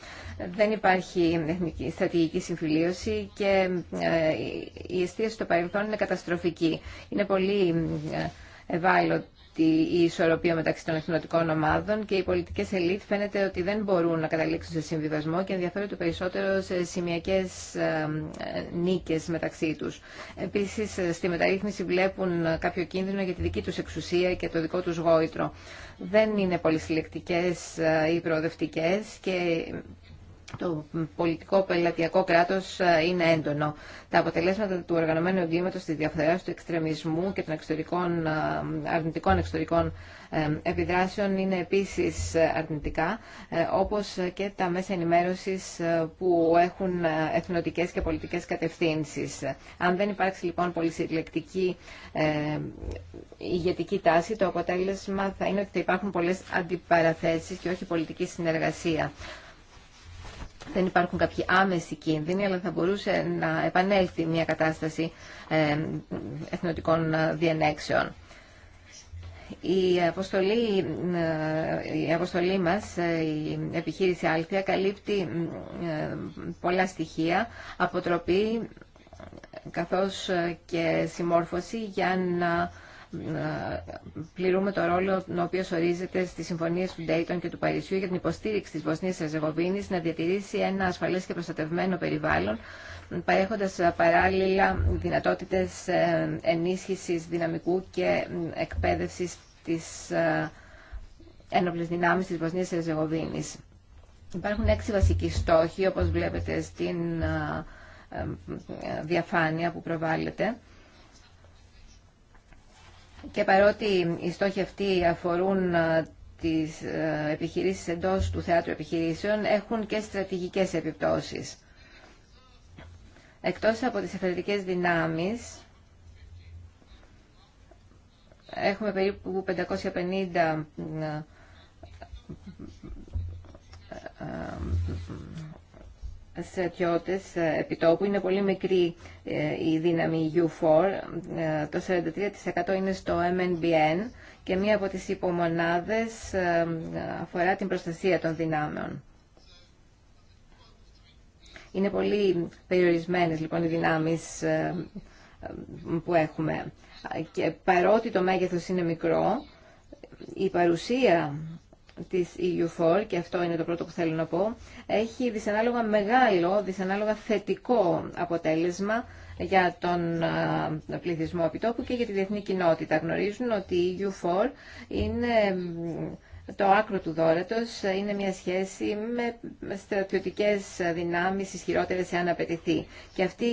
Δεν υπάρχει εθνική στρατηγική συμφιλίωση και ε, η αιστεία στο παρελθόν είναι καταστροφική. Είναι πολύ ευάλωτο η ισορροπία μεταξύ των εθνοτικών ομάδων και οι πολιτικέ ελίτ φαίνεται ότι δεν μπορούν να καταλήξουν σε συμβιβασμό και ενδιαφέρονται περισσότερο σε σημειακέ νίκε μεταξύ του. Επίση, στη μεταρρύθμιση βλέπουν κάποιο κίνδυνο για τη δική του εξουσία και το δικό του γόητρο. Δεν είναι πολυσυλλεκτικέ ή ε, προοδευτικέ και το πολιτικό πελατειακό κράτο ε, είναι έντονο. Τα αποτελέσματα του οργανωμένου εγκλήματο στη διαφθοράς του εξτρεμισμού και των εξωτερικών, ε, αρνητικών εξωτερικών ε, επιδράσεων είναι επίση αρνητικά, όπω και τα μέσα ενημέρωση που έχουν εθνοτικέ και πολιτικέ κατευθύνσει. Αν δεν υπάρξει λοιπόν πολυσυλλεκτική ηγετική τάση, το αποτέλεσμα θα είναι ότι θα υπάρχουν πολλέ αντιπαραθέσει και όχι πολιτική συνεργασία δεν υπάρχουν κάποιοι άμεσοι κίνδυνοι, αλλά θα μπορούσε να επανέλθει μια κατάσταση ε, εθνοτικών διενέξεων. Η αποστολή, ε, η αποστολή μας, ε, η επιχείρηση Άλθια, καλύπτει πολλά στοιχεία, αποτροπή καθώς και συμμόρφωση για να πληρούμε το ρόλο ο οποίο ορίζεται στι συμφωνίε του Ντέιτον και του Παρισιού για την υποστήριξη τη Βοσνία Ερζεγοβίνη να διατηρήσει ένα ασφαλέ και προστατευμένο περιβάλλον, παρέχοντα παράλληλα δυνατότητε ε, ενίσχυση δυναμικού και εκπαίδευση τη ε, ένοπλε δυνάμει τη Βοσνία Ερζεγοβίνη. Υπάρχουν έξι βασικοί στόχοι, όπως βλέπετε στην ε, διαφάνεια που προβάλλεται. Και παρότι οι στόχοι αυτοί αφορούν ε, τις ε, επιχειρήσεις εντός του θεάτρου επιχειρήσεων, έχουν και στρατηγικές επιπτώσεις. Εκτός από τις εφαιρετικές δυνάμεις, έχουμε περίπου 550 στρατιώτες ε, επιτόπου. Είναι πολύ μικρή ε, η δύναμη U4. Ε, το 43% είναι στο MNBN και μία από τις υπομονάδες αφορά την προστασία των δυνάμεων. Είναι πολύ περιορισμένες λοιπόν οι δυνάμεις που έχουμε. Και παρότι το μέγεθος είναι μικρό, η παρουσία της EU4 και αυτό είναι το πρώτο που θέλω να πω έχει δυσανάλογα μεγάλο, δυσανάλογα θετικό αποτέλεσμα για τον ε, πληθυσμό επιτόπου και για τη διεθνή κοινότητα. Γνωρίζουν ότι η EU4 είναι το άκρο του δόρατος είναι μια σχέση με στρατιωτικές δυνάμεις ισχυρότερες εάν απαιτηθεί. Και αυτή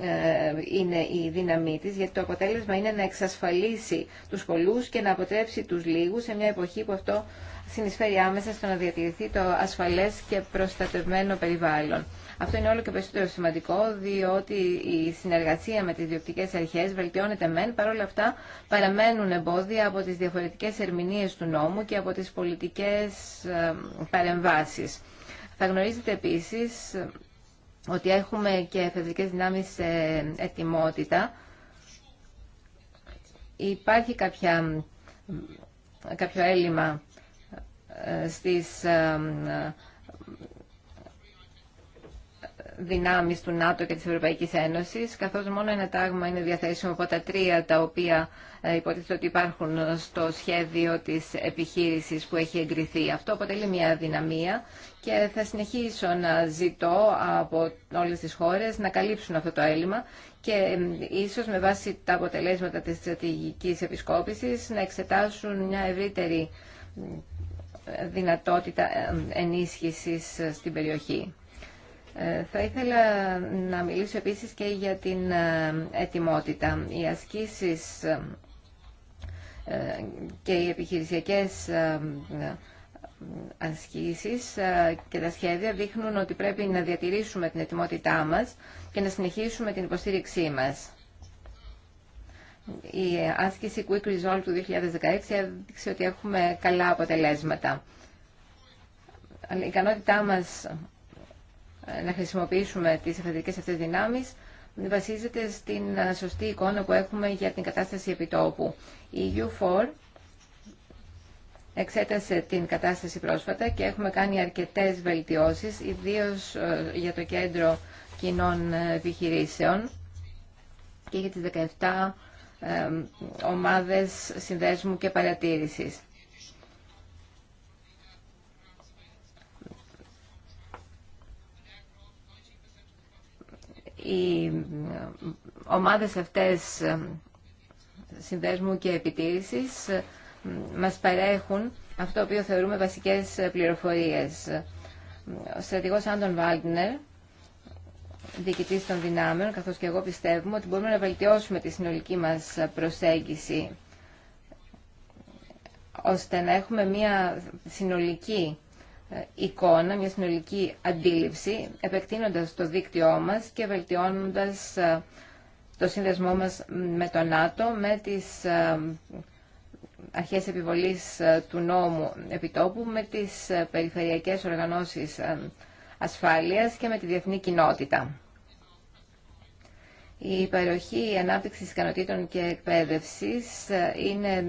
ε, είναι η δύναμή της, γιατί το αποτέλεσμα είναι να εξασφαλίσει τους πολλούς και να αποτρέψει τους λίγους σε μια εποχή που αυτό συνεισφέρει άμεσα στο να διατηρηθεί το ασφαλές και προστατευμένο περιβάλλον. Αυτό είναι όλο και περισσότερο σημαντικό, διότι η συνεργασία με τις διοπτικέ αρχές βελτιώνεται μεν, παρόλα αυτά παραμένουν εμπόδια από τις διαφορετικές ερμηνείε του νόμου και από τις πολιτικές ε, παρεμβάσει. Θα γνωρίζετε επίσης ε, ότι έχουμε και εφεδρικέ δυνάμεις σε ετοιμότητα. Υπάρχει κάποια, ε, κάποιο έλλειμμα στις δυνάμεις του ΝΑΤΟ και της Ευρωπαϊκής Ένωσης, καθώς μόνο ένα τάγμα είναι διαθέσιμο από τα τρία τα οποία ε, υποτίθεται ότι υπάρχουν στο σχέδιο της επιχείρησης που έχει εγκριθεί. Αυτό αποτελεί μια δυναμία και θα συνεχίσω να ζητώ από όλες τις χώρες να καλύψουν αυτό το έλλειμμα και ίσως με βάση τα αποτελέσματα της στρατηγικής επισκόπησης να εξετάσουν μια ευρύτερη ε, δυνατότητα ε, ενίσχυσης στην περιοχή. Ε, θα ήθελα να μιλήσω επίσης και για την ε, ετοιμότητα. Οι ασκήσεις ε, και οι επιχειρησιακές ασκήσεις και τα σχέδια δείχνουν ότι πρέπει να διατηρήσουμε την ετοιμότητά μας και να συνεχίσουμε την υποστήριξή μας. Η άσκηση Quick Resolve του 2016 έδειξε ότι έχουμε καλά αποτελέσματα. Η ικανότητά μας να χρησιμοποιήσουμε τις εφεδρικέ αυτές δυνάμεις βασίζεται στην σωστή εικόνα που έχουμε για την κατάσταση επιτόπου. Η u 4 εξέτασε την κατάσταση πρόσφατα και έχουμε κάνει αρκετές βελτιώσεις, ιδίως ε, για το Κέντρο Κοινών Επιχειρήσεων και για τις 17 ε, ομάδες συνδέσμου και παρατήρησης. οι ομάδες αυτές ε, συνδέσμου και επιτήρησης ε, μας παρέχουν αυτό που θεωρούμε βασικές πληροφορίες. Ο στρατηγός Άντων Βάλτνερ, διοικητής των δυνάμεων, καθώς και εγώ πιστεύουμε ότι μπορούμε να βελτιώσουμε τη συνολική μας προσέγγιση ώστε να έχουμε μια συνολική ε, εικόνα, μια συνολική αντίληψη, επεκτείνοντας το δίκτυό μας και βελτιώνοντας ε, το σύνδεσμό μας με το ΝΑΤΟ, με τις ε, αρχές επιβολής του νόμου επιτόπου, με τις περιφερειακές οργανώσεις ασφάλειας και με τη διεθνή κοινότητα. Η υπεροχή ανάπτυξης ικανοτήτων και εκπαίδευσης είναι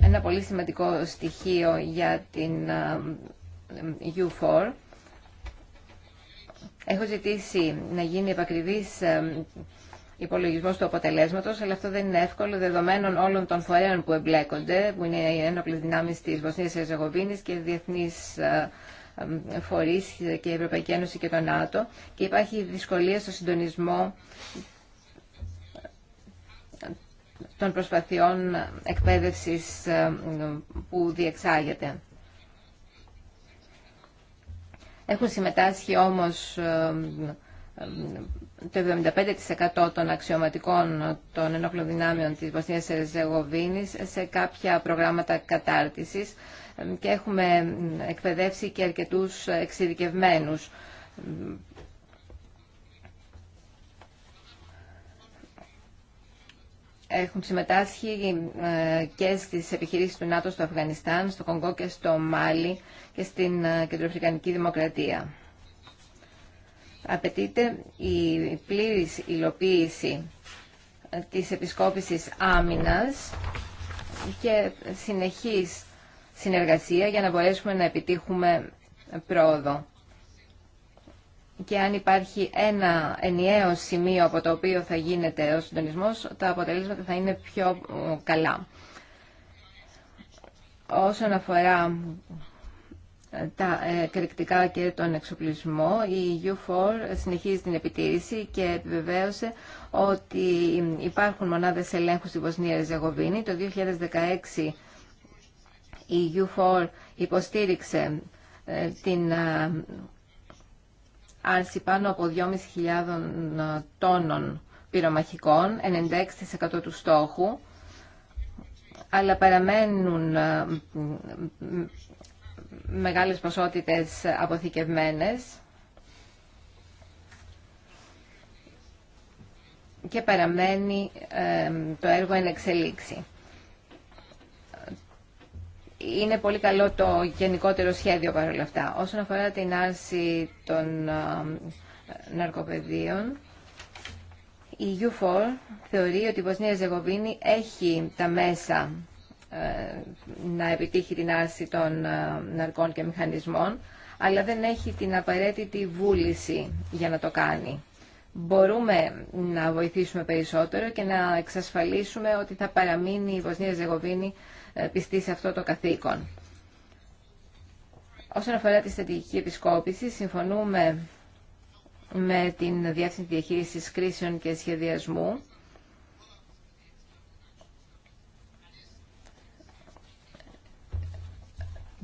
ένα πολύ σημαντικό στοιχείο για την U4. Ε, Έχω ζητήσει να γίνει επακριβής ε, υπολογισμό του αποτελέσματο, αλλά αυτό δεν είναι εύκολο δεδομένων όλων των φορέων που εμπλέκονται, που είναι οι ένοπλε δυνάμει τη Βοσνία Ερζεγοβίνη και διεθνεί ε, φορεί και η Ευρωπαϊκή Ένωση και το ΝΑΤΟ. Και υπάρχει δυσκολία στο συντονισμό των προσπαθειών εκπαίδευσης ε, που διεξάγεται. Έχουν συμμετάσχει όμως ε, το 75% των αξιωματικών των ενόχλων δυνάμεων της Βοσνίας Ερζεγοβίνης σε κάποια προγράμματα κατάρτισης ε, και έχουμε εκπαιδεύσει και αρκετούς εξειδικευμένους έχουν συμμετάσχει ε, και στις επιχειρήσεις του ΝΑΤΟ στο Αφγανιστάν, στο Κονγκό και στο Μάλι και στην ε, Κεντροαφρικανική Δημοκρατία. Απαιτείται η πλήρης υλοποίηση ε, της επισκόπησης άμυνας και συνεχής συνεργασία για να μπορέσουμε να επιτύχουμε πρόοδο και αν υπάρχει ένα ενιαίο σημείο από το οποίο θα γίνεται ο συντονισμός, τα αποτελέσματα θα είναι πιο καλά. Όσον αφορά ε, τα ε, κριτικά και τον εξοπλισμό, η U4 συνεχίζει την επιτήρηση και επιβεβαίωσε ότι υπάρχουν μονάδες ελέγχου στη Βοσνία Ριζεγοβίνη. Το 2016 η U4 υποστήριξε ε, την άρση πάνω από 2.500 ε, τόνων πυρομαχικών, 96% του στόχου, αλλά παραμένουν ε, μεγάλες ποσότητες αποθηκευμένες και παραμένει ε, το έργο εν εξελίξη είναι πολύ καλό το γενικότερο σχέδιο παρόλα αυτά. Όσον αφορά την άρση των ναρκοπαιδίων, η U4 θεωρεί ότι η Βοσνία Ζεγοβίνη έχει τα μέσα ε, να επιτύχει την άρση των ναρκών και μηχανισμών, αλλά δεν έχει την απαραίτητη βούληση για να το κάνει. Μπορούμε να βοηθήσουμε περισσότερο και να εξασφαλίσουμε ότι θα παραμείνει η Βοσνία Ζεγοβίνη ε, πιστεί σε αυτό το καθήκον. Όσον αφορά τη στρατηγική επισκόπηση, συμφωνούμε με την Διεύθυνση διαχείριση Κρίσεων και Σχεδιασμού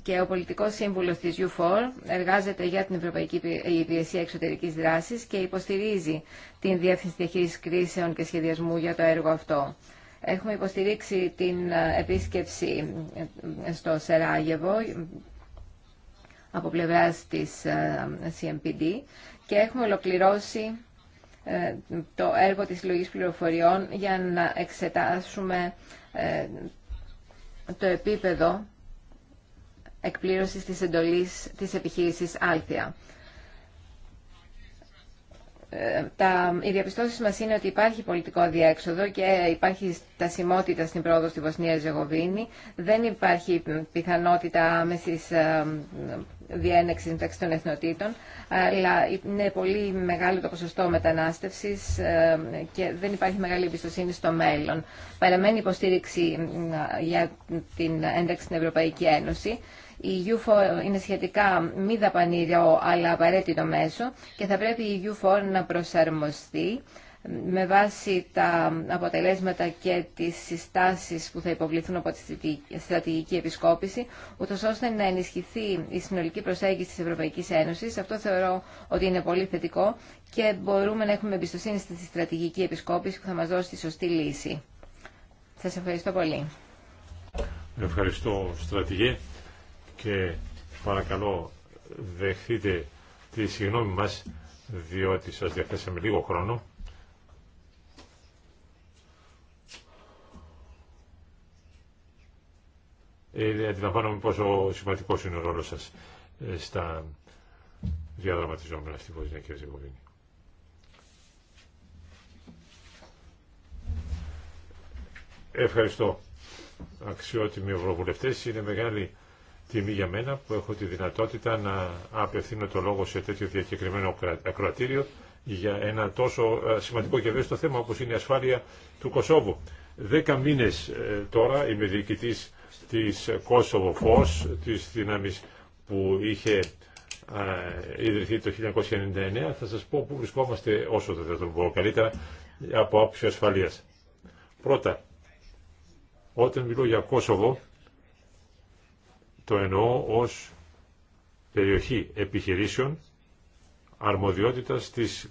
και ο πολιτικός σύμβουλος της U4 εργάζεται για την Ευρωπαϊκή Υπηρεσία Εξωτερικής Δράσης και υποστηρίζει την Διεύθυνση διαχείριση Κρίσεων και Σχεδιασμού για το έργο αυτό. Έχουμε υποστηρίξει την ε, επίσκεψη ε, στο Σεράγεβο ε, από πλευράς της CMPD και έχουμε ολοκληρώσει το έργο της συλλογής πληροφοριών για να εξετάσουμε το επίπεδο εκπλήρωσης της εντολής της επιχείρησης Άλθια τα, οι διαπιστώσει μα είναι ότι υπάρχει πολιτικό διέξοδο και υπάρχει στασιμότητα στην πρόοδο στη Βοσνία Ζεγοβίνη. Δεν υπάρχει πιθανότητα άμεση ε, διένεξη μεταξύ των εθνοτήτων, αλλά είναι πολύ μεγάλο το ποσοστό μετανάστευση ε, και δεν υπάρχει μεγάλη εμπιστοσύνη στο μέλλον. Παραμένει υποστήριξη ε, για την ένταξη στην Ευρωπαϊκή Ένωση η U4 είναι σχετικά μη δαπανήριο αλλά απαραίτητο μέσο και θα πρέπει η U4 να προσαρμοστεί με βάση τα αποτελέσματα και τις συστάσεις που θα υποβληθούν από τη στρατηγική επισκόπηση, ούτως ώστε να ενισχυθεί η συνολική προσέγγιση της Ευρωπαϊκής Ένωσης. Αυτό θεωρώ ότι είναι πολύ θετικό και μπορούμε να έχουμε εμπιστοσύνη στη στρατηγική επισκόπηση που θα μας δώσει τη σωστή λύση. Σας ευχαριστώ πολύ. Ευχαριστώ, στρατηγέ και παρακαλώ δεχτείτε τη συγγνώμη μας διότι σας διαθέσαμε λίγο χρόνο. Ε, αντιλαμβάνομαι πόσο σημαντικό είναι ο ρόλος σας ε, στα διαδραματιζόμενα στη Βοσνία και Ζεγοβίνη. Ευχαριστώ. Αξιότιμοι ευρωβουλευτές, είναι μεγάλη τιμή για μένα που έχω τη δυνατότητα να απευθύνω το λόγο σε τέτοιο διακεκριμένο ακροατήριο για ένα τόσο ε, σημαντικό και ευαίσθητο θέμα όπως είναι η ασφάλεια του Κωσόβου. Δέκα μήνες ε, τώρα είμαι διοικητής της Κόσοβο Φως, της δύναμης που είχε ε, ιδρυθεί το 1999. Θα σας πω πού βρισκόμαστε όσο το δυνατόν καλύτερα από άποψη ασφαλείας. Πρώτα, όταν μιλώ για Κόσοβο, το εννοώ ως περιοχή επιχειρήσεων αρμοδιότητας της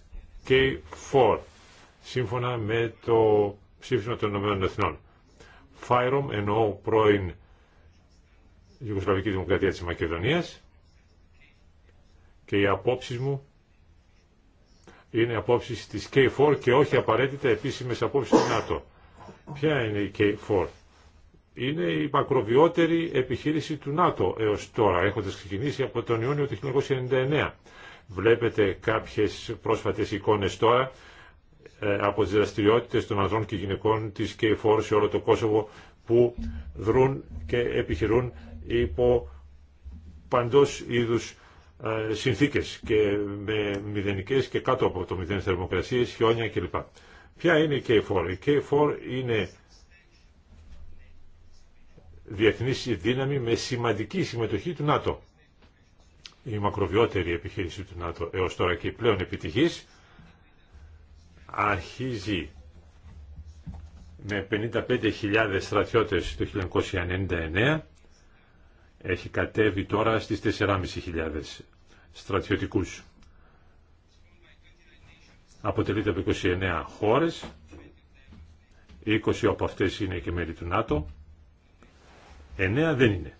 K4 σύμφωνα με το ψήφισμα των Ηνωμένων Εθνών. Φάιρομ εννοώ πρώην Ιουγκοσλαβική Δημοκρατία της Μακεδονίας και οι απόψει μου είναι απόψει της K4 και όχι απαραίτητα επίσημες απόψεις του ΝΑΤΟ. Ποια είναι η K4? είναι η μακροβιότερη επιχείρηση του ΝΑΤΟ έως τώρα, έχοντας ξεκινήσει από τον Ιούνιο του 1999. Βλέπετε κάποιες πρόσφατες εικόνες τώρα ε, από τις δραστηριότητες των ανδρών και γυναικών της K4 σε όλο το Κόσοβο που δρούν και επιχειρούν υπό παντός είδους ε, συνθήκες και με μηδενικές και κάτω από το μηδέν θερμοκρασίες, χιόνια κλπ. Ποια είναι η K4? Η K4 είναι διεθνής δύναμη με σημαντική συμμετοχή του ΝΑΤΟ. Η μακροβιότερη επιχείρηση του ΝΑΤΟ έως τώρα και πλέον επιτυχής αρχίζει με 55.000 στρατιώτες το 1999, έχει κατέβει τώρα στις 4.500 στρατιωτικούς. Αποτελείται από 29 χώρες, 20 από αυτές είναι και μέλη του ΝΑΤΟ Εννέα δεν είναι.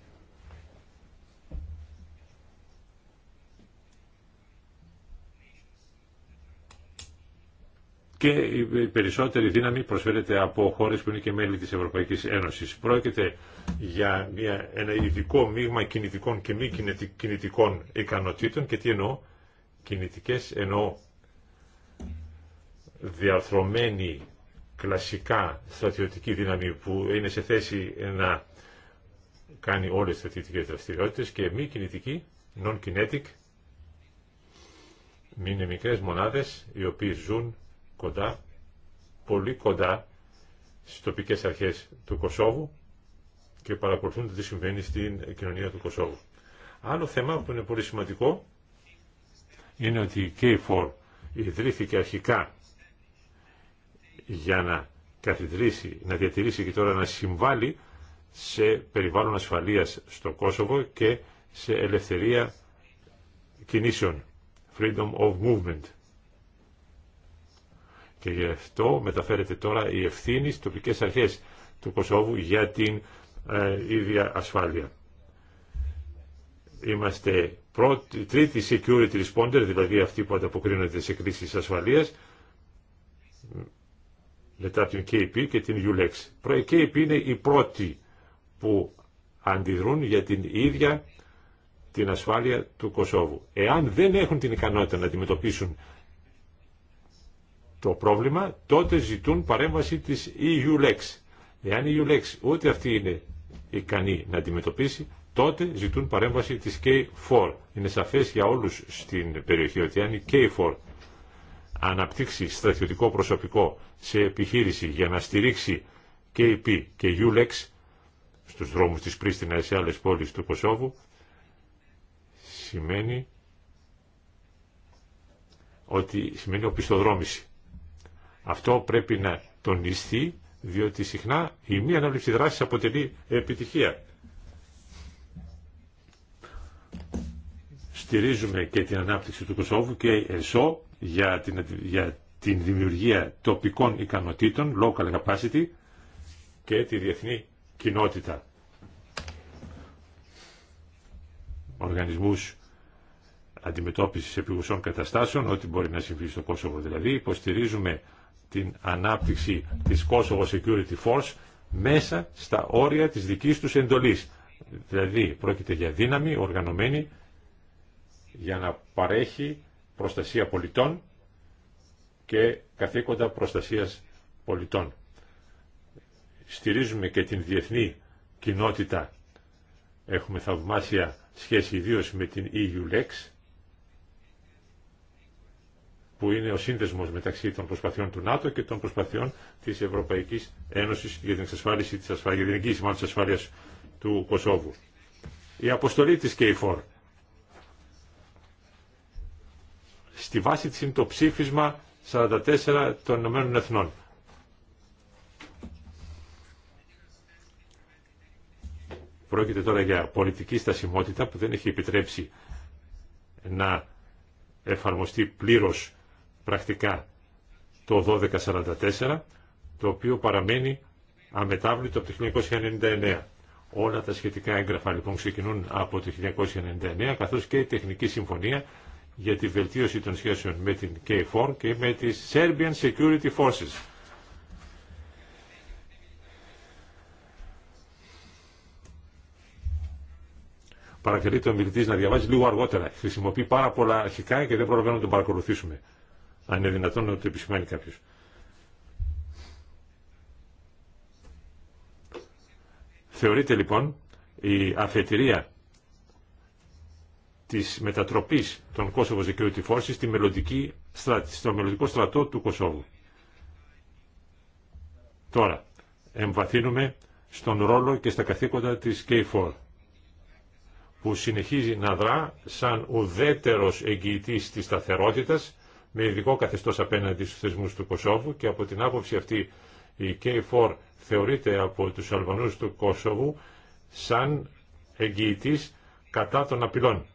Και η περισσότερη δύναμη προσφέρεται από χώρες που είναι και μέλη της Ευρωπαϊκής Ένωσης. Πρόκειται για μια, ένα ειδικό μείγμα κινητικών και μη κινητικών ικανοτήτων και τι εννοώ, κινητικές εννοώ διαρθρωμένη κλασικά στρατιωτική δύναμη που είναι σε θέση να κάνει όλες τις θετικέ δραστηριότητες και μη κινητική, non-kinetic, είναι μικρές μονάδες οι οποίες ζουν κοντά, πολύ κοντά στις τοπικές αρχές του Κωσόβου και παρακολουθούν το τι συμβαίνει στην κοινωνία του Κωσόβου. Άλλο θέμα που είναι πολύ σημαντικό είναι ότι η K4 ιδρύθηκε αρχικά για να καθιδρύσει, να διατηρήσει και τώρα να συμβάλλει σε περιβάλλον ασφαλείας στο Κόσοβο και σε ελευθερία κινήσεων, freedom of movement. Και γι' αυτό μεταφέρεται τώρα η ευθύνη στις τοπικές αρχές του Κόσοβου για την ε, ίδια ασφάλεια. Είμαστε πρώτη, τρίτη security responder, δηλαδή αυτοί που ανταποκρίνονται σε κρίσεις ασφαλείας, μετά την KP και την ULEX. Η KP είναι η πρώτη που αντιδρούν για την ίδια την ασφάλεια του Κωσόβου. Εάν δεν έχουν την ικανότητα να αντιμετωπίσουν το πρόβλημα, τότε ζητούν παρέμβαση της EULEX. Εάν η EULEX ούτε αυτή είναι ικανή να αντιμετωπίσει, τότε ζητούν παρέμβαση της K4. Είναι σαφές για όλους στην περιοχή ότι αν η K4 αναπτύξει στρατιωτικό προσωπικό σε επιχείρηση για να στηρίξει KP και EULEX, στους δρόμους της Πρίστινα σε άλλες πόλεις του Κωσόβου σημαίνει ότι σημαίνει οπισθοδρόμηση. Αυτό πρέπει να τονιστεί διότι συχνά η μη ανάληψη δράσης αποτελεί επιτυχία. Στηρίζουμε και την ανάπτυξη του Κοσόβου και ΕΣΟ για την, για την δημιουργία τοπικών ικανοτήτων, local capacity, και τη διεθνή κοινότητα. Οργανισμούς αντιμετώπισης επιγουσών καταστάσεων, ό,τι μπορεί να συμβεί στο Κόσοβο δηλαδή, υποστηρίζουμε την ανάπτυξη της Kosovo Security Force μέσα στα όρια της δικής τους εντολής. Δηλαδή πρόκειται για δύναμη οργανωμένη για να παρέχει προστασία πολιτών και καθήκοντα προστασίας πολιτών στηρίζουμε και την διεθνή κοινότητα. Έχουμε θαυμάσια σχέση ιδίω με την EULEX, που είναι ο σύνδεσμος μεταξύ των προσπαθειών του ΝΑΤΟ και των προσπαθειών της Ευρωπαϊκής Ένωσης για την εξασφάλιση της ασφάλειας, για την εγγύηση μάλλον ασφάλεια του Κωσόβου. Η αποστολή της ΚΕΙΦΟΡ. Στη βάση της είναι το ψήφισμα 44 των Ηνωμένων Εθνών. Πρόκειται τώρα για πολιτική στασιμότητα που δεν έχει επιτρέψει να εφαρμοστεί πλήρως πρακτικά το 1244, το οποίο παραμένει αμετάβλητο από το 1999. Όλα τα σχετικά έγγραφα λοιπόν ξεκινούν από το 1999, καθώς και η Τεχνική Συμφωνία για τη βελτίωση των σχέσεων με την K4 και με τις Serbian Security Forces παρακαλείται ο μιλητή να διαβάζει λίγο αργότερα. Χρησιμοποιεί πάρα πολλά αρχικά και δεν προλαβαίνουμε να τον παρακολουθήσουμε. Αν είναι δυνατόν να το επισημάνει κάποιο. Θεωρείται λοιπόν η αφετηρία της μετατροπής των Κόσοβο Security Forces στη μελλοντική, στο μελλοντικό στρατό του Κόσοβου. Τώρα, εμβαθύνουμε στον ρόλο και στα καθήκοντα της K4 που συνεχίζει να δρά σαν ουδέτερος εγγυητής της σταθερότητας με ειδικό καθεστώς απέναντι στους θεσμούς του Κωσόβου και από την άποψη αυτή η K4 θεωρείται από τους Αλβανούς του Κωσόβου σαν εγγυητής κατά των απειλών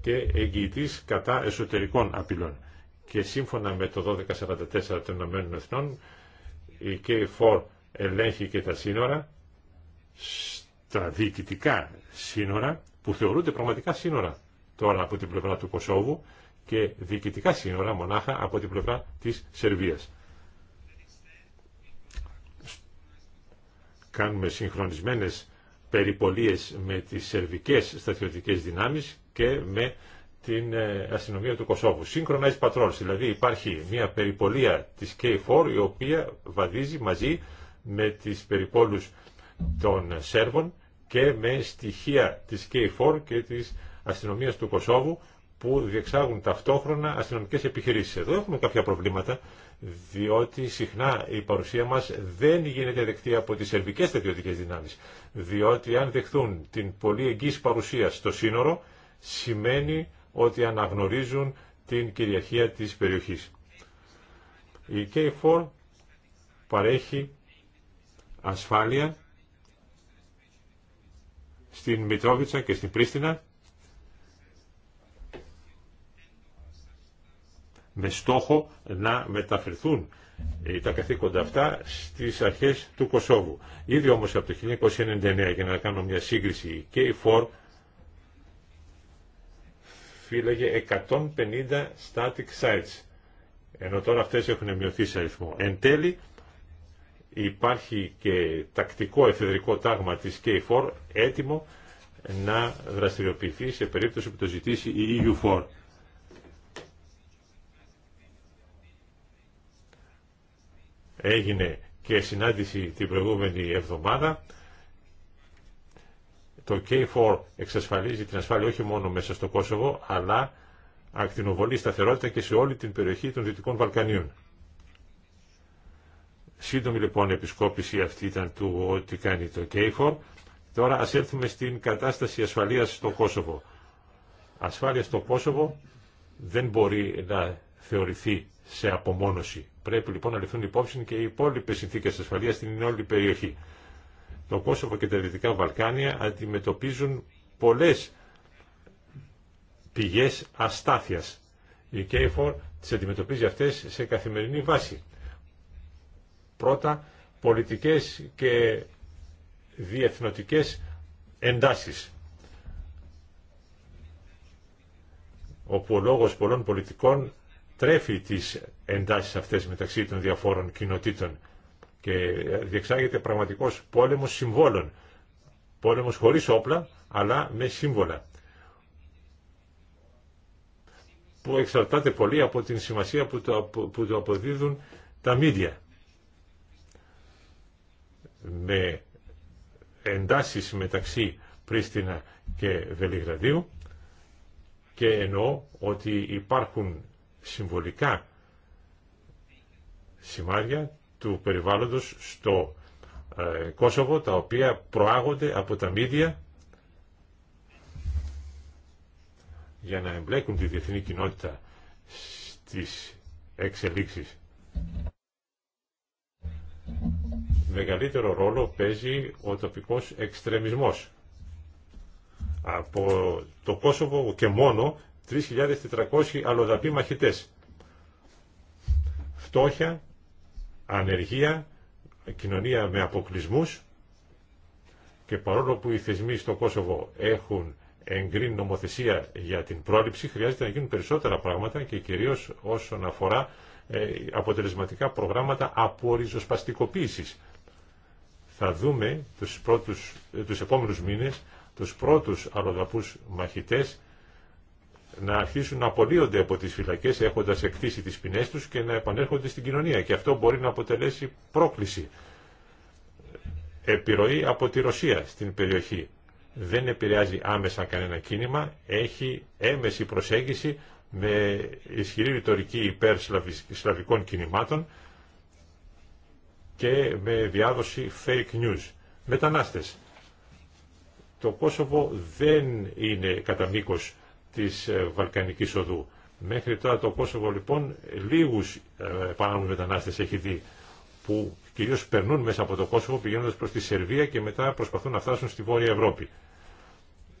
και εγγυητής κατά εσωτερικών απειλών. Και σύμφωνα με το 1244 των Ηνωμένων Εθνών η K4 ελέγχει και τα σύνορα τα διοικητικά σύνορα που θεωρούνται πραγματικά σύνορα τώρα από την πλευρά του Κωσόβου και διοικητικά σύνορα μονάχα από την πλευρά της Σερβίας. Κάνουμε συγχρονισμένες περιπολίες με τις σερβικές στρατιωτικές δυνάμεις και με την ε, αστυνομία του Κωσόβου. Σύγχρονα patrols, δηλαδή υπάρχει μια περιπολία της K4 η οποία βαδίζει μαζί με τις περιπόλους των Σέρβων και με στοιχεία της K4 και της αστυνομίας του Κωσόβου που διεξάγουν ταυτόχρονα αστυνομικές επιχειρήσεις. Εδώ έχουμε κάποια προβλήματα, διότι συχνά η παρουσία μας δεν γίνεται δεκτή από τις σερβικές στρατιωτικές δυνάμεις. Διότι αν δεχθούν την πολύ εγγύης παρουσία στο σύνορο, σημαίνει ότι αναγνωρίζουν την κυριαρχία της περιοχής. Η K4 παρέχει ασφάλεια στην Μητρόβιτσα και στην Πρίστινα με στόχο να μεταφερθούν τα καθήκοντα αυτά στις αρχές του Κωσόβου. Ήδη όμως από το 1999, για να κάνω μια σύγκριση, και η ΦΟΡ φύλαγε 150 static sites, ενώ τώρα αυτές έχουν μειωθεί σε αριθμό. Εν τέλει, υπάρχει και τακτικό εφεδρικό τάγμα της K4 έτοιμο να δραστηριοποιηθεί σε περίπτωση που το ζητήσει η EU4. Έγινε και συνάντηση την προηγούμενη εβδομάδα. Το K4 εξασφαλίζει την ασφάλεια όχι μόνο μέσα στο Κόσοβο, αλλά ακτινοβολεί σταθερότητα και σε όλη την περιοχή των Δυτικών Βαλκανίων. Σύντομη λοιπόν επισκόπηση αυτή ήταν του ότι κάνει το ΚΕΙΦΟΡ. Τώρα ας έρθουμε στην κατάσταση ασφαλείας στο Κόσοβο. Ασφάλεια στο Κόσοβο δεν μπορεί να θεωρηθεί σε απομόνωση. Πρέπει λοιπόν να ληφθούν υπόψη και οι υπόλοιπε συνθήκε ασφαλείας στην όλη περιοχή. Το Κόσοβο και τα Δυτικά Βαλκάνια αντιμετωπίζουν πολλέ πηγέ αστάθεια. Η ΚΕΙΦΟΡ τι αντιμετωπίζει αυτέ σε καθημερινή βάση. Πρώτα, πολιτικές και διεθνωτικές εντάσεις, όπου ο λόγος πολλών πολιτικών τρέφει τις εντάσεις αυτές μεταξύ των διαφόρων κοινοτήτων και διεξάγεται πραγματικός πόλεμος συμβόλων. Πόλεμος χωρίς όπλα, αλλά με σύμβολα. Που εξαρτάται πολύ από την σημασία που το αποδίδουν τα μίδια με εντάσεις μεταξύ Πρίστινα και Βελιγραδίου και εννοώ ότι υπάρχουν συμβολικά σημάδια του περιβάλλοντος στο ε, Κόσοβο τα οποία προάγονται από τα μίδια για να εμπλέκουν τη διεθνή κοινότητα στις εξελίξεις μεγαλύτερο ρόλο παίζει ο τοπικός εξτρεμισμός. Από το Κόσοβο και μόνο 3.400 αλλοδαπή μαχητές. Φτώχεια, ανεργία, κοινωνία με αποκλεισμούς και παρόλο που οι θεσμοί στο Κόσοβο έχουν εγκρίνει νομοθεσία για την πρόληψη, χρειάζεται να γίνουν περισσότερα πράγματα και κυρίως όσον αφορά ε, αποτελεσματικά προγράμματα απορριζοσπαστικοποίησης θα δούμε τους, πρώτους, ε, τους επόμενους μήνες τους πρώτους αλλοδαπούς μαχητές να αρχίσουν να απολύονται από τις φυλακές έχοντας εκτίσει τις ποινές τους και να επανέρχονται στην κοινωνία. Και αυτό μπορεί να αποτελέσει πρόκληση. Επιρροή από τη Ρωσία στην περιοχή. Δεν επηρεάζει άμεσα κανένα κίνημα, έχει έμεση προσέγγιση με ισχυρή ρητορική υπέρ σλαβικών κινημάτων και με διάδοση fake news. Μετανάστες. Το Κόσοβο δεν είναι κατά μήκο της ε, Βαλκανικής οδού. Μέχρι τώρα το Κόσοβο λοιπόν λίγους ε, παράνομους μετανάστες έχει δει που κυρίως περνούν μέσα από το Κόσοβο πηγαίνοντας προς τη Σερβία και μετά προσπαθούν να φτάσουν στη Βόρεια Ευρώπη.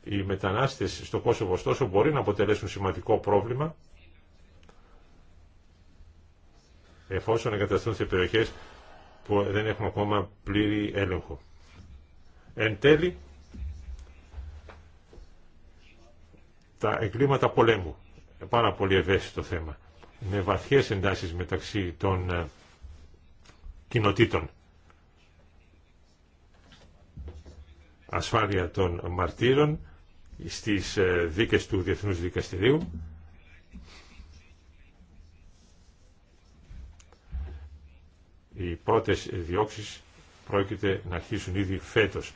Οι μετανάστες στο Κόσοβο ωστόσο μπορεί να αποτελέσουν σημαντικό πρόβλημα εφόσον εγκαταστούν σε περιοχές που δεν έχουμε ακόμα πλήρη έλεγχο. Εν τέλει, τα εγκλήματα πολέμου. Πάρα πολύ ευαίσθητο θέμα. Με βαθιές εντάσεις μεταξύ των ε, κοινοτήτων. Ασφάλεια των μαρτύρων στις ε, δίκες του Διεθνούς Δικαστηρίου Οι πρώτες διώξεις πρόκειται να αρχίσουν ήδη φέτος.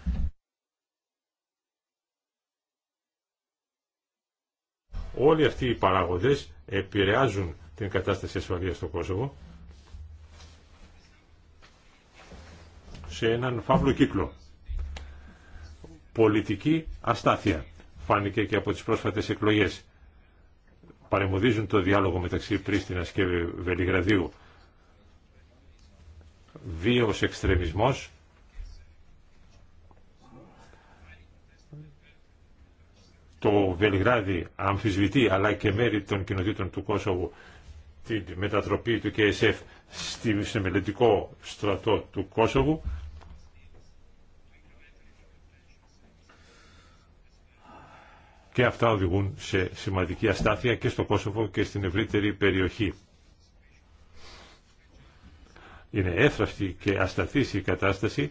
Όλοι αυτοί οι παράγοντες επηρεάζουν την κατάσταση ασφαλείας στο Κόσοβο σε έναν φαύλο κύκλο. Πολιτική αστάθεια φάνηκε και από τις πρόσφατες εκλογές. Παρεμοδίζουν το διάλογο μεταξύ Πρίστινας και Βελιγραδίου βίος εξτρεμισμός το Βελιγράδι αμφισβητεί αλλά και μέρη των κοινοτήτων του Κόσοβου τη μετατροπή του ΚΕΣΕΦ στη μελετικό στρατό του Κόσοβου και αυτά οδηγούν σε σημαντική αστάθεια και στο Κόσοβο και στην ευρύτερη περιοχή είναι έφραυστη και ασταθής η κατάσταση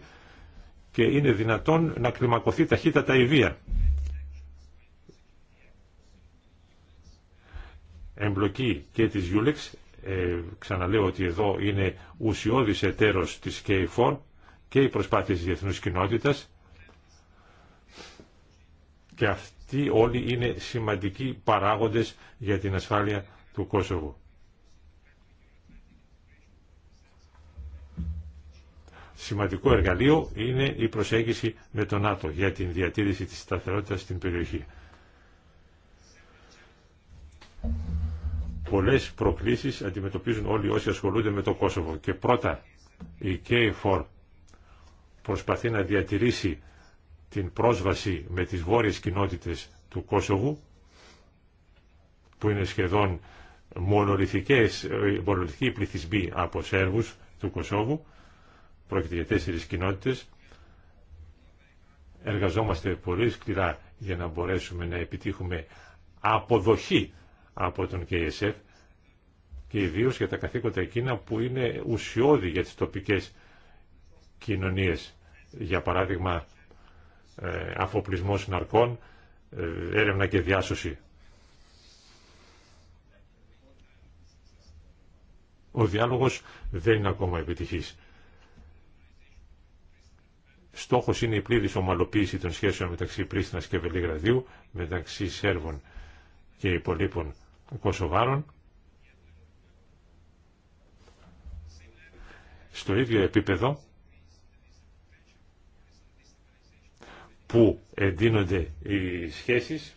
και είναι δυνατόν να κλιμακωθεί ταχύτατα η βία. Εμπλοκή και της Γιούλεξ, ε, ξαναλέω ότι εδώ είναι ουσιώδης εταίρος της k και οι προσπάθεια της διεθνούς κοινότητας και αυτοί όλοι είναι σημαντικοί παράγοντες για την ασφάλεια του Κόσοβου. σημαντικό εργαλείο είναι η προσέγγιση με τον ΝΑΤΟ για την διατήρηση της σταθερότητας στην περιοχή. Πολλές προκλήσεις αντιμετωπίζουν όλοι όσοι ασχολούνται με το Κόσοβο και πρώτα η K4 προσπαθεί να διατηρήσει την πρόσβαση με τις βόρειες κοινότητες του Κόσοβου που είναι σχεδόν ε, μονολυθικοί πληθυσμοί από Σέρβους του Κόσοβου Πρόκειται για τέσσερις κοινότητες. Εργαζόμαστε πολύ σκληρά για να μπορέσουμε να επιτύχουμε αποδοχή από τον KSF και ιδίως για τα καθήκοντα εκείνα που είναι ουσιώδη για τις τοπικές κοινωνίες. Για παράδειγμα, ε, αφοπλισμός ναρκών, ε, έρευνα και διάσωση. Ο διάλογος δεν είναι ακόμα επιτυχής. Στόχος είναι η πλήρης ομαλοποίηση των σχέσεων μεταξύ Πρίστινας και Βελιγραδίου, μεταξύ Σέρβων και υπολείπων Κωσοβάρων. Στο ίδιο επίπεδο που εντείνονται οι σχέσεις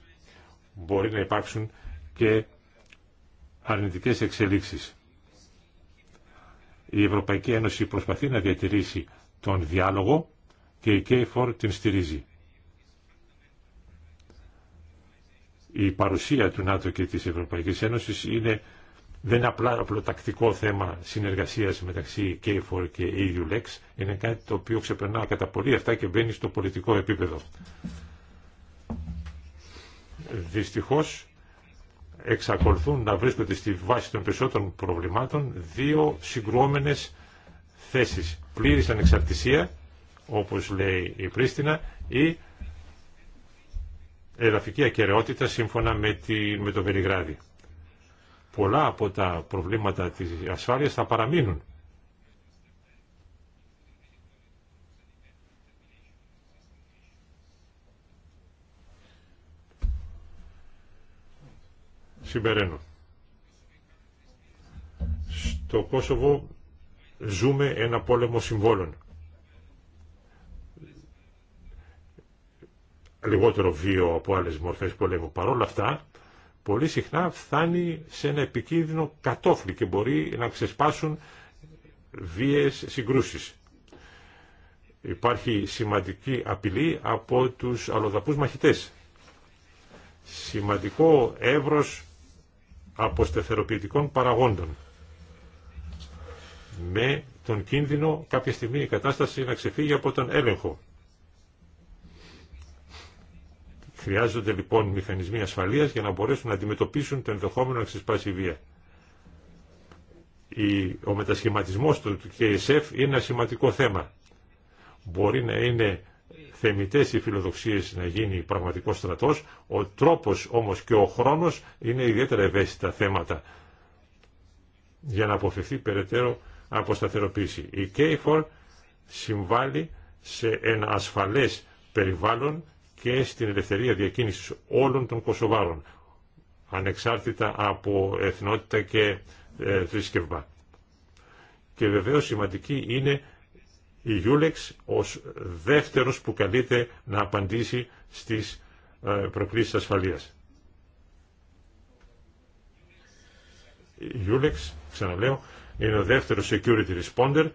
μπορεί να υπάρξουν και αρνητικές εξελίξεις. Η Ευρωπαϊκή Ένωση προσπαθεί να διατηρήσει τον διάλογο και η ΚΕΙΦΟΡ την στηρίζει. Η παρουσία του ΝΑΤΟ και της Ευρωπαϊκής Ένωσης είναι δεν είναι απλά απλοτακτικό θέμα συνεργασίας μεταξύ K4 και EULEX, είναι κάτι το οποίο ξεπερνά κατά πολύ αυτά και μπαίνει στο πολιτικό επίπεδο. Δυστυχώς εξακολουθούν να βρίσκονται στη βάση των περισσότερων προβλημάτων δύο συγκρουόμενες θέσεις. Πλήρης ανεξαρτησία όπως λέει η Πρίστινα, ή εδαφική ακαιρεότητα σύμφωνα με, με το Βελιγράδι. Πολλά από τα προβλήματα της ασφάλειας θα παραμείνουν. Συμπεραίνω. Στο Κόσοβο ζούμε ένα πόλεμο συμβόλων. λιγότερο βίο από άλλες μορφές πολέμου. Παρ' όλα αυτά, πολύ συχνά φτάνει σε ένα επικίνδυνο κατόφλι και μπορεί να ξεσπάσουν βίες συγκρούσεις. Υπάρχει σημαντική απειλή από τους αλλοδαπούς μαχητές. Σημαντικό έβρος αποστεθεροποιητικών παραγόντων. Με τον κίνδυνο κάποια στιγμή η κατάσταση να ξεφύγει από τον έλεγχο. Χρειάζονται λοιπόν μηχανισμοί ασφαλείας για να μπορέσουν να αντιμετωπίσουν το ενδεχόμενο να ξεσπάσει η βία. Ο μετασχηματισμός του KSF είναι ένα σημαντικό θέμα. Μπορεί να είναι θεμητές οι φιλοδοξίες να γίνει πραγματικό στρατός, ο τρόπος όμως και ο χρόνος είναι ιδιαίτερα ευαίσθητα θέματα για να αποφευθεί περαιτέρω αποσταθεροποίηση. Η KFOR συμβάλλει σε ένα ασφαλές περιβάλλον και στην ελευθερία διακίνησης όλων των Κωσοβάρων, ανεξάρτητα από εθνότητα και ε, θρησκευμά. Και βεβαίως σημαντική είναι η Γιούλεξ ως δεύτερος που καλείται να απαντήσει στις ε, προκλήσεις ασφαλείας. Η Γιούλεξ, ξαναλέω, είναι ο δεύτερος security responder,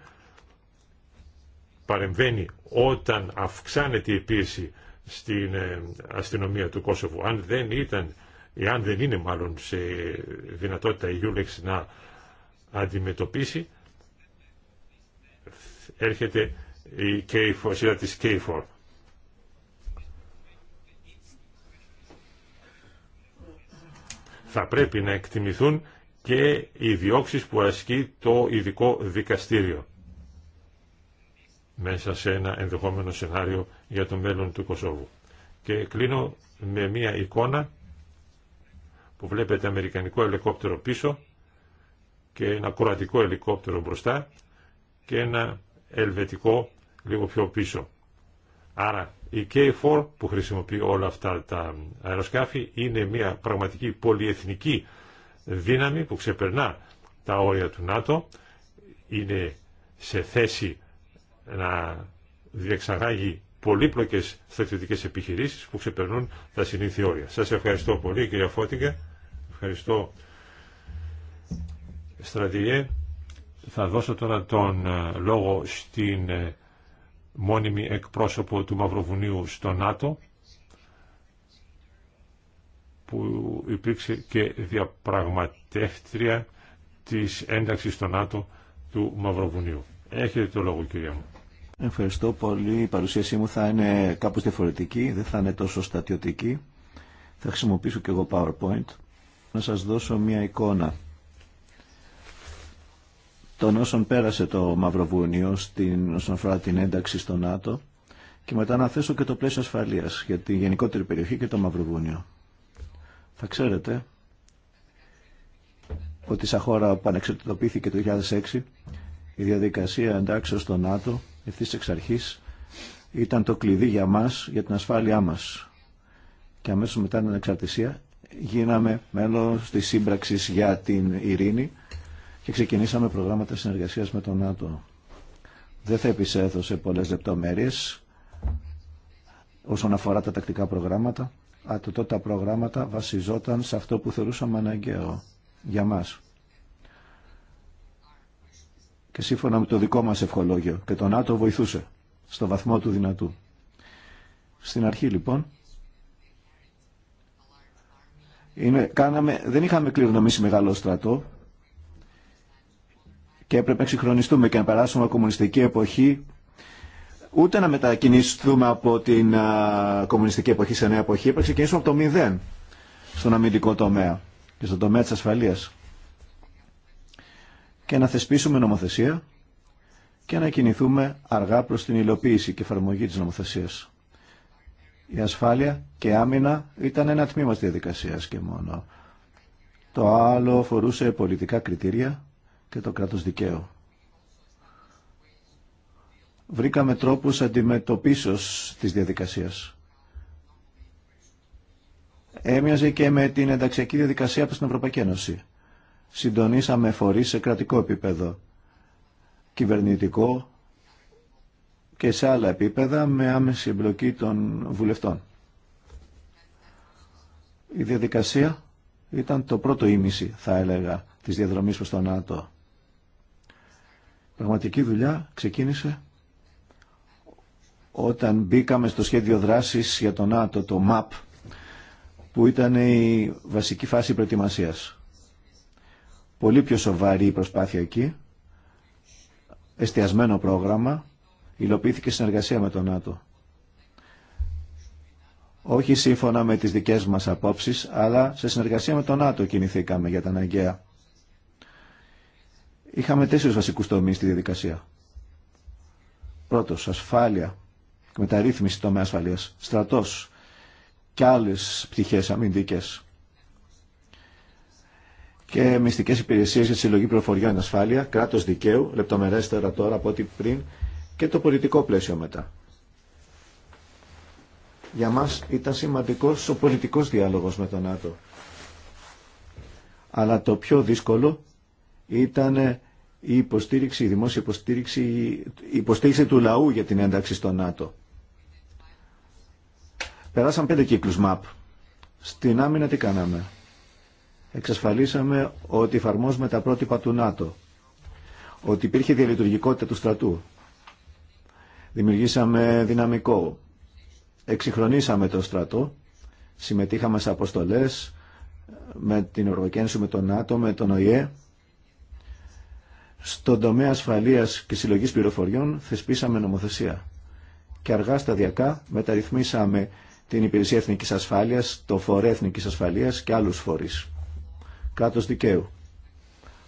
παρεμβαίνει όταν αυξάνεται η πίεση στην ε, αστυνομία του Κόσοβου. Αν δεν ήταν, ε, αν δεν είναι μάλλον σε δυνατότητα η Γιούλεξ να αντιμετωπίσει, έρχεται η k σειρά της k Θα πρέπει να εκτιμηθούν και οι διώξεις που ασκεί το ειδικό δικαστήριο μέσα σε ένα ενδεχόμενο σενάριο για το μέλλον του Κωσόβου. Και κλείνω με μία εικόνα που βλέπετε αμερικανικό ελικόπτερο πίσω και ένα κροατικό ελικόπτερο μπροστά και ένα ελβετικό λίγο πιο πίσω. Άρα η K4 που χρησιμοποιεί όλα αυτά τα αεροσκάφη είναι μια πραγματική πολυεθνική δύναμη που ξεπερνά τα όρια του ΝΑΤΟ, είναι σε θέση να διεξαγάγει πολύπλοκες στρατιωτικές επιχειρήσεις που ξεπερνούν τα συνήθεια όρια. Σας ευχαριστώ πολύ κυρία Φώτιγκα. Ευχαριστώ στρατηγέ. Θα δώσω τώρα τον ε, λόγο στην ε, μόνιμη εκπρόσωπο του Μαυροβουνίου στο ΝΑΤΟ που υπήρξε και διαπραγματεύτρια της ένταξης στο ΝΑΤΟ του Μαυροβουνίου. Έχετε το λόγο κυρία μου. Ευχαριστώ πολύ. Η παρουσίασή μου θα είναι κάπως διαφορετική, δεν θα είναι τόσο στατιωτική. Θα χρησιμοποιήσω και εγώ PowerPoint. Να σας δώσω μια εικόνα των όσων πέρασε το Μαυροβούνιο στην, όσον αφορά την ένταξη στο ΝΑΤΟ και μετά να θέσω και το πλαίσιο ασφαλείας για τη γενικότερη περιοχή και το Μαυροβούνιο. Θα ξέρετε ότι σαν χώρα που ανεξαρτητοποιήθηκε το 2006 η διαδικασία εντάξεως στο ΝΑΤΟ ευθύς εξ αρχής ήταν το κλειδί για μας, για την ασφάλειά μας. Και αμέσως μετά την εξαρτησία γίναμε μέλος της σύμπραξη για την ειρήνη και ξεκινήσαμε προγράμματα συνεργασίας με τον ΝΑΤΟ. Δεν θα επισέθω σε πολλές λεπτομέρειες όσον αφορά τα τακτικά προγράμματα, αλλά τότε τα προγράμματα βασιζόταν σε αυτό που θεωρούσαμε αναγκαίο για μας και σύμφωνα με το δικό μας ευχολόγιο και το ΝΑΤΟ βοηθούσε στο βαθμό του δυνατού. Στην αρχή λοιπόν είναι, κάναμε, δεν είχαμε κληρονομήσει μεγάλο στρατό και έπρεπε να ξυγχρονιστούμε και να περάσουμε κομμουνιστική εποχή ούτε να μετακινηθούμε από την α, κομμουνιστική εποχή σε νέα εποχή, έπρεπε να ξεκινήσουμε από το μηδέν στον αμυντικό τομέα και στον τομέα της ασφαλείας και να θεσπίσουμε νομοθεσία και να κινηθούμε αργά προς την υλοποίηση και εφαρμογή της νομοθεσίας. Η ασφάλεια και άμυνα ήταν ένα τμήμα της διαδικασίας και μόνο. Το άλλο φορούσε πολιτικά κριτήρια και το κράτος δικαίου. Βρήκαμε τρόπους αντιμετωπίσεως της διαδικασίας. Έμοιαζε και με την ενταξιακή διαδικασία από την Ευρωπαϊκή Ένωση συντονίσαμε φορείς σε κρατικό επίπεδο, κυβερνητικό και σε άλλα επίπεδα με άμεση εμπλοκή των βουλευτών. Η διαδικασία ήταν το πρώτο ίμιση, θα έλεγα, της διαδρομής προς το ΝΑΤΟ. Πραγματική δουλειά ξεκίνησε όταν μπήκαμε στο σχέδιο δράσης για το ΝΑΤΟ, το MAP, που ήταν η βασική φάση προετοιμασίας πολύ πιο σοβαρή η προσπάθεια εκεί, εστιασμένο πρόγραμμα, υλοποιήθηκε συνεργασία με τον ΝΑΤΟ. Όχι σύμφωνα με τις δικές μας απόψεις, αλλά σε συνεργασία με τον ΝΑΤΟ κινηθήκαμε για τα αναγκαία. Είχαμε τέσσερις βασικούς τομείς στη διαδικασία. Πρώτος, ασφάλεια, μεταρρύθμιση τομέα ασφαλείας, στρατός και άλλες πτυχές αμυντικές και μυστικέ υπηρεσίε για τη συλλογή πληροφοριών ασφάλεια, κράτο δικαίου, λεπτομερέστερα τώρα από ό,τι πριν, και το πολιτικό πλαίσιο μετά. Για μας ήταν σημαντικός ο πολιτικός διάλογος με τον ΝΑΤΟ. Αλλά το πιο δύσκολο ήταν η υποστήριξη, η δημόσια υποστήριξη, η υποστήριξη του λαού για την ένταξη στο ΝΑΤΟ. Περάσαν πέντε κύκλους ΜΑΠ. Στην άμυνα τι κάναμε εξασφαλίσαμε ότι εφαρμόζουμε τα πρότυπα του ΝΑΤΟ, ότι υπήρχε διαλειτουργικότητα του στρατού. Δημιουργήσαμε δυναμικό, εξυγχρονίσαμε το στρατό, συμμετείχαμε σε αποστολές με την Ευρωπαϊκή με τον ΝΑΤΟ, με τον ΟΗΕ. Στον τομέα ασφαλείας και συλλογής πληροφοριών θεσπίσαμε νομοθεσία και αργά σταδιακά μεταρρυθμίσαμε την Υπηρεσία Εθνικής Ασφάλειας, το Φορέ Εθνικής Ασφαλείας και άλλους φορείς κράτος δικαίου.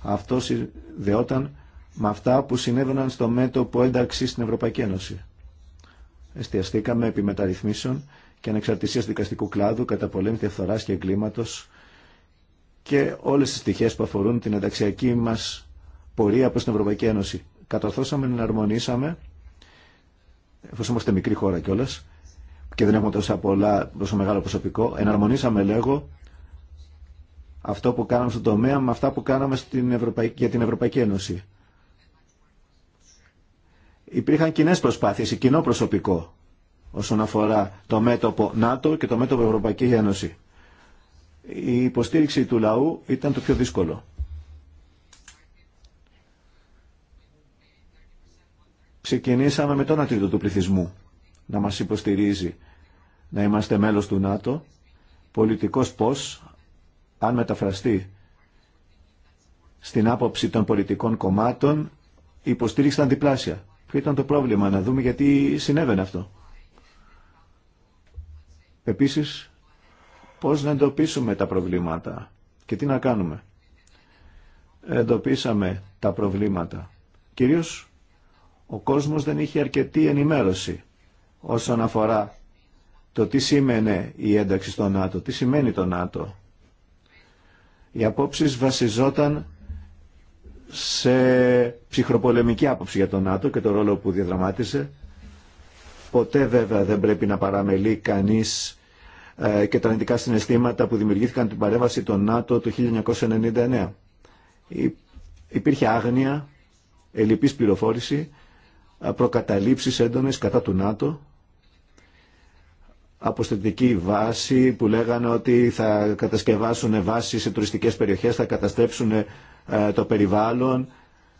Αυτό συνδεόταν με αυτά που συνέβαιναν στο μέτωπο ένταξη στην Ευρωπαϊκή Ένωση. Εστιαστήκαμε επί μεταρρυθμίσεων και ανεξαρτησίας δικαστικού κλάδου κατά πολέμη διαφθοράς και εγκλήματος και όλες τις στοιχείες που αφορούν την ενταξιακή μας πορεία προς την Ευρωπαϊκή Ένωση. Καταρθώσαμε να αρμονίσαμε, εφόσον είμαστε μικρή χώρα κιόλα και δεν έχουμε τόσα πολλά, τόσο μεγάλο προσωπικό, εναρμονίσαμε λέγω αυτό που κάναμε στον τομέα με αυτά που κάναμε στην Ευρωπαϊκή, για την Ευρωπαϊκή Ένωση. Υπήρχαν κοινέ προσπάθειες, κοινό προσωπικό όσον αφορά το μέτωπο ΝΑΤΟ και το μέτωπο Ευρωπαϊκή Ένωση. Η υποστήριξη του λαού ήταν το πιο δύσκολο. Ξεκινήσαμε με τον ατρίτο του πληθυσμού να μας υποστηρίζει να είμαστε μέλος του ΝΑΤΟ, πολιτικός πώς, αν μεταφραστεί στην άποψη των πολιτικών κομμάτων, υποστήριξαν διπλάσια. Ποιο ήταν το πρόβλημα, να δούμε γιατί συνέβαινε αυτό. Επίσης, πώς να εντοπίσουμε τα προβλήματα και τι να κάνουμε. Εντοπίσαμε τα προβλήματα. Κυρίως, ο κόσμος δεν είχε αρκετή ενημέρωση όσον αφορά το τι σήμαινε η ένταξη στο ΝΑΤΟ, τι σημαίνει το ΝΑΤΟ, οι απόψεις βασιζόταν σε ψυχροπολεμική άποψη για τον ΝΑΤΟ και τον ρόλο που διαδραμάτισε. Ποτέ βέβαια δεν πρέπει να παραμελεί κανείς ε, και τα αρνητικά συναισθήματα που δημιουργήθηκαν την παρέμβαση των ΝΑΤΟ το 1999. Υπήρχε άγνοια, ελλειπής πληροφόρηση, ε, προκαταλήψεις έντονες κατά του ΝΑΤΟ αποστατική βάση που λέγανε ότι θα κατασκευάσουν βάσει σε τουριστικές περιοχές, θα καταστρέψουν ε, το περιβάλλον,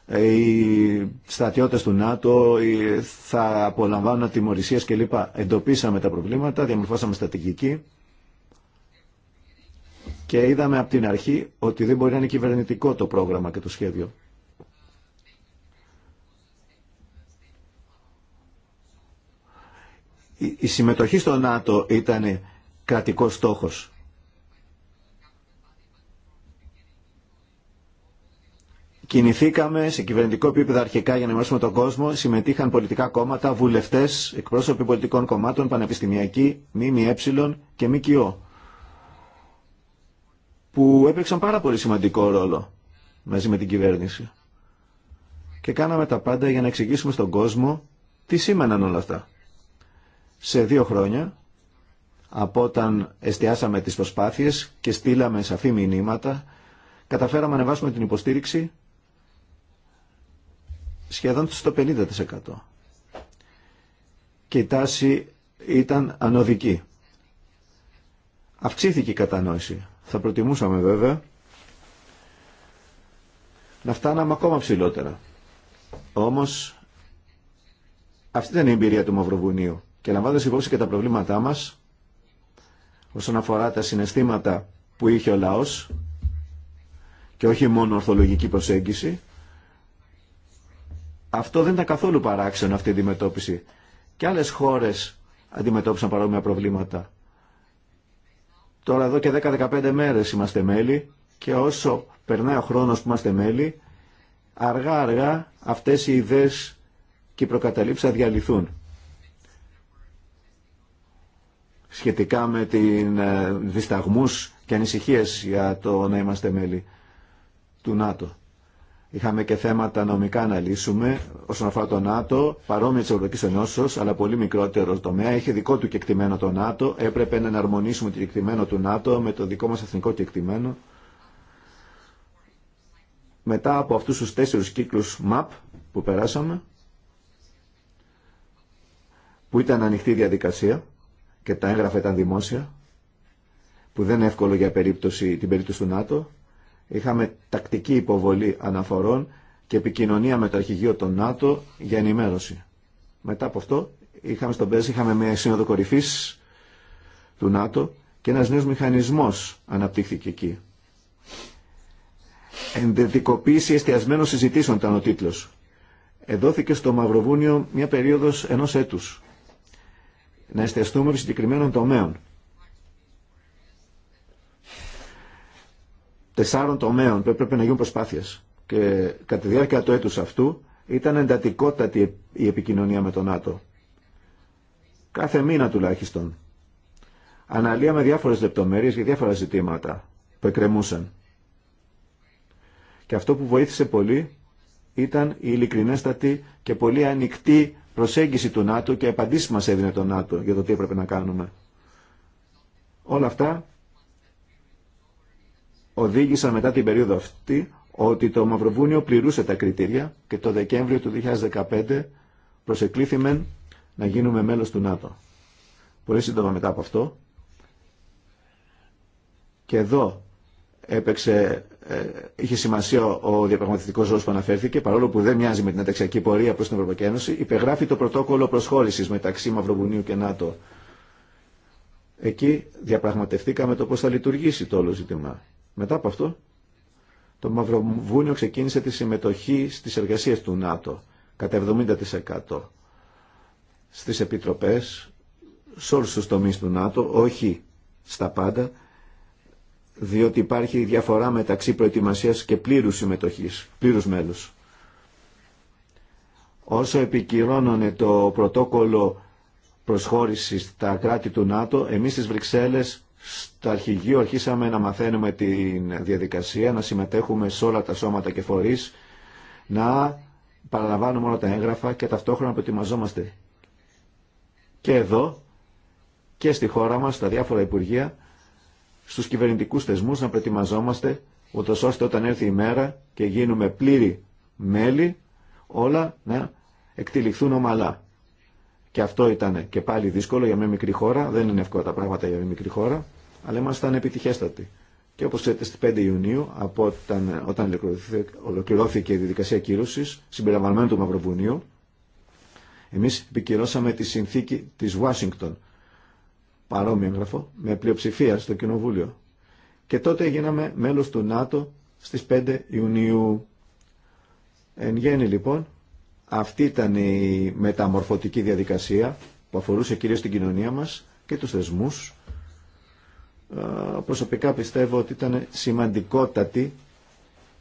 ε, οι στρατιώτες του ΝΑΤΟ θα απολαμβάνουν τιμωρησίες κλπ. Εντοπίσαμε τα προβλήματα, διαμορφώσαμε στρατηγική και είδαμε από την αρχή ότι δεν μπορεί να είναι κυβερνητικό το πρόγραμμα και το σχέδιο. η συμμετοχή στο ΝΑΤΟ ήταν κρατικός στόχος. Κινηθήκαμε σε κυβερνητικό επίπεδο αρχικά για να ενημερώσουμε τον κόσμο. Συμμετείχαν πολιτικά κόμματα, βουλευτέ, εκπρόσωποι πολιτικών κομμάτων, πανεπιστημιακοί, ΜΜΕ και ΜΚΟ. Που έπαιξαν πάρα πολύ σημαντικό ρόλο μαζί με την κυβέρνηση. Και κάναμε τα πάντα για να εξηγήσουμε στον κόσμο τι σήμαιναν όλα αυτά σε δύο χρόνια από όταν εστιάσαμε τις προσπάθειες και στείλαμε σαφή μηνύματα, καταφέραμε να ανεβάσουμε την υποστήριξη σχεδόν στο 50%. Και η τάση ήταν ανωδική. Αυξήθηκε η κατανόηση. Θα προτιμούσαμε βέβαια να φτάναμε ακόμα ψηλότερα. Όμως αυτή ήταν η εμπειρία του Μαυροβουνίου και λαμβάνοντας υπόψη και τα προβλήματά μας όσον αφορά τα συναισθήματα που είχε ο λαός και όχι μόνο ορθολογική προσέγγιση αυτό δεν ήταν καθόλου παράξενο αυτή η αντιμετώπιση και άλλες χώρες αντιμετώπισαν παρόμοια προβλήματα τώρα εδώ και 10-15 μέρες είμαστε μέλη και όσο περνάει ο χρόνος που είμαστε μέλη αργά-αργά αυτές οι ιδέες και οι προκαταλήψεις θα διαλυθούν σχετικά με την ε, δισταγμούς και ανησυχίες για το να είμαστε μέλη του ΝΑΤΟ. Είχαμε και θέματα νομικά να λύσουμε όσον αφορά το ΝΑΤΟ, παρόμοια τη Ευρωπαϊκή Ενώσεω, αλλά πολύ μικρότερο τομέα. έχει δικό του κεκτημένο το ΝΑΤΟ. Έπρεπε να εναρμονίσουμε το κεκτημένο του ΝΑΤΟ με το δικό μα εθνικό κεκτημένο. Μετά από αυτού του τέσσερους κύκλου MAP που περάσαμε, που ήταν ανοιχτή διαδικασία, και τα έγγραφα ήταν δημόσια, που δεν είναι εύκολο για περίπτωση, την περίπτωση του ΝΑΤΟ. Είχαμε τακτική υποβολή αναφορών και επικοινωνία με το αρχηγείο των ΝΑΤΟ για ενημέρωση. Μετά από αυτό είχαμε στον ΠΕΣ, είχαμε μια σύνοδο κορυφή του ΝΑΤΟ και ένας νέος μηχανισμός αναπτύχθηκε εκεί. Ενδεδικοποίηση εστιασμένων συζητήσεων ήταν ο τίτλος. Εδόθηκε στο Μαυροβούνιο μια περίοδος ενός έτους να εστιαστούμε επί συγκεκριμένων τομέων. Τεσσάρων τομέων που έπρεπε να γίνουν προσπάθειε. Και κατά τη διάρκεια του έτου αυτού ήταν εντατικότατη η επικοινωνία με τον ΝΑΤΟ. Κάθε μήνα τουλάχιστον. Αναλύαμε διάφορες λεπτομέρειες για διάφορα ζητήματα που εκκρεμούσαν. Και αυτό που βοήθησε πολύ ήταν η ειλικρινέστατη και πολύ ανοιχτή προσέγγιση του ΝΑΤΟ και απαντήσεις μας έδινε το ΝΑΤΟ για το τι έπρεπε να κάνουμε. Όλα αυτά οδήγησαν μετά την περίοδο αυτή ότι το Μαυροβούνιο πληρούσε τα κριτήρια και το Δεκέμβριο του 2015 προσεκλήθημεν να γίνουμε μέλος του ΝΑΤΟ. Πολύ σύντομα μετά από αυτό και εδώ έπαιξε ε, είχε σημασία ο διαπραγματευτικό ρόλο που αναφέρθηκε, παρόλο που δεν μοιάζει με την ανταξιακή πορεία προ την Ευρωπαϊκή Ένωση, υπεγράφει το πρωτόκολλο προσχώρηση μεταξύ Μαυροβουνίου και ΝΑΤΟ. Εκεί διαπραγματευτήκαμε το πώ θα λειτουργήσει το όλο ζήτημα. Μετά από αυτό, το Μαυροβούνιο ξεκίνησε τη συμμετοχή στι εργασίε του ΝΑΤΟ κατά 70% στι επίτροπέ, σε όλου του τομεί του ΝΑΤΟ, όχι στα πάντα, διότι υπάρχει διαφορά μεταξύ προετοιμασίας και πλήρους συμμετοχής, πλήρους μέλους. Όσο επικυρώνωνε το πρωτόκολλο προσχώρησης στα κράτη του ΝΑΤΟ, εμείς στις Βρυξέλλες στο αρχηγείο αρχίσαμε να μαθαίνουμε τη διαδικασία, να συμμετέχουμε σε όλα τα σώματα και φορείς, να παραλαμβάνουμε όλα τα έγγραφα και ταυτόχρονα προετοιμαζόμαστε και εδώ και στη χώρα μας, στα διάφορα υπουργεία, στους κυβερνητικούς θεσμούς να προετοιμαζόμαστε ούτω ώστε όταν έρθει η μέρα και γίνουμε πλήρη μέλη όλα να εκτυλιχθούν ομαλά. Και αυτό ήταν και πάλι δύσκολο για μια μικρή χώρα, δεν είναι εύκολα τα πράγματα για μια μικρή χώρα, αλλά ήμασταν επιτυχέστατοι. Και όπως ξέρετε στις 5 Ιουνίου, από όταν, όταν ολοκληρώθηκε η διαδικασία κύρωσης, συμπεριλαμβανομένου του Μαυροβουνίου, εμείς επικυρώσαμε τη συνθήκη της Ουάσιγκτον, παρόμοιο έγγραφο με πλειοψηφία στο Κοινοβούλιο. Και τότε γίναμε μέλος του ΝΑΤΟ στις 5 Ιουνίου. Εν γέννη λοιπόν, αυτή ήταν η μεταμορφωτική διαδικασία που αφορούσε κυρίως την κοινωνία μας και τους θεσμούς. Ε, προσωπικά πιστεύω ότι ήταν σημαντικότατη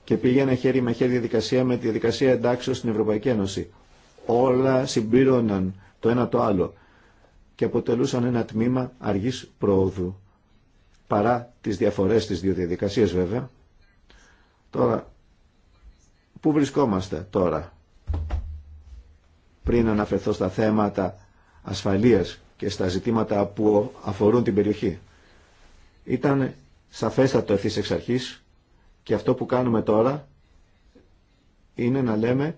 και πήγαινε χέρι με χέρι διαδικασία με τη διαδικασία εντάξεως στην Ευρωπαϊκή Ένωση. Όλα συμπλήρωναν το ένα το άλλο και αποτελούσαν ένα τμήμα αργής πρόοδου, παρά τις διαφορές της δύο διαδικασίες βέβαια. Τώρα, πού βρισκόμαστε τώρα, πριν αναφερθώ στα θέματα ασφαλείας και στα ζητήματα που αφορούν την περιοχή. Ήταν σαφέστατο ευθύς εξ αρχής και αυτό που κάνουμε τώρα είναι να λέμε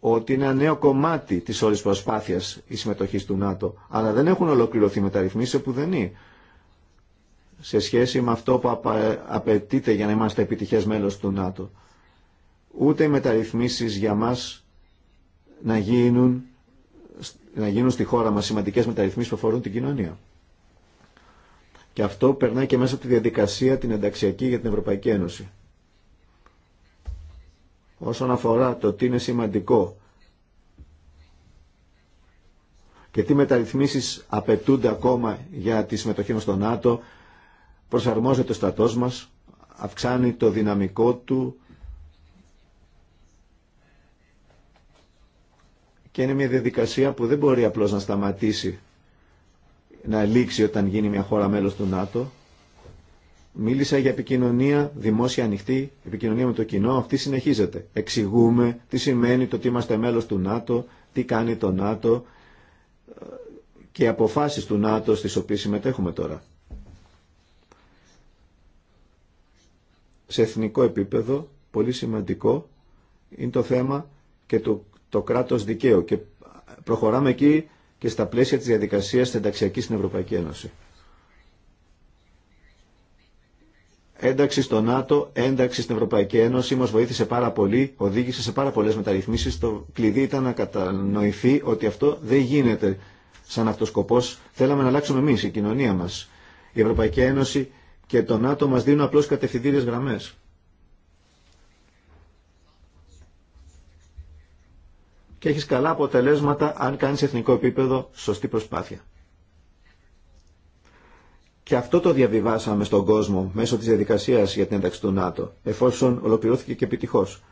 ότι είναι ένα νέο κομμάτι της όλης προσπάθειας η συμμετοχή του ΝΑΤΟ, αλλά δεν έχουν ολοκληρωθεί μεταρρυθμίσεις είναι σε σχέση με αυτό που απαιτείται για να είμαστε επιτυχές μέλος του ΝΑΤΟ. Ούτε οι μεταρρυθμίσεις για μας να γίνουν, να γίνουν στη χώρα μας σημαντικές μεταρρυθμίσεις που αφορούν την κοινωνία. Και αυτό περνάει και μέσα από τη διαδικασία την ενταξιακή για την Ευρωπαϊκή Ένωση όσον αφορά το τι είναι σημαντικό και τι μεταρρυθμίσεις απαιτούνται ακόμα για τη συμμετοχή μας στο ΝΑΤΟ, προσαρμόζεται ο στρατός μας, αυξάνει το δυναμικό του και είναι μια διαδικασία που δεν μπορεί απλώς να σταματήσει να λήξει όταν γίνει μια χώρα μέλος του ΝΑΤΟ. Μίλησα για επικοινωνία δημόσια ανοιχτή, επικοινωνία με το κοινό, αυτή συνεχίζεται. Εξηγούμε τι σημαίνει το ότι είμαστε μέλος του ΝΑΤΟ, τι κάνει το ΝΑΤΟ και οι αποφάσεις του ΝΑΤΟ στις οποίες συμμετέχουμε τώρα. Σε εθνικό επίπεδο, πολύ σημαντικό, είναι το θέμα και το, το κράτος δικαίου και προχωράμε εκεί και στα πλαίσια της διαδικασίας ενταξιακής στην Ευρωπαϊκή Ένωση. Ένταξη στο ΝΑΤΟ, ένταξη στην Ευρωπαϊκή Ένωση μας βοήθησε πάρα πολύ, οδήγησε σε πάρα πολλές μεταρρυθμίσεις. Το κλειδί ήταν να κατανοηθεί ότι αυτό δεν γίνεται σαν αυτός σκοπό. Θέλαμε να αλλάξουμε εμεί η κοινωνία μας. Η Ευρωπαϊκή Ένωση και το ΝΑΤΟ μας δίνουν απλώ κατευθυντήριες γραμμές. Και έχει καλά αποτελέσματα αν κάνεις εθνικό επίπεδο σωστή προσπάθεια. Και αυτό το διαβιβάσαμε στον κόσμο μέσω της διαδικασίας για την ένταξη του ΝΑΤΟ, εφόσον ολοκληρώθηκε και επιτυχώς.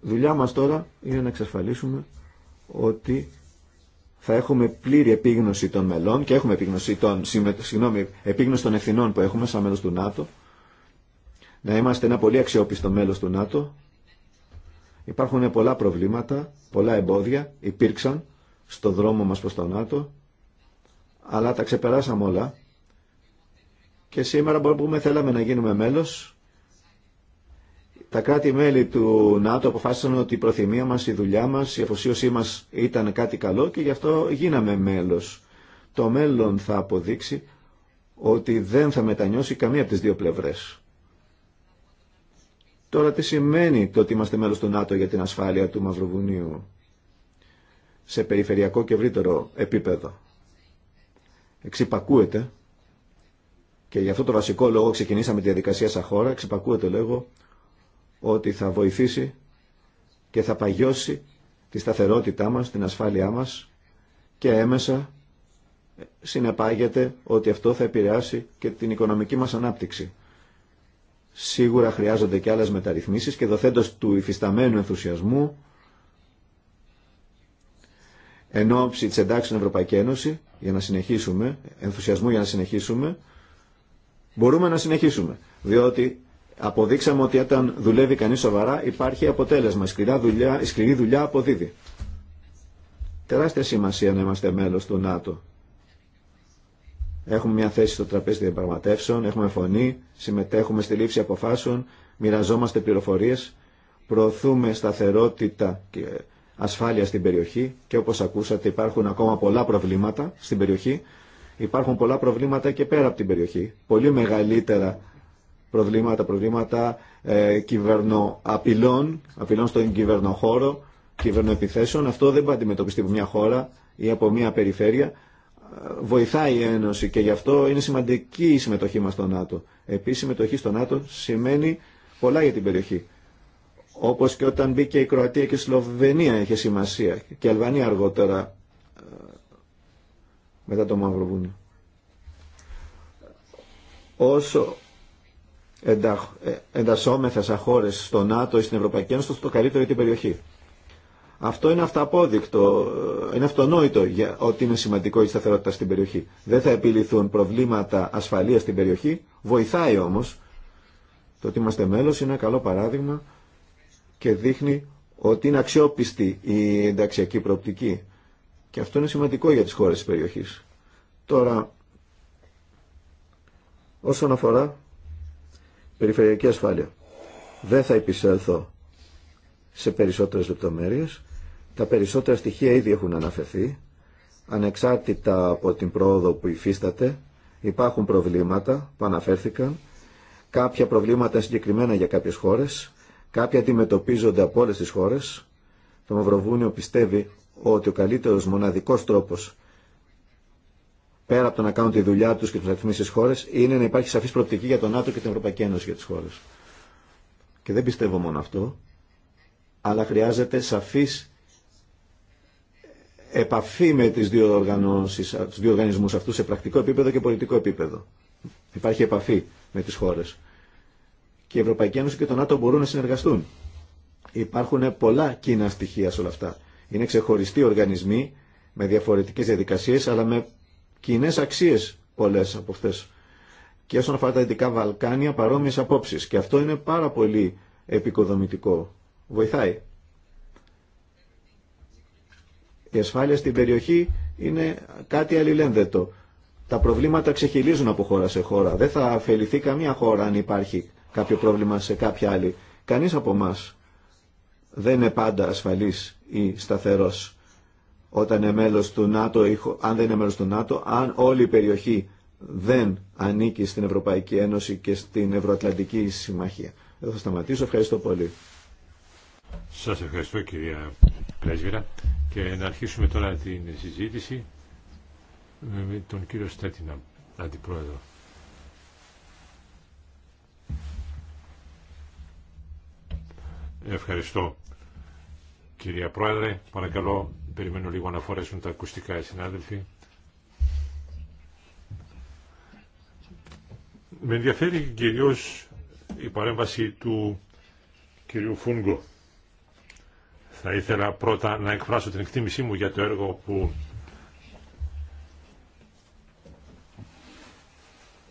Δουλειά μας τώρα είναι να εξασφαλίσουμε ότι θα έχουμε πλήρη επίγνωση των μελών και έχουμε επίγνωση των, συγγνώμη, επίγνωση των ευθυνών που έχουμε σαν μέλος του ΝΑΤΟ, να είμαστε ένα πολύ αξιόπιστο μέλος του ΝΑΤΟ. Υπάρχουν πολλά προβλήματα, πολλά εμπόδια, υπήρξαν στο δρόμο μας προς το ΝΑΤΟ, αλλά τα ξεπεράσαμε όλα και σήμερα μπορούμε να πούμε θέλαμε να γίνουμε μέλος. Τα κράτη-μέλη του ΝΑΤΟ αποφάσισαν ότι η προθυμία μας, η δουλειά μας, η αφοσίωσή μας ήταν κάτι καλό και γι' αυτό γίναμε μέλος. Το μέλλον θα αποδείξει ότι δεν θα μετανιώσει καμία από τις δύο πλευρές. Τώρα τι σημαίνει το ότι είμαστε μέλος του ΝΑΤΟ για την ασφάλεια του Μαυροβουνίου σε περιφερειακό και ευρύτερο επίπεδο. Εξυπακούεται και για αυτό το βασικό λόγο ξεκινήσαμε τη διαδικασία σαν χώρα. Ξεπακούεται λέγω ότι θα βοηθήσει και θα παγιώσει τη σταθερότητά μας, την ασφάλειά μας και έμεσα συνεπάγεται ότι αυτό θα επηρεάσει και την οικονομική μας ανάπτυξη. Σίγουρα χρειάζονται και άλλες μεταρρυθμίσεις και δοθέντος του υφισταμένου ενθουσιασμού εν της στην Ευρωπαϊκή Ένωση για να συνεχίσουμε, ενθουσιασμού για να συνεχίσουμε μπορούμε να συνεχίσουμε. Διότι αποδείξαμε ότι όταν δουλεύει κανείς σοβαρά υπάρχει αποτέλεσμα. δουλειά, η σκληρή δουλειά αποδίδει. Τεράστια σημασία να είμαστε μέλος του ΝΑΤΟ. Έχουμε μια θέση στο τραπέζι διαπραγματεύσεων, έχουμε φωνή, συμμετέχουμε στη λήψη αποφάσεων, μοιραζόμαστε πληροφορίες, προωθούμε σταθερότητα και ασφάλεια στην περιοχή και όπως ακούσατε υπάρχουν ακόμα πολλά προβλήματα στην περιοχή Υπάρχουν πολλά προβλήματα και πέρα από την περιοχή. Πολύ μεγαλύτερα προβλήματα, προβλήματα ε, κυβερνοαπειλών, απειλών στον κυβερνοχώρο, κυβερνοεπιθέσεων. Αυτό δεν μπορεί να αντιμετωπιστεί από μια χώρα ή από μια περιφέρεια. Ε, βοηθάει η Ένωση και γι' αυτό είναι σημαντική η συμμετοχή μας στο ΝΑΤΟ. Επίσης η συμμετοχή στο ΝΑΤΟ σημαίνει πολλά για την περιοχή. Όπως και όταν μπήκε η Κροατία και η Σλοβενία είχε σημασία και η Αλβανία αργότερα ε, μετά το Μαύρο Όσο εντα, ε, εντασσόμεθα σαν χώρε στο ΝΑΤΟ ή στην Ευρωπαϊκή Ένωση, το καλύτερο για την περιοχή. Αυτό είναι αυταπόδεικτο, ε, είναι αυτονόητο για, ότι είναι σημαντικό η σταθερότητα στην περιοχή. Δεν θα επιληθούν προβλήματα ασφαλείας στην περιοχή, βοηθάει όμως. Το ότι είμαστε μέλος είναι ένα καλό παράδειγμα και δείχνει ότι είναι αξιόπιστη η ενταξιακή προοπτική και αυτό είναι σημαντικό για τις χώρες της περιοχής. Τώρα, όσον αφορά περιφερειακή ασφάλεια, δεν θα επισέλθω σε περισσότερες λεπτομέρειες. Τα περισσότερα στοιχεία ήδη έχουν αναφερθεί. Ανεξάρτητα από την πρόοδο που υφίσταται, υπάρχουν προβλήματα που αναφέρθηκαν. Κάποια προβλήματα συγκεκριμένα για κάποιες χώρες, κάποια αντιμετωπίζονται από όλες τις χώρες. Το Μαυροβούνιο πιστεύει ότι ο καλύτερος μοναδικός τρόπος πέρα από το να κάνουν τη δουλειά τους και τους αριθμίσει στις χώρες είναι να υπάρχει σαφής προοπτική για τον ΝΑΤΟ και την Ευρωπαϊκή Ένωση για τις χώρες. Και δεν πιστεύω μόνο αυτό, αλλά χρειάζεται σαφής επαφή με τις δύο οργανώσεις, τους δύο οργανισμούς αυτούς σε πρακτικό επίπεδο και πολιτικό επίπεδο. Υπάρχει επαφή με τις χώρες. Και η Ευρωπαϊκή Ένωση και τον ΝΑΤΟ μπορούν να συνεργαστούν. Υπάρχουν πολλά κοινά στοιχεία σε όλα αυτά. Είναι ξεχωριστοί οργανισμοί με διαφορετικές διαδικασίες αλλά με κοινές αξίες πολλές από αυτές. Και όσον αφορά τα Δυτικά Βαλκάνια παρόμοιες απόψεις. Και αυτό είναι πάρα πολύ επικοδομητικό. Βοηθάει. Η ασφάλεια στην περιοχή είναι κάτι αλληλένδετο. Τα προβλήματα ξεχυλίζουν από χώρα σε χώρα. Δεν θα αφεληθεί καμία χώρα αν υπάρχει κάποιο πρόβλημα σε κάποια άλλη. Κανείς από εμά δεν είναι πάντα ασφαλής ή σταθερός όταν είναι μέλος του ΝΑΤΟ, αν δεν είναι μέλος του ΝΑΤΟ, αν όλη η περιοχή δεν ανήκει στην Ευρωπαϊκή Ένωση και στην Ευρωατλαντική Συμμαχία. Εδώ θα σταματήσω. Ευχαριστώ πολύ. Σας ευχαριστώ κυρία Πρέσβυρα και να αρχίσουμε τώρα την συζήτηση με τον κύριο Στέτινα, αντιπρόεδρο. Ευχαριστώ Κυρία Πρόεδρε, παρακαλώ, περιμένω λίγο να φορέσουν τα ακουστικά οι συνάδελφοι. Με ενδιαφέρει κυρίως η παρέμβαση του κυρίου Φούγκο. Θα ήθελα πρώτα να εκφράσω την εκτίμησή μου για το έργο που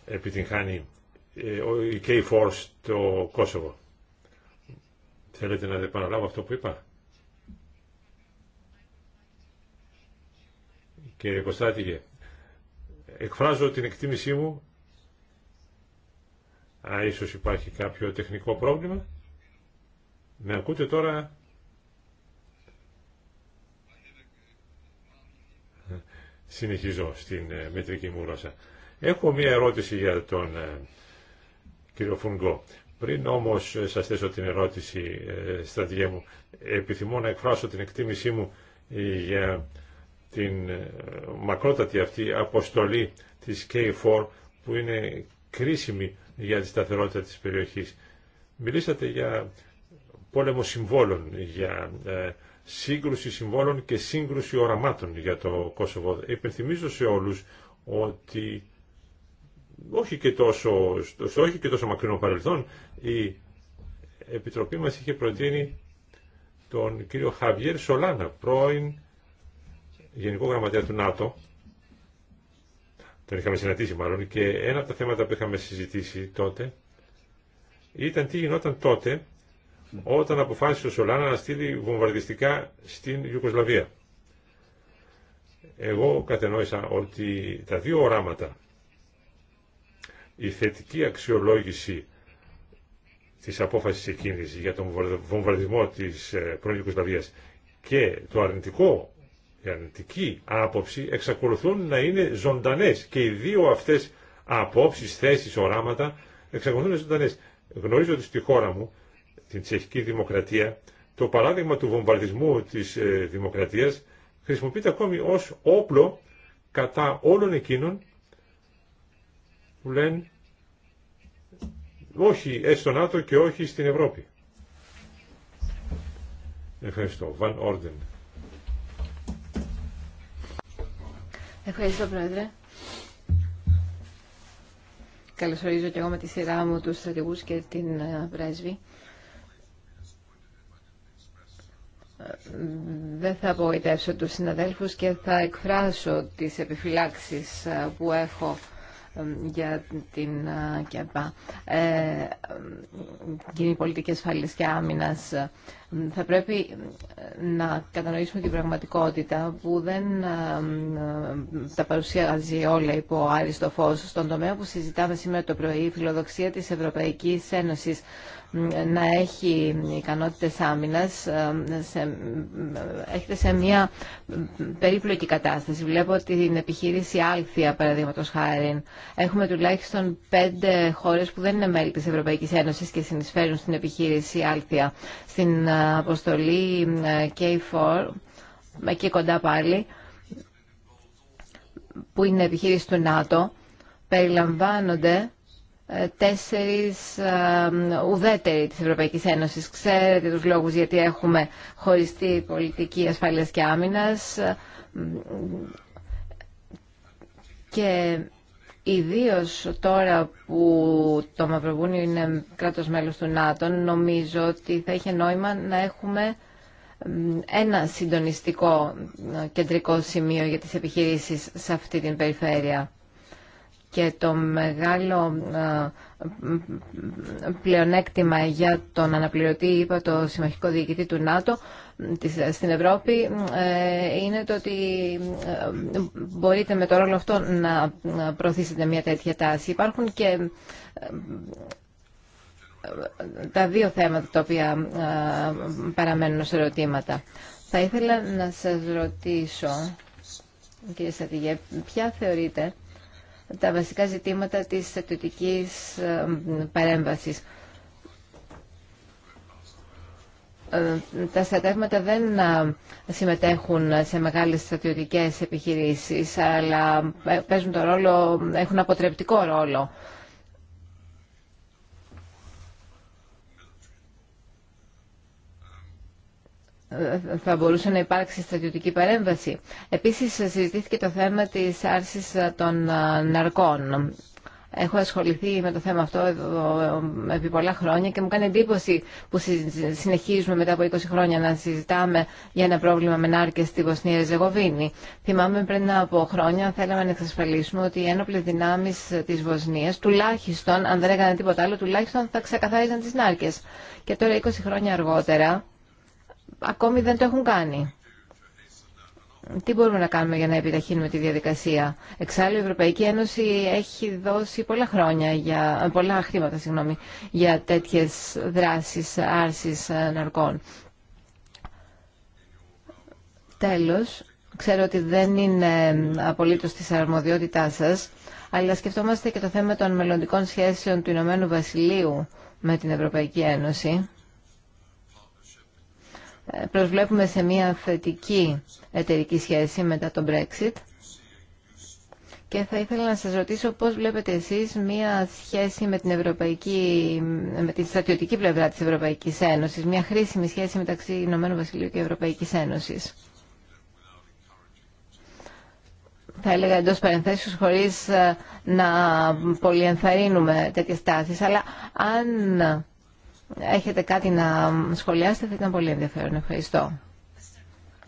επιτυγχάνει ε, η K-Force το Κόσοβο. Θέλετε να επαναλάβω αυτό που είπα. Κύριε Κωνστάτηγε, εκφράζω την εκτίμησή μου. Α, ίσως υπάρχει κάποιο τεχνικό πρόβλημα. Με ακούτε τώρα. Συνεχίζω στην ε, μετρική μου γλώσσα. Έχω μία ερώτηση για τον ε, κύριο Φουνγκό. Πριν όμως ε, σας θέσω την ερώτηση, στρατηγέ μου, επιθυμώ να εκφράσω την εκτίμησή μου για την ε, μακρότατη αυτή αποστολή της K4 που είναι κρίσιμη για τη σταθερότητα της περιοχής. Μιλήσατε για πόλεμο συμβόλων, για ε, σύγκρουση συμβόλων και σύγκρουση οραμάτων για το Κόσοβο. Υπενθυμίζω σε όλους ότι όχι και τόσο, στο όχι και τόσο μακρινό παρελθόν η Επιτροπή μας είχε προτείνει τον κύριο Χαβιέρ Σολάνα, πρώην Γενικό Γραμματέα του ΝΑΤΟ, τον είχαμε συναντήσει μάλλον, και ένα από τα θέματα που είχαμε συζητήσει τότε ήταν τι γινόταν τότε όταν αποφάσισε ο Σολάνα να στείλει βομβαρδιστικά στην Ιουκοσλαβία. Εγώ κατενόησα ότι τα δύο οράματα, η θετική αξιολόγηση της απόφασης εκείνης για τον βομβαρδισμό της ε, πρώην Ιουκοσλαβίας και το αρνητικό αρνητική άποψη εξακολουθούν να είναι ζωντανές και οι δύο αυτές απόψεις, θέσεις, οράματα εξακολουθούν να είναι ζωντανές. Γνωρίζω ότι στη χώρα μου, την τσεχική δημοκρατία, το παράδειγμα του βομβαρδισμού της ε, δημοκρατίας χρησιμοποιείται ακόμη ως όπλο κατά όλων εκείνων που λένε όχι στο ΝΑΤΟ και όχι στην Ευρώπη. Ευχαριστώ. Βαν Όρντεν. Ευχαριστώ, Πρόεδρε. Καλωσορίζω και εγώ με τη σειρά μου τους στρατηγούς και την πρέσβη. Δεν θα απογοητεύσω τους συναδέλφους και θα εκφράσω τις επιφυλάξεις που έχω για την ΚΕΠΑ. Ε, κοινή πολιτική ασφάλειας και άμυνας θα πρέπει ε, να κατανοήσουμε την πραγματικότητα που δεν ε, ε, τα παρουσιάζει όλα υπό άριστο φως. Στον τομέα που συζητάμε σήμερα το πρωί, η φιλοδοξία της Ευρωπαϊκής Ένωσης να έχει ικανότητες άμυνας σε, έχετε σε μια περίπλοκη κατάσταση. Βλέπω την επιχείρηση Άλθια, παραδείγματο χάρη. Έχουμε τουλάχιστον πέντε χώρες που δεν είναι μέλη της Ευρωπαϊκής Ένωσης και συνεισφέρουν στην επιχείρηση Άλθια. Στην αποστολή ε, K4 εκεί κοντά πάλι που είναι επιχείρηση του ΝΑΤΟ περιλαμβάνονται ε, τέσσερις ε, ουδέτεροι της Ευρωπαϊκής Ένωσης. Ξέρετε τους λόγους γιατί έχουμε χωριστή πολιτική ασφάλειας και άμυνας και Ιδίω τώρα που το Μαυροβούνιο είναι κράτος μέλος του ΝΑΤΟ, νομίζω ότι θα είχε νόημα να έχουμε ένα συντονιστικό κεντρικό σημείο για τις επιχειρήσεις σε αυτή την περιφέρεια. Και το μεγάλο πλεονέκτημα για τον αναπληρωτή, είπα, το συμμαχικό διοικητή του ΝΑΤΟ, στην Ευρώπη ε, είναι το ότι ε, μπορείτε με το ρόλο αυτό να προωθήσετε μια τέτοια τάση. Υπάρχουν και ε, τα δύο θέματα τα οποία παραμένουν σε ερωτήματα. Θα ήθελα να σας ρωτήσω, κύριε Στατηγέ, ποια θεωρείτε τα βασικά ζητήματα της στρατιωτικής παρέμβασης. Ε, τα στρατεύματα δεν ε, συμμετέχουν σε μεγάλες στρατιωτικές επιχειρήσεις, αλλά ε, παίζουν το ρόλο, έχουν αποτρεπτικό ρόλο. θα μπορούσε να υπάρξει στρατιωτική παρέμβαση. Επίσης συζητήθηκε το θέμα της άρσης των ναρκών. Έχω ασχοληθεί με το θέμα αυτό εδώ ε, επί πολλά χρόνια και μου κάνει εντύπωση που συνεχίζουμε μετά από 20 χρόνια να συζητάμε για ένα πρόβλημα με νάρκε στη Βοσνία Ριζεγοβίνη. Θυμάμαι πριν από χρόνια θέλαμε να εξασφαλίσουμε ότι οι ένοπλε δυνάμεις της Βοσνίας τουλάχιστον, αν δεν έκαναν τίποτα άλλο, τουλάχιστον θα ξεκαθάριζαν τι νάρκες. Και τώρα 20 χρόνια αργότερα ακόμη δεν το έχουν κάνει τι μπορούμε να κάνουμε για να επιταχύνουμε τη διαδικασία. Εξάλλου η Ευρωπαϊκή Ένωση έχει δώσει πολλά χρόνια, για, πολλά χρήματα συγγνώμη, για τέτοιες δράσεις άρσης ναρκών. Τέλος, ξέρω ότι δεν είναι απολύτως της αρμοδιότητά σας, αλλά σκεφτόμαστε και το θέμα των μελλοντικών σχέσεων του Ηνωμένου Βασιλείου με την Ευρωπαϊκή Ένωση. Ε, προσβλέπουμε σε μια θετική εταιρική σχέση μετά τον Brexit. Και θα ήθελα να σας ρωτήσω πώς βλέπετε εσείς μία σχέση με την, ευρωπαϊκή, με την στρατιωτική πλευρά της Ευρωπαϊκής Ένωσης, μία χρήσιμη σχέση μεταξύ Ηνωμένου Βασιλείου και Ευρωπαϊκής Ένωσης. Θα έλεγα εντό παρενθέσεως χωρίς ε, να πολυενθαρρύνουμε τέτοιες τάσεις, αλλά αν έχετε κάτι να σχολιάσετε θα ήταν πολύ ενδιαφέρον. Ευχαριστώ.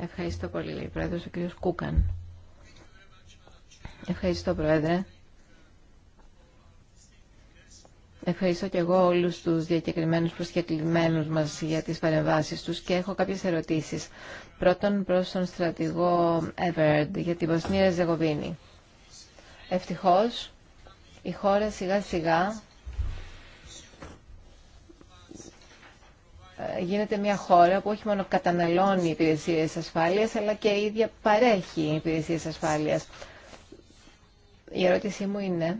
Ευχαριστώ πολύ, λέει Πρόεδρος, ο κ. Κούκαν. Ευχαριστώ, Πρόεδρε. Ευχαριστώ και εγώ όλους τους διακεκριμένους προσκεκλημένους μας για τις παρεμβάσεις τους και έχω κάποιες ερωτήσεις. Πρώτον προς τον στρατηγό Εβερντ για την Βοσνία Ζεγοβίνη. Ευτυχώς η χώρα σιγά σιγά Ε, γίνεται μια χώρα που όχι μόνο καταναλώνει υπηρεσίες ασφάλειας, αλλά και η ίδια παρέχει υπηρεσίες ασφάλειας. Η ερώτησή μου είναι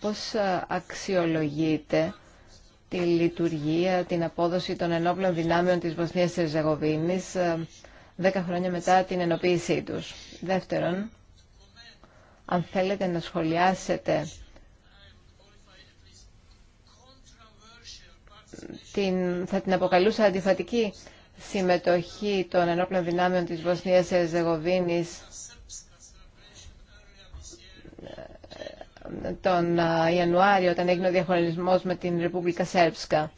πώς ε, αξιολογείται τη λειτουργία, την απόδοση των ενόπλων δυνάμεων της Βοσνίας και Ζεγοβίνης ε, δέκα χρόνια μετά την ενοποίησή τους. Δεύτερον, αν θέλετε να σχολιάσετε θα την αποκαλούσα αντιφατική συμμετοχή των ενόπλων δυνάμεων της Βοσνίας Ερζεγοβίνης τον ε, Ιανουάριο όταν έγινε ο διαχωρισμός με την Ρεπούμπλικα Σέρψκα.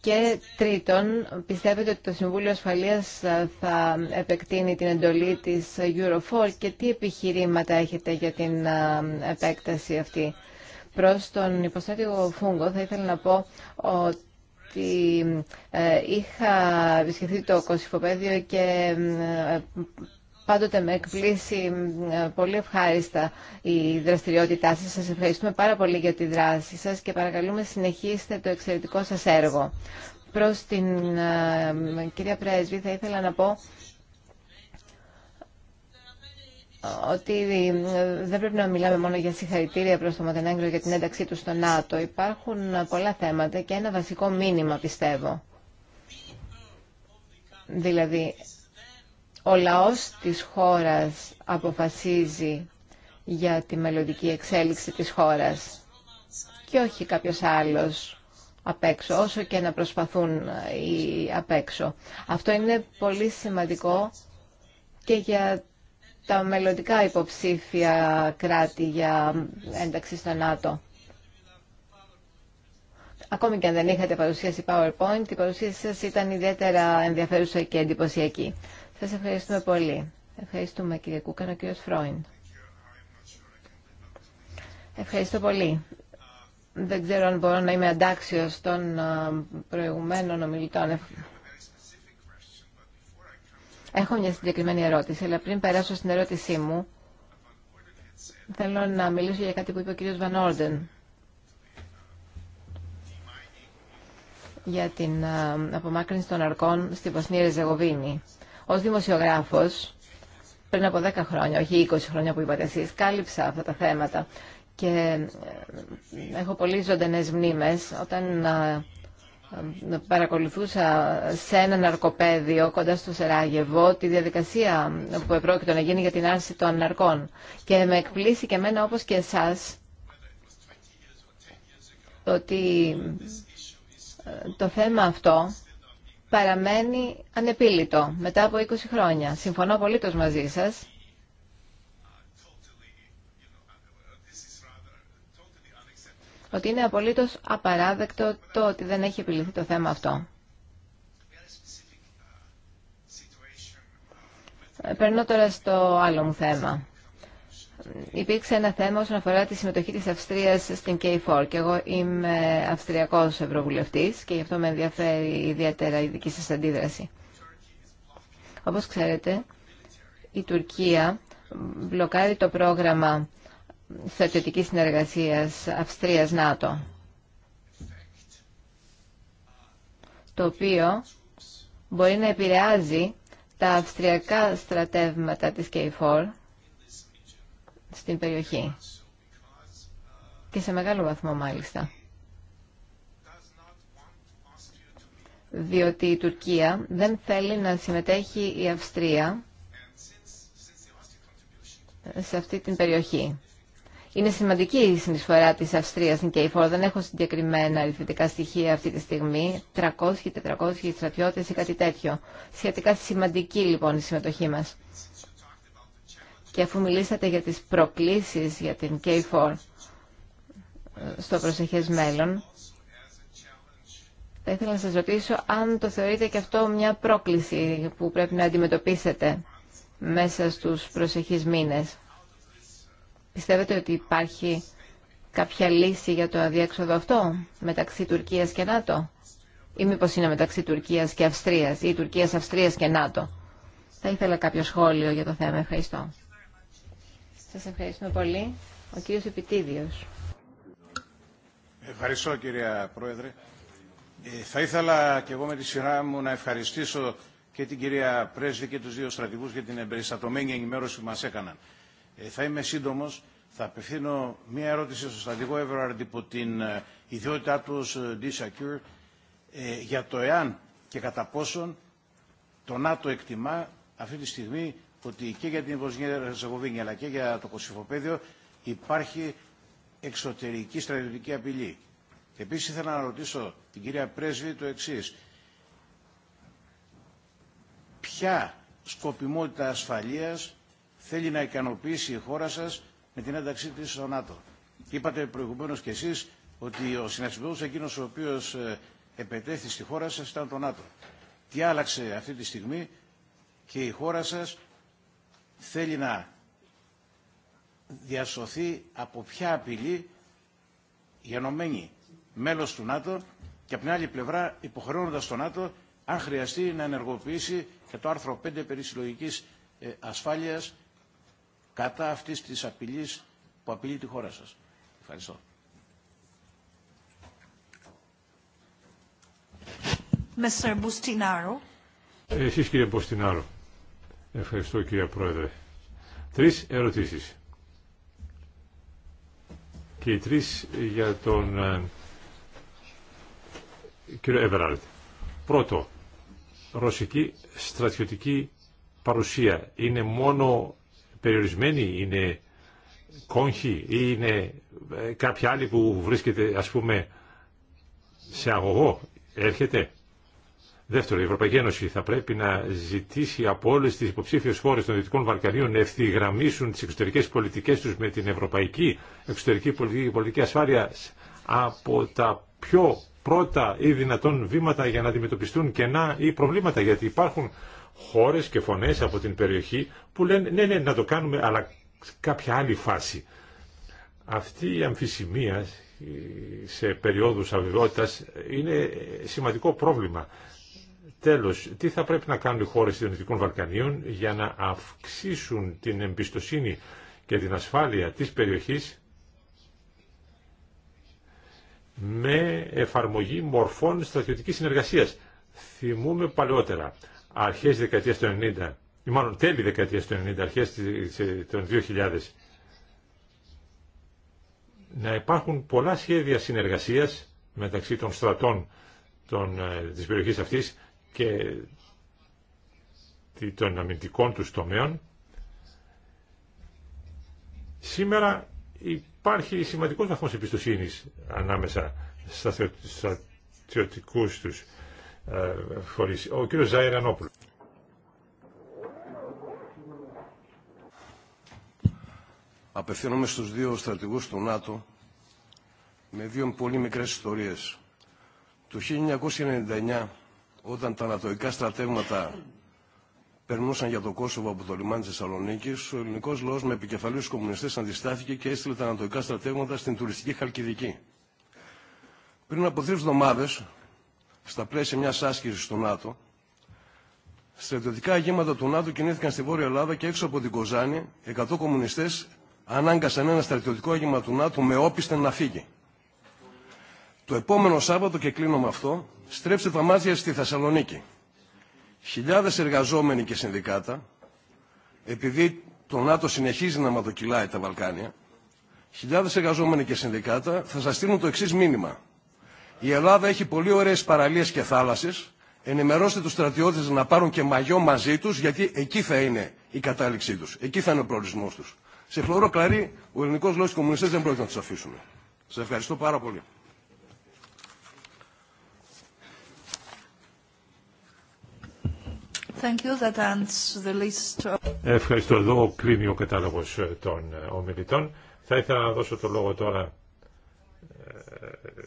Και τρίτον, πιστεύετε ότι το Συμβούλιο Ασφαλείας ε, θα επεκτείνει την εντολή της Eurofor και τι επιχειρήματα έχετε για την ε, επέκταση αυτή. Προς τον υποστάτηγο Φούγκο θα ήθελα να πω ότι ε, είχα επισκεφθεί το Κωσυφοπέδιο και ε, πάντοτε με εκπλήσει ε, πολύ ευχάριστα η δραστηριότητά σας. Σας ευχαριστούμε πάρα πολύ για τη δράση σας και παρακαλούμε συνεχίστε το εξαιρετικό σας έργο. Προς την κυρία Πρέσβη θα ήθελα να πω ότι ε, δεν πρέπει να μιλάμε μόνο για συγχαρητήρια προς το Μοντενέγκρο για την ένταξή του στο ΝΑΤΟ. Υπάρχουν πολλά θέματα και ένα βασικό μήνυμα πιστεύω. Δηλαδή, ο λαός της χώρας αποφασίζει για τη μελλοντική εξέλιξη της χώρας και όχι κάποιος άλλος απ' έξω, όσο και να προσπαθούν ε, οι απ' έξω. Αυτό είναι πολύ σημαντικό και για τα μελλοντικά υποψήφια κράτη για ένταξη στο ΝΑΤΟ. Ακόμη και αν δεν είχατε παρουσίαση PowerPoint, η παρουσίαση σας ήταν ιδιαίτερα ενδιαφέρουσα και εντυπωσιακή. Σας ευχαριστούμε πολύ. Ευχαριστούμε κύριε Κούκανο, κύριο Φρόιν. Ευχαριστώ πολύ. Δεν ξέρω αν μπορώ να είμαι αντάξιος των ε, προηγουμένων ομιλητών. Έχω μια συγκεκριμένη ερώτηση, αλλά πριν περάσω στην ερώτησή μου, θέλω να μιλήσω για κάτι που είπε ο κύριος Βαν Όρντεν. για την απομάκρυνση των αρκών στη Βοσνία Ριζεγοβίνη. Ως δημοσιογράφος, πριν από 10 χρόνια, όχι 20 χρόνια που είπατε εσείς, κάλυψα αυτά τα θέματα και ε, έχω πολύ ζωντανές μνήμες όταν παρακολουθούσα σε ένα ναρκοπαίδιο κοντά στο Σεράγεβο τη διαδικασία που επρόκειτο να γίνει για την άρση των ναρκών και με εκπλήσει και εμένα όπως και εσάς ότι ε, το θέμα αυτό παραμένει ανεπίλητο μετά από 20 χρόνια. Συμφωνώ απολύτως μαζί σας ότι είναι απολύτως απαράδεκτο το ότι δεν έχει επιληθεί το θέμα αυτό. Ε, περνώ τώρα στο άλλο μου θέμα. Υπήρξε ένα θέμα όσον αφορά τη συμμετοχή της Αυστρίας στην K4 και εγώ είμαι Αυστριακός Ευρωβουλευτής και γι' αυτό με ενδιαφέρει ιδιαίτερα η δική σας αντίδραση. Όπως ξέρετε, η Τουρκία μπλοκάρει το πρόγραμμα στρατιωτικης συνεργασία Αυστρία Αυστρίας-ΝΑΤΟ, το οποίο μπορεί να επηρεάζει τα αυστριακά στρατεύματα της ΚΕΙΦΟΡ στην περιοχή και σε μεγάλο βαθμό μάλιστα. διότι η Τουρκία δεν θέλει να συμμετέχει η Αυστρία σε αυτή την περιοχή. Είναι σημαντική η συνεισφορά της Αυστρίας στην ΚΕΙΦΟΡ. Δεν έχω συγκεκριμένα αριθμητικά στοιχεία αυτή τη στιγμή. 300, 400 στρατιώτες ή κάτι τέτοιο. Σχετικά σημαντική λοιπόν η συμμετοχή μας. Και αφού μιλήσατε για τις προκλήσεις για την K4 ε, στο προσεχές μέλλον, θα ήθελα να σας ρωτήσω αν το θεωρείτε και αυτό μια πρόκληση που πρέπει να αντιμετωπίσετε μέσα στους προσεχείς μήνες. Πιστεύετε ότι υπάρχει κάποια λύση για το αδιέξοδο αυτό μεταξύ Τουρκίας και ΝΑΤΟ ή μήπως είναι μεταξύ Τουρκίας και Αυστρίας ή Τουρκίας, Αυστρίας και ΝΑΤΟ. Θα ήθελα κάποιο σχόλιο για το θέμα. Ευχαριστώ. Σας ευχαριστούμε πολύ. Ο κύριος Επιτίδιος. Ευχαριστώ κυρία Πρόεδρε. Ε, θα ήθελα και εγώ με τη σειρά μου να ευχαριστήσω και την κυρία Πρέσβη και τους δύο στρατηγούς για την εμπεριστατωμένη ενημέρωση που μας έκαναν. Ε, θα είμαι σύντομος. Θα απευθύνω μία ερώτηση στον Στρατηγό Everard υπό την ε, ιδιότητά του ως ε, D-Secure για το εάν και κατά πόσον το ΝΑΤΟ εκτιμά αυτή τη στιγμή ότι και για την Βοσνία Ερζεγοβίνη αλλά και για το Κωσυφοπαίδιο υπάρχει εξωτερική στρατιωτική απειλή. Επίσης ήθελα να ρωτήσω την κυρία Πρέσβη το εξής. Ποια σκοπιμότητα ασφαλείας θέλει να ικανοποιήσει η χώρα σα με την ένταξή τη στο ΝΑΤΟ. Είπατε προηγουμένω κι εσεί ότι ο συνασπισμό εκείνο ο οποίο ε, επετέθη στη χώρα σα ήταν το ΝΑΤΟ. Τι άλλαξε αυτή τη στιγμή και η χώρα σα θέλει να διασωθεί από ποια απειλή γενομένη μέλο του ΝΑΤΟ και από την άλλη πλευρά υποχρεώνοντα το ΝΑΤΟ αν χρειαστεί να ενεργοποιήσει και το άρθρο 5 περί συλλογική ε, ασφάλειας κατά αυτής της απειλής που απειλεί τη χώρα σας. Ευχαριστώ. Εσείς κύριε Μποστινάρο. Ευχαριστώ κύριε Πρόεδρε. Τρεις ερωτήσεις. Και οι τρεις για τον ε, κύριο Έβεραλτ. Πρώτο, ρωσική στρατιωτική παρουσία είναι μόνο περιορισμένοι, είναι κόγχοι ή είναι ε, κάποια άλλη που βρίσκεται ας πούμε σε αγωγό, έρχεται. Δεύτερον, η ειναι καποιοι αλλοι που βρισκεται ας πουμε σε αγωγο ερχεται δευτερο η ευρωπαικη ενωση θα πρέπει να ζητήσει από όλε τι υποψήφιε χώρε των Δυτικών Βαλκανίων να ευθυγραμμίσουν τι εξωτερικέ πολιτικέ του με την ευρωπαϊκή εξωτερική πολιτική και πολιτική ασφάλεια από τα πιο πρώτα ή δυνατόν βήματα για να αντιμετωπιστούν κενά ή προβλήματα. Γιατί υπάρχουν χώρες και φωνές από την περιοχή που λένε ναι, ναι, να το κάνουμε, αλλά κάποια άλλη φάση. Αυτή η αμφισημία σε περιόδους αβεβαιότητας είναι σημαντικό πρόβλημα. Τέλος, τι θα πρέπει να κάνουν οι χώρες των Βαλκανίων για να αυξήσουν την εμπιστοσύνη και την ασφάλεια της περιοχής με εφαρμογή μορφών στρατιωτικής συνεργασίας. Θυμούμε παλαιότερα αρχές δεκαετία του 90, ή μάλλον τέλη δεκαετία του 90, αρχέ των 2000, να υπάρχουν πολλά σχέδια συνεργασία μεταξύ των στρατών των, ε, της περιοχής αυτής και των αμυντικών τους τομέων. Σήμερα υπάρχει σημαντικός βαθμό εμπιστοσύνη ανάμεσα στα στρατιωτικούς τους ο κύριος Ζαϊρανόπουλος. Απευθύνομαι στους δύο στρατηγούς του ΝΑΤΟ με δύο πολύ μικρές ιστορίες. Το 1999, όταν τα ανατοϊκά στρατεύματα περνούσαν για το Κόσοβο από το λιμάνι της Θεσσαλονίκη, ο ελληνικός λαός με επικεφαλή κομμουνιστές αντιστάθηκε και έστειλε τα ανατοϊκά στρατεύματα στην τουριστική Χαλκιδική. Πριν από τρει εβδομάδες, στα πλαίσια μια άσκηση του ΝΑΤΟ, στρατιωτικά αγήματα του ΝΑΤΟ κινήθηκαν στη Βόρεια Ελλάδα και έξω από την Κοζάνη 100 κομμουνιστέ ανάγκασαν ένα στρατιωτικό αγήμα του ΝΑΤΟ με όπιστε να φύγει. Το επόμενο Σάββατο, και κλείνω με αυτό, στρέψτε τα μάτια στη Θεσσαλονίκη. Χιλιάδε εργαζόμενοι και συνδικάτα, επειδή το ΝΑΤΟ συνεχίζει να ματοκυλάει τα Βαλκάνια, χιλιάδε εργαζόμενοι και συνδικάτα θα σα στείλουν το εξή μήνυμα. Η Ελλάδα έχει πολύ ωραίες παραλίες και θάλασσες. Ενημερώστε τους στρατιώτες να πάρουν και μαγιό μαζί τους, γιατί εκεί θα είναι η κατάληξή τους. Εκεί θα είναι ο προορισμός τους. Σε χλωρό κλαρί, ο ελληνικός λόγος κομμουνιστές δεν πρόκειται να τους αφήσουμε. Σας ευχαριστώ πάρα πολύ. Thank you. That the list. Ευχαριστώ. Εδώ κλείνει ο κατάλογος ε, των ε, ομιλητών. Θα ήθελα να δώσω το λόγο τώρα ε,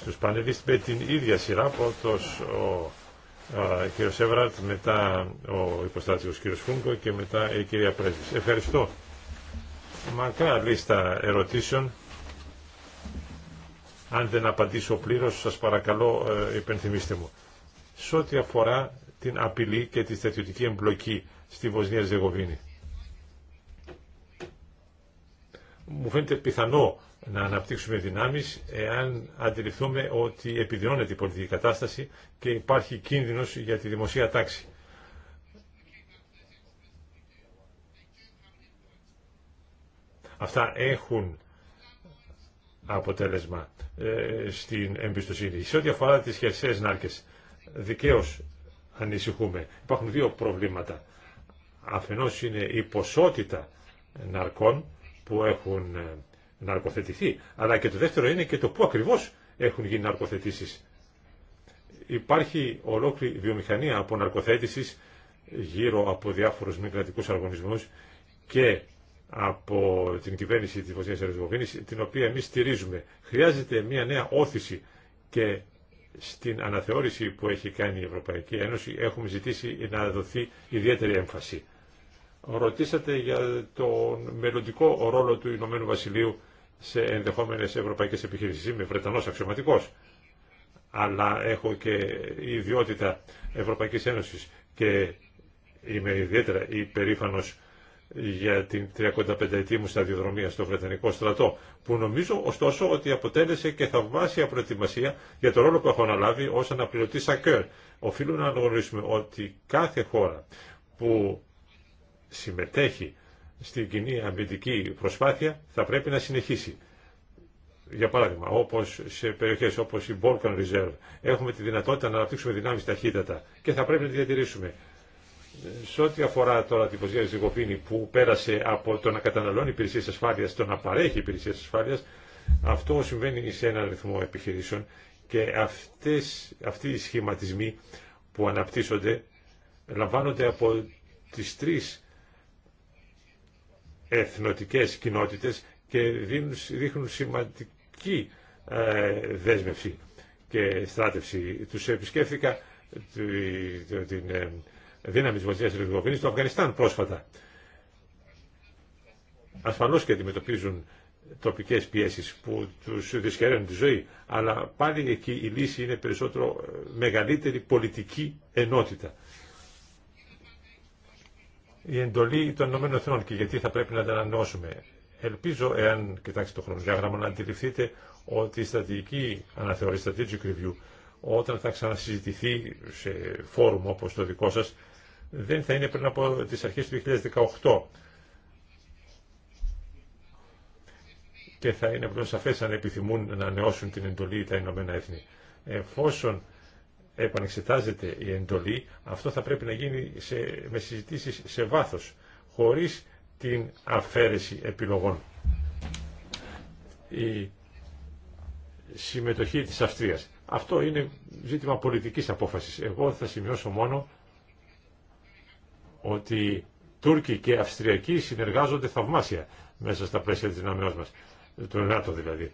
στους πανελίστ με την ίδια σειρά πρώτος ο κ. Σέβρατ, μετά ο υποστάτηγος κ. Φούγκο και μετά η κυρία Πρέσβης. Ευχαριστώ. Μακρά λίστα ερωτήσεων. Αν δεν απαντήσω πλήρως, σας παρακαλώ ε, υπενθυμίστε μου. Σε ό,τι αφορά την απειλή και τη στρατιωτική εμπλοκή στη Βοσνία Ζεγοβίνη. Μου φαίνεται πιθανό να αναπτύξουμε δυνάμεις εάν αντιληφθούμε ότι επιδεινώνεται η πολιτική κατάσταση και υπάρχει κίνδυνος για τη δημοσία τάξη. Αυτά έχουν αποτέλεσμα ε, στην εμπιστοσύνη. Σε ό,τι αφορά τις χερσαίες νάρκες, δικαίως ανησυχούμε. Υπάρχουν δύο προβλήματα. Αφενός είναι η ποσότητα ναρκών που έχουν ε, ναρκοθετηθεί. Αλλά και το δεύτερο είναι και το πού ακριβώς έχουν γίνει ναρκοθετήσεις. Υπάρχει ολόκληρη βιομηχανία από ναρκοθέτησης γύρω από διάφορους μη κρατικούς και από την κυβέρνηση της Βοσνίας Ερζεγοβίνης, την οποία εμείς στηρίζουμε. Χρειάζεται μια νέα όθηση και στην αναθεώρηση που έχει κάνει η Ευρωπαϊκή Ένωση έχουμε ζητήσει να δοθεί ιδιαίτερη έμφαση. Ρωτήσατε για τον μελλοντικό ρόλο του Ηνωμένου Βασιλείου σε ενδεχόμενες ευρωπαϊκές επιχειρήσεις. Είμαι Βρετανός αξιωματικός, αλλά έχω και η ιδιότητα Ευρωπαϊκής Ένωσης και είμαι ιδιαίτερα υπερήφανος για την 35η μου σταδιοδρομία στο Βρετανικό στρατό, που νομίζω ωστόσο ότι αποτέλεσε και θαυμάσια προετοιμασία για το ρόλο που έχω αναλάβει ως αναπληρωτή ΣΑΚΕΡ. Οφείλουμε να αναγνωρίσουμε ότι κάθε χώρα που συμμετέχει στην κοινή αμυντική προσπάθεια θα πρέπει να συνεχίσει. Για παράδειγμα, όπως σε περιοχές όπως η Balkan Reserve έχουμε τη δυνατότητα να αναπτύξουμε δυνάμεις ταχύτατα και θα πρέπει να τη διατηρήσουμε. Σε ό,τι αφορά τώρα την Βοσνία Ζεγοβίνη που πέρασε από το να καταναλώνει υπηρεσίε ασφάλεια στο να παρέχει υπηρεσίε ασφάλεια, αυτό συμβαίνει σε έναν αριθμό επιχειρήσεων και αυτές, αυτοί οι σχηματισμοί που αναπτύσσονται λαμβάνονται από τις τρει εθνοτικές κοινότητες και δίνουν, δείχνουν σημαντική ε, δέσμευση και στράτευση. Τους επισκέφθηκα την ε, δύναμη της Βοσνίας του στο Αφγανιστάν πρόσφατα. Ασφαλώς και αντιμετωπίζουν τοπικές πιέσεις που τους δυσχεραίνουν τη ζωή, αλλά πάλι εκεί η λύση είναι περισσότερο ε, μεγαλύτερη πολιτική ενότητα η εντολή των Ηνωμένων Εθνών και γιατί θα πρέπει να τα ανανεώσουμε. Ελπίζω, εάν κοιτάξετε το χρονοδιάγραμμα, να αντιληφθείτε ότι η στρατηγική αναθεωρή, strategic review, όταν θα ξανασυζητηθεί σε φόρουμ όπως το δικό σας, δεν θα είναι πριν από τις αρχές του 2018. Και θα είναι πλέον σαφές αν επιθυμούν να ανανεώσουν την εντολή τα Ηνωμένα Έθνη. Εφόσον επανεξετάζεται η εντολή, αυτό θα πρέπει να γίνει σε, με συζητήσεις σε βάθος, χωρίς την αφαίρεση επιλογών. Η συμμετοχή της Αυστρίας. Αυτό είναι ζήτημα πολιτικής απόφασης. Εγώ θα σημειώσω μόνο ότι Τούρκοι και Αυστριακοί συνεργάζονται θαυμάσια μέσα στα πλαίσια της δυναμιάς μας, του ΝΑΤΟ δηλαδή.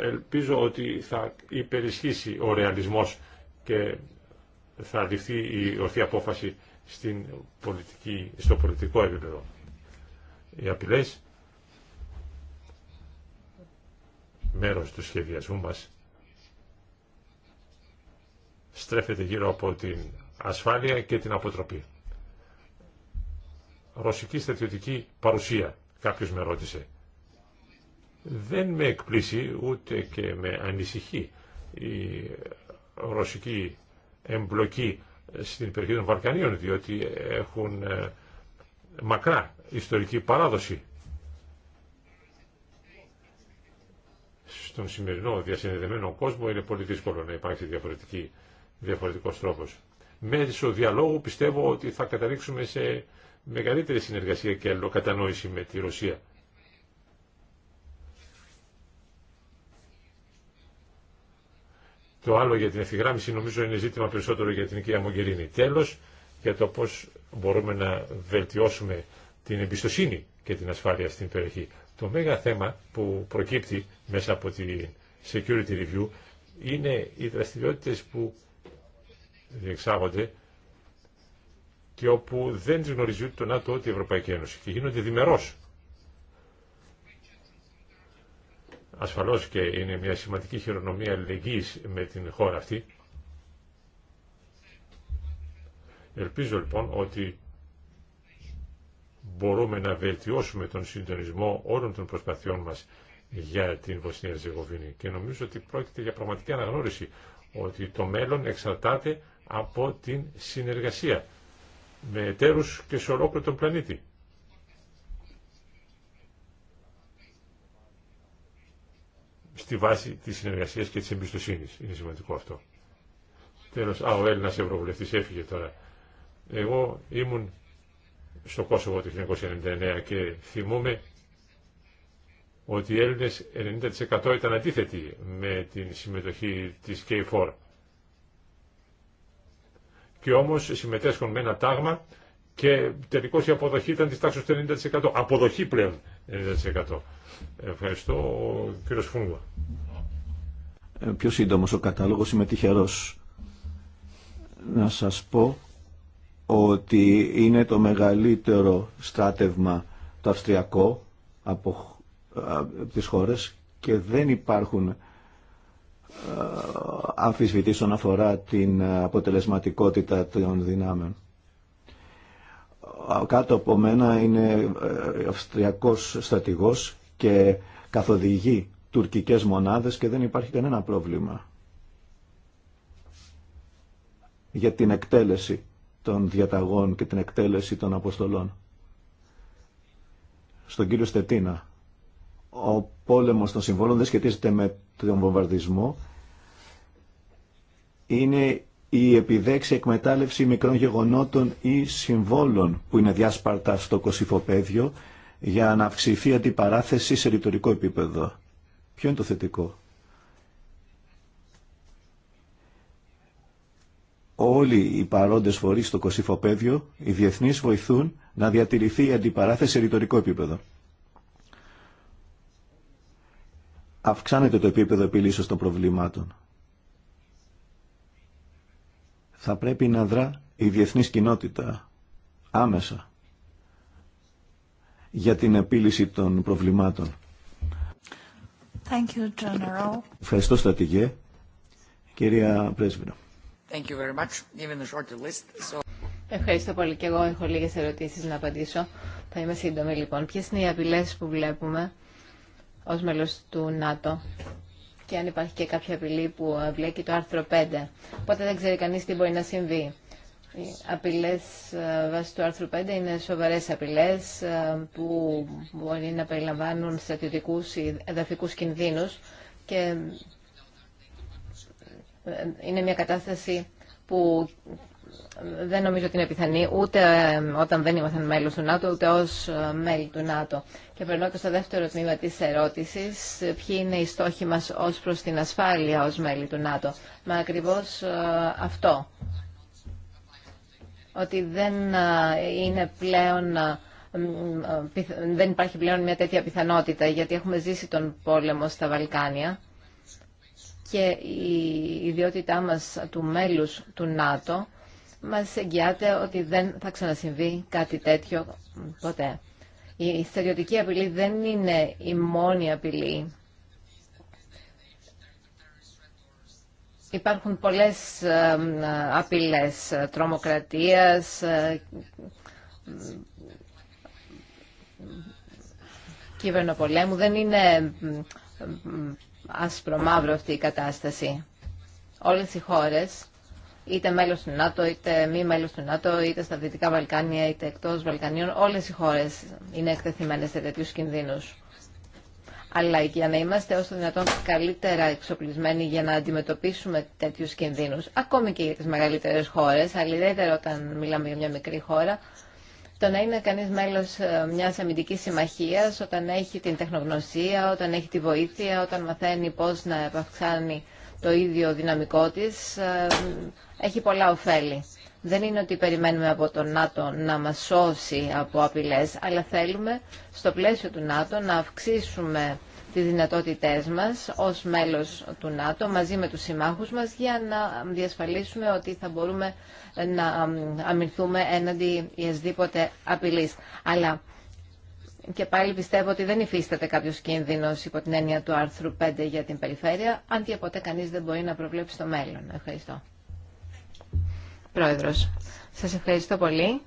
Ελπίζω ότι θα υπερισχύσει ο ρεαλισμός και θα ληφθεί η ορθή απόφαση στην πολιτική, στο πολιτικό επίπεδο. Οι απειλές μέρος του σχεδιασμού μας στρέφεται γύρω από την ασφάλεια και την αποτροπή. Ρωσική στρατιωτική παρουσία, κάποιος με ρώτησε. Δεν με εκπλήσει ούτε και με ανησυχεί η ρωσική εμπλοκή στην περιοχή των Βαλκανίων, διότι έχουν ε, μακρά ιστορική παράδοση. Στον σημερινό διασυνδεδεμένο κόσμο είναι πολύ δύσκολο να υπάρξει διαφορετική, διαφορετικός τρόπος. Μέσω διαλόγου πιστεύω ότι θα καταλήξουμε σε μεγαλύτερη συνεργασία και αλληλοκατανόηση με τη Ρωσία. Το άλλο για την ευθυγράμμιση νομίζω είναι ζήτημα περισσότερο για την κυρία Μογκερίνη. Τέλος, για το πώς μπορούμε να βελτιώσουμε την εμπιστοσύνη και την ασφάλεια στην περιοχή. Το μέγα θέμα που προκύπτει μέσα από τη Security Review είναι οι δραστηριότητες που διεξάγονται και όπου δεν γνωρίζει ούτε το ΝΑΤΟ ούτε η Ευρωπαϊκή Ένωση και γίνονται διμερώς ασφαλώς και είναι μια σημαντική χειρονομία αλληλεγγύης με την χώρα αυτή. Ελπίζω λοιπόν ότι μπορούμε να βελτιώσουμε τον συντονισμό όλων των προσπαθειών μας για την Βοσνία Ζεγοβίνη και νομίζω ότι πρόκειται για πραγματική αναγνώριση ότι το μέλλον εξαρτάται από την συνεργασία με εταίρους και σε ολόκληρο τον πλανήτη. στη βάση της συνεργασίας και της εμπιστοσύνης. Είναι σημαντικό αυτό. Τέλος, α, ο Έλληνας Ευρωβουλευτής έφυγε τώρα. Εγώ ήμουν στο Κόσοβο το 1999 και θυμούμαι ότι οι Έλληνες 90% ήταν αντίθετοι με την συμμετοχή της K4. Και όμως συμμετέσχουν με ένα τάγμα και τελικώς η αποδοχή ήταν της τάξης του 90%. Αποδοχή πλέον 90%. Ευχαριστώ. Ο κύριος Ε, πιο σύντομος ο κατάλογος, είμαι τυχερός. Να σας πω ότι είναι το μεγαλύτερο στράτευμα το αυστριακό από ε, τις χώρες και δεν υπάρχουν ε, αμφισβητήσεις όσον αφορά την ε, αποτελεσματικότητα των δυνάμεων κάτω από μένα είναι ε, αυστριακός στρατηγός και καθοδηγεί τουρκικές μονάδες και δεν υπάρχει κανένα πρόβλημα για την εκτέλεση των διαταγών και την εκτέλεση των αποστολών. Στον κύριο Στετίνα, ο πόλεμος των συμβόλων δεν σχετίζεται με τον βομβαρδισμό, είναι η επιδέξη εκμετάλλευση μικρών γεγονότων ή συμβόλων που είναι διάσπαρτα στο κοσυφοπέδιο για να αυξηθεί αντιπαράθεση σε ρητορικό επίπεδο. Ποιο είναι το θετικό. Όλοι οι παρόντες φορείς στο κοσυφοπέδιο, οι διεθνείς βοηθούν να διατηρηθεί η αντιπαράθεση σε ρητορικό επίπεδο. Αυξάνεται το επίπεδο επιλύσεως των προβλημάτων θα πρέπει να δρά η διεθνής κοινότητα άμεσα για την επίλυση των προβλημάτων. you, Ευχαριστώ, Στρατηγέ. Κυρία Πρέσβυρα. Ευχαριστώ πολύ και εγώ έχω λίγες ερωτήσεις να απαντήσω. Θα είμαι σύντομη λοιπόν. Ποιες είναι οι απειλές που βλέπουμε ως μέλος του ΝΑΤΟ και αν υπάρχει και κάποια απειλή που βλέπει το άρθρο 5. Οπότε δεν ξέρει κανείς τι μπορεί να συμβεί. Οι απειλές ε, βάσει του άρθρου 5 είναι σοβαρές απειλές ε, που μπορεί να περιλαμβάνουν στρατιωτικούς ή εδαφικούς κινδύνους και ε, είναι μια κατάσταση που δεν νομίζω ότι είναι πιθανή ούτε ε, όταν δεν ήμασταν μέλο του ΝΑΤΟ, ούτε ως ε, μέλη του ΝΑΤΟ. Και περνώ και στο δεύτερο τμήμα της ερώτησης, ε, ποιοι είναι οι στόχοι μα ω προς την ασφάλεια ως μέλη του ΝΑΤΟ. Μα ακριβώ αυτό, ότι δεν είναι πλέον... Δεν υπάρχει πλέον μια τέτοια πιθανότητα γιατί έχουμε ζήσει τον πόλεμο στα Βαλκάνια και η ιδιότητά μας του μέλους του ΝΑΤΟ Μα εγγυάται ότι δεν θα ξανασυμβεί κάτι τέτοιο ποτέ. Η στερεωτική απειλή δεν είναι η μόνη απειλή. Υπάρχουν πολλές απειλές τρομοκρατίας, ε, κυβερνοπολέμου. Δεν είναι άσπρο-μαύρο αυτή η κατάσταση. Όλες οι χώρες είτε μέλο του ΝΑΤΟ, είτε μη μέλο του ΝΑΤΟ, είτε στα Δυτικά Βαλκάνια, είτε εκτό Βαλκανίων. όλε οι χώρε είναι εκτεθειμένε σε τέτοιου κινδύνου. Αλλά για να είμαστε όσο δυνατόν καλύτερα εξοπλισμένοι για να αντιμετωπίσουμε τέτοιου κίνδυνου, ακόμη και για τι μεγαλύτερε χώρε, αλλά ιδιαίτερα όταν μιλάμε για μια μικρή χώρα, το να είναι κανεί μέλο ε, μια αμυντική συμμαχία όταν έχει την τεχνογνωσία, όταν έχει τη βοήθεια, όταν μαθαίνει πώ να επαυξάνει το ίδιο δυναμικό της ε, έχει πολλά ωφέλη. Δεν είναι ότι περιμένουμε από το ΝΑΤΟ να μας σώσει από απειλές, αλλά θέλουμε στο πλαίσιο του ΝΑΤΟ να αυξήσουμε τις δυνατότητές μας ως μέλος του ΝΑΤΟ μαζί με τους συμμάχους μας για να διασφαλίσουμε ότι θα μπορούμε να αμυνθούμε έναντι ιεσδήποτε απειλής. Αλλά και πάλι πιστεύω ότι δεν υφίσταται κάποιο κίνδυνο υπό την έννοια του άρθρου 5 για την περιφέρεια, αν και ποτέ κανεί δεν μπορεί να προβλέψει το μέλλον. Ευχαριστώ. Πρόεδρο, σα ευχαριστώ πολύ.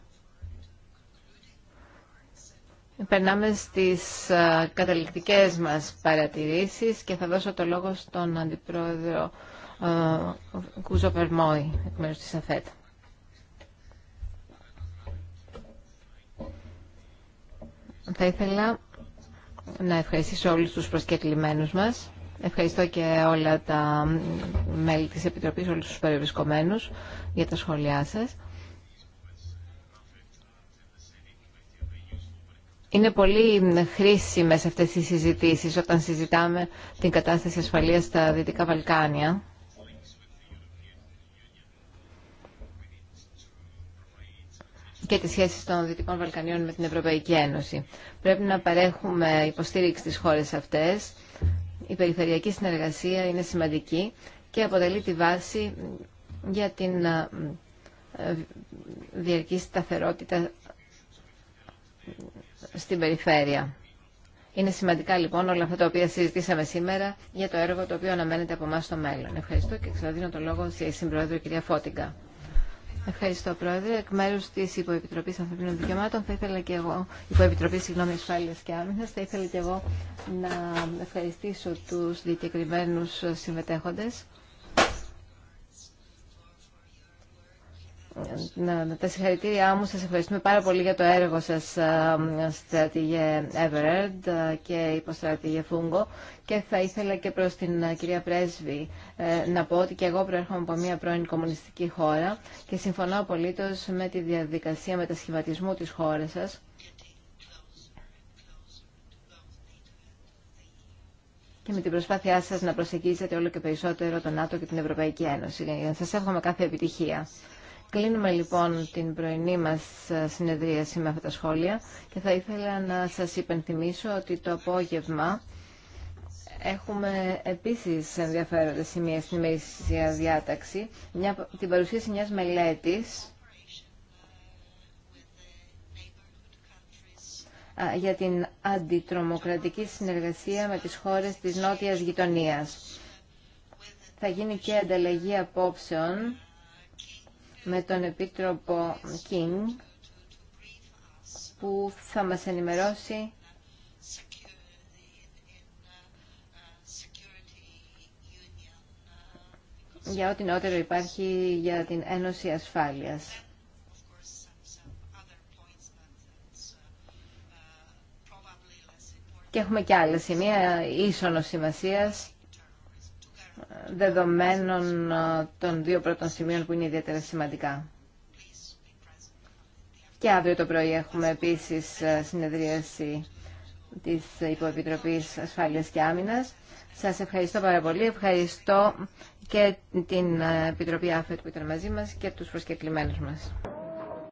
Περνάμε στις καταληκτικές μας παρατηρήσεις και θα δώσω το λόγο στον Αντιπρόεδρο Κούζο Περμόη, εκ μέρους της ΑΦΕΤ. Θα ήθελα να ευχαριστήσω όλους τους προσκεκλημένους μας. Ευχαριστώ και όλα τα μέλη της Επιτροπής, όλους τους περιορισκομένους για τα σχόλιά σας. Είναι πολύ χρήσιμες αυτές οι συζητήσεις όταν συζητάμε την κατάσταση ασφαλείας στα Δυτικά Βαλκάνια. και τις σχέσεις των Δυτικών Βαλκανίων με την Ευρωπαϊκή Ένωση. Πρέπει να παρέχουμε υποστήριξη στις χώρες αυτές. Η περιφερειακή συνεργασία είναι σημαντική και αποτελεί τη βάση για την ε, ε, διαρκή σταθερότητα στην περιφέρεια. Είναι σημαντικά λοιπόν όλα αυτά τα οποία συζητήσαμε σήμερα για το έργο το οποίο αναμένεται από εμά στο μέλλον. Ευχαριστώ και ξαναδίνω το λόγο στη Συμπρόεδρο κυρία Φώτιγκα. Ευχαριστώ, Πρόεδρε. Εκ μέρου τη Υποεπιτροπή Ανθρωπίνων Δικαιωμάτων θα ήθελα και εγώ, Υποεπιτροπή Συγγνώμη Ασφάλεια και Άμυνα, θα ήθελα και εγώ να ευχαριστήσω του διακεκριμένου συμμετέχοντε να, τα συγχαρητήριά μου. Σας ευχαριστούμε πάρα πολύ για το έργο σας, ε, στρατηγέ Everard ε, και υποστρατηγέ Φούγκο. Και θα ήθελα και προς την ε, κυρία Πρέσβη να πω ότι και εγώ προέρχομαι από μια πρώην κομμουνιστική χώρα και συμφωνώ απολύτως με τη διαδικασία μετασχηματισμού της χώρας σας. και με την προσπάθειά σας να προσεγγίζετε όλο και περισσότερο τον ΝΑΤΟ και την Ευρωπαϊκή Ένωση. Σας εύχομαι κάθε επιτυχία. Κλείνουμε λοιπόν την πρωινή μας ε, συνεδρίαση με αυτά τα σχόλια και θα ήθελα να σας υπενθυμίσω ότι το απόγευμα Έχουμε επίσης ενδιαφέροντα σημεία στην ημερήσια διάταξη, μια, την παρουσίαση μιας μελέτης για την αντιτρομοκρατική συνεργασία με τις χώρες της νότιας γειτονίας. Θα γίνει και ανταλλαγή απόψεων με τον Επίτροπο King που θα μας ενημερώσει για ό,τι νεότερο υπάρχει για την Ένωση Ασφάλειας. Και έχουμε και άλλα σημεία ίσονος σημασίας δεδομένων ε, των δύο πρώτων σημείων που είναι ιδιαίτερα σημαντικά. Και αύριο το πρωί έχουμε επίσης ε, συνεδρίαση της Υποεπιτροπής Ασφάλειας και Άμυνας. Σας ευχαριστώ πάρα πολύ. Ευχαριστώ και την ε, Επιτροπή Άφετ που ήταν μαζί μας και τους προσκεκλημένους μας.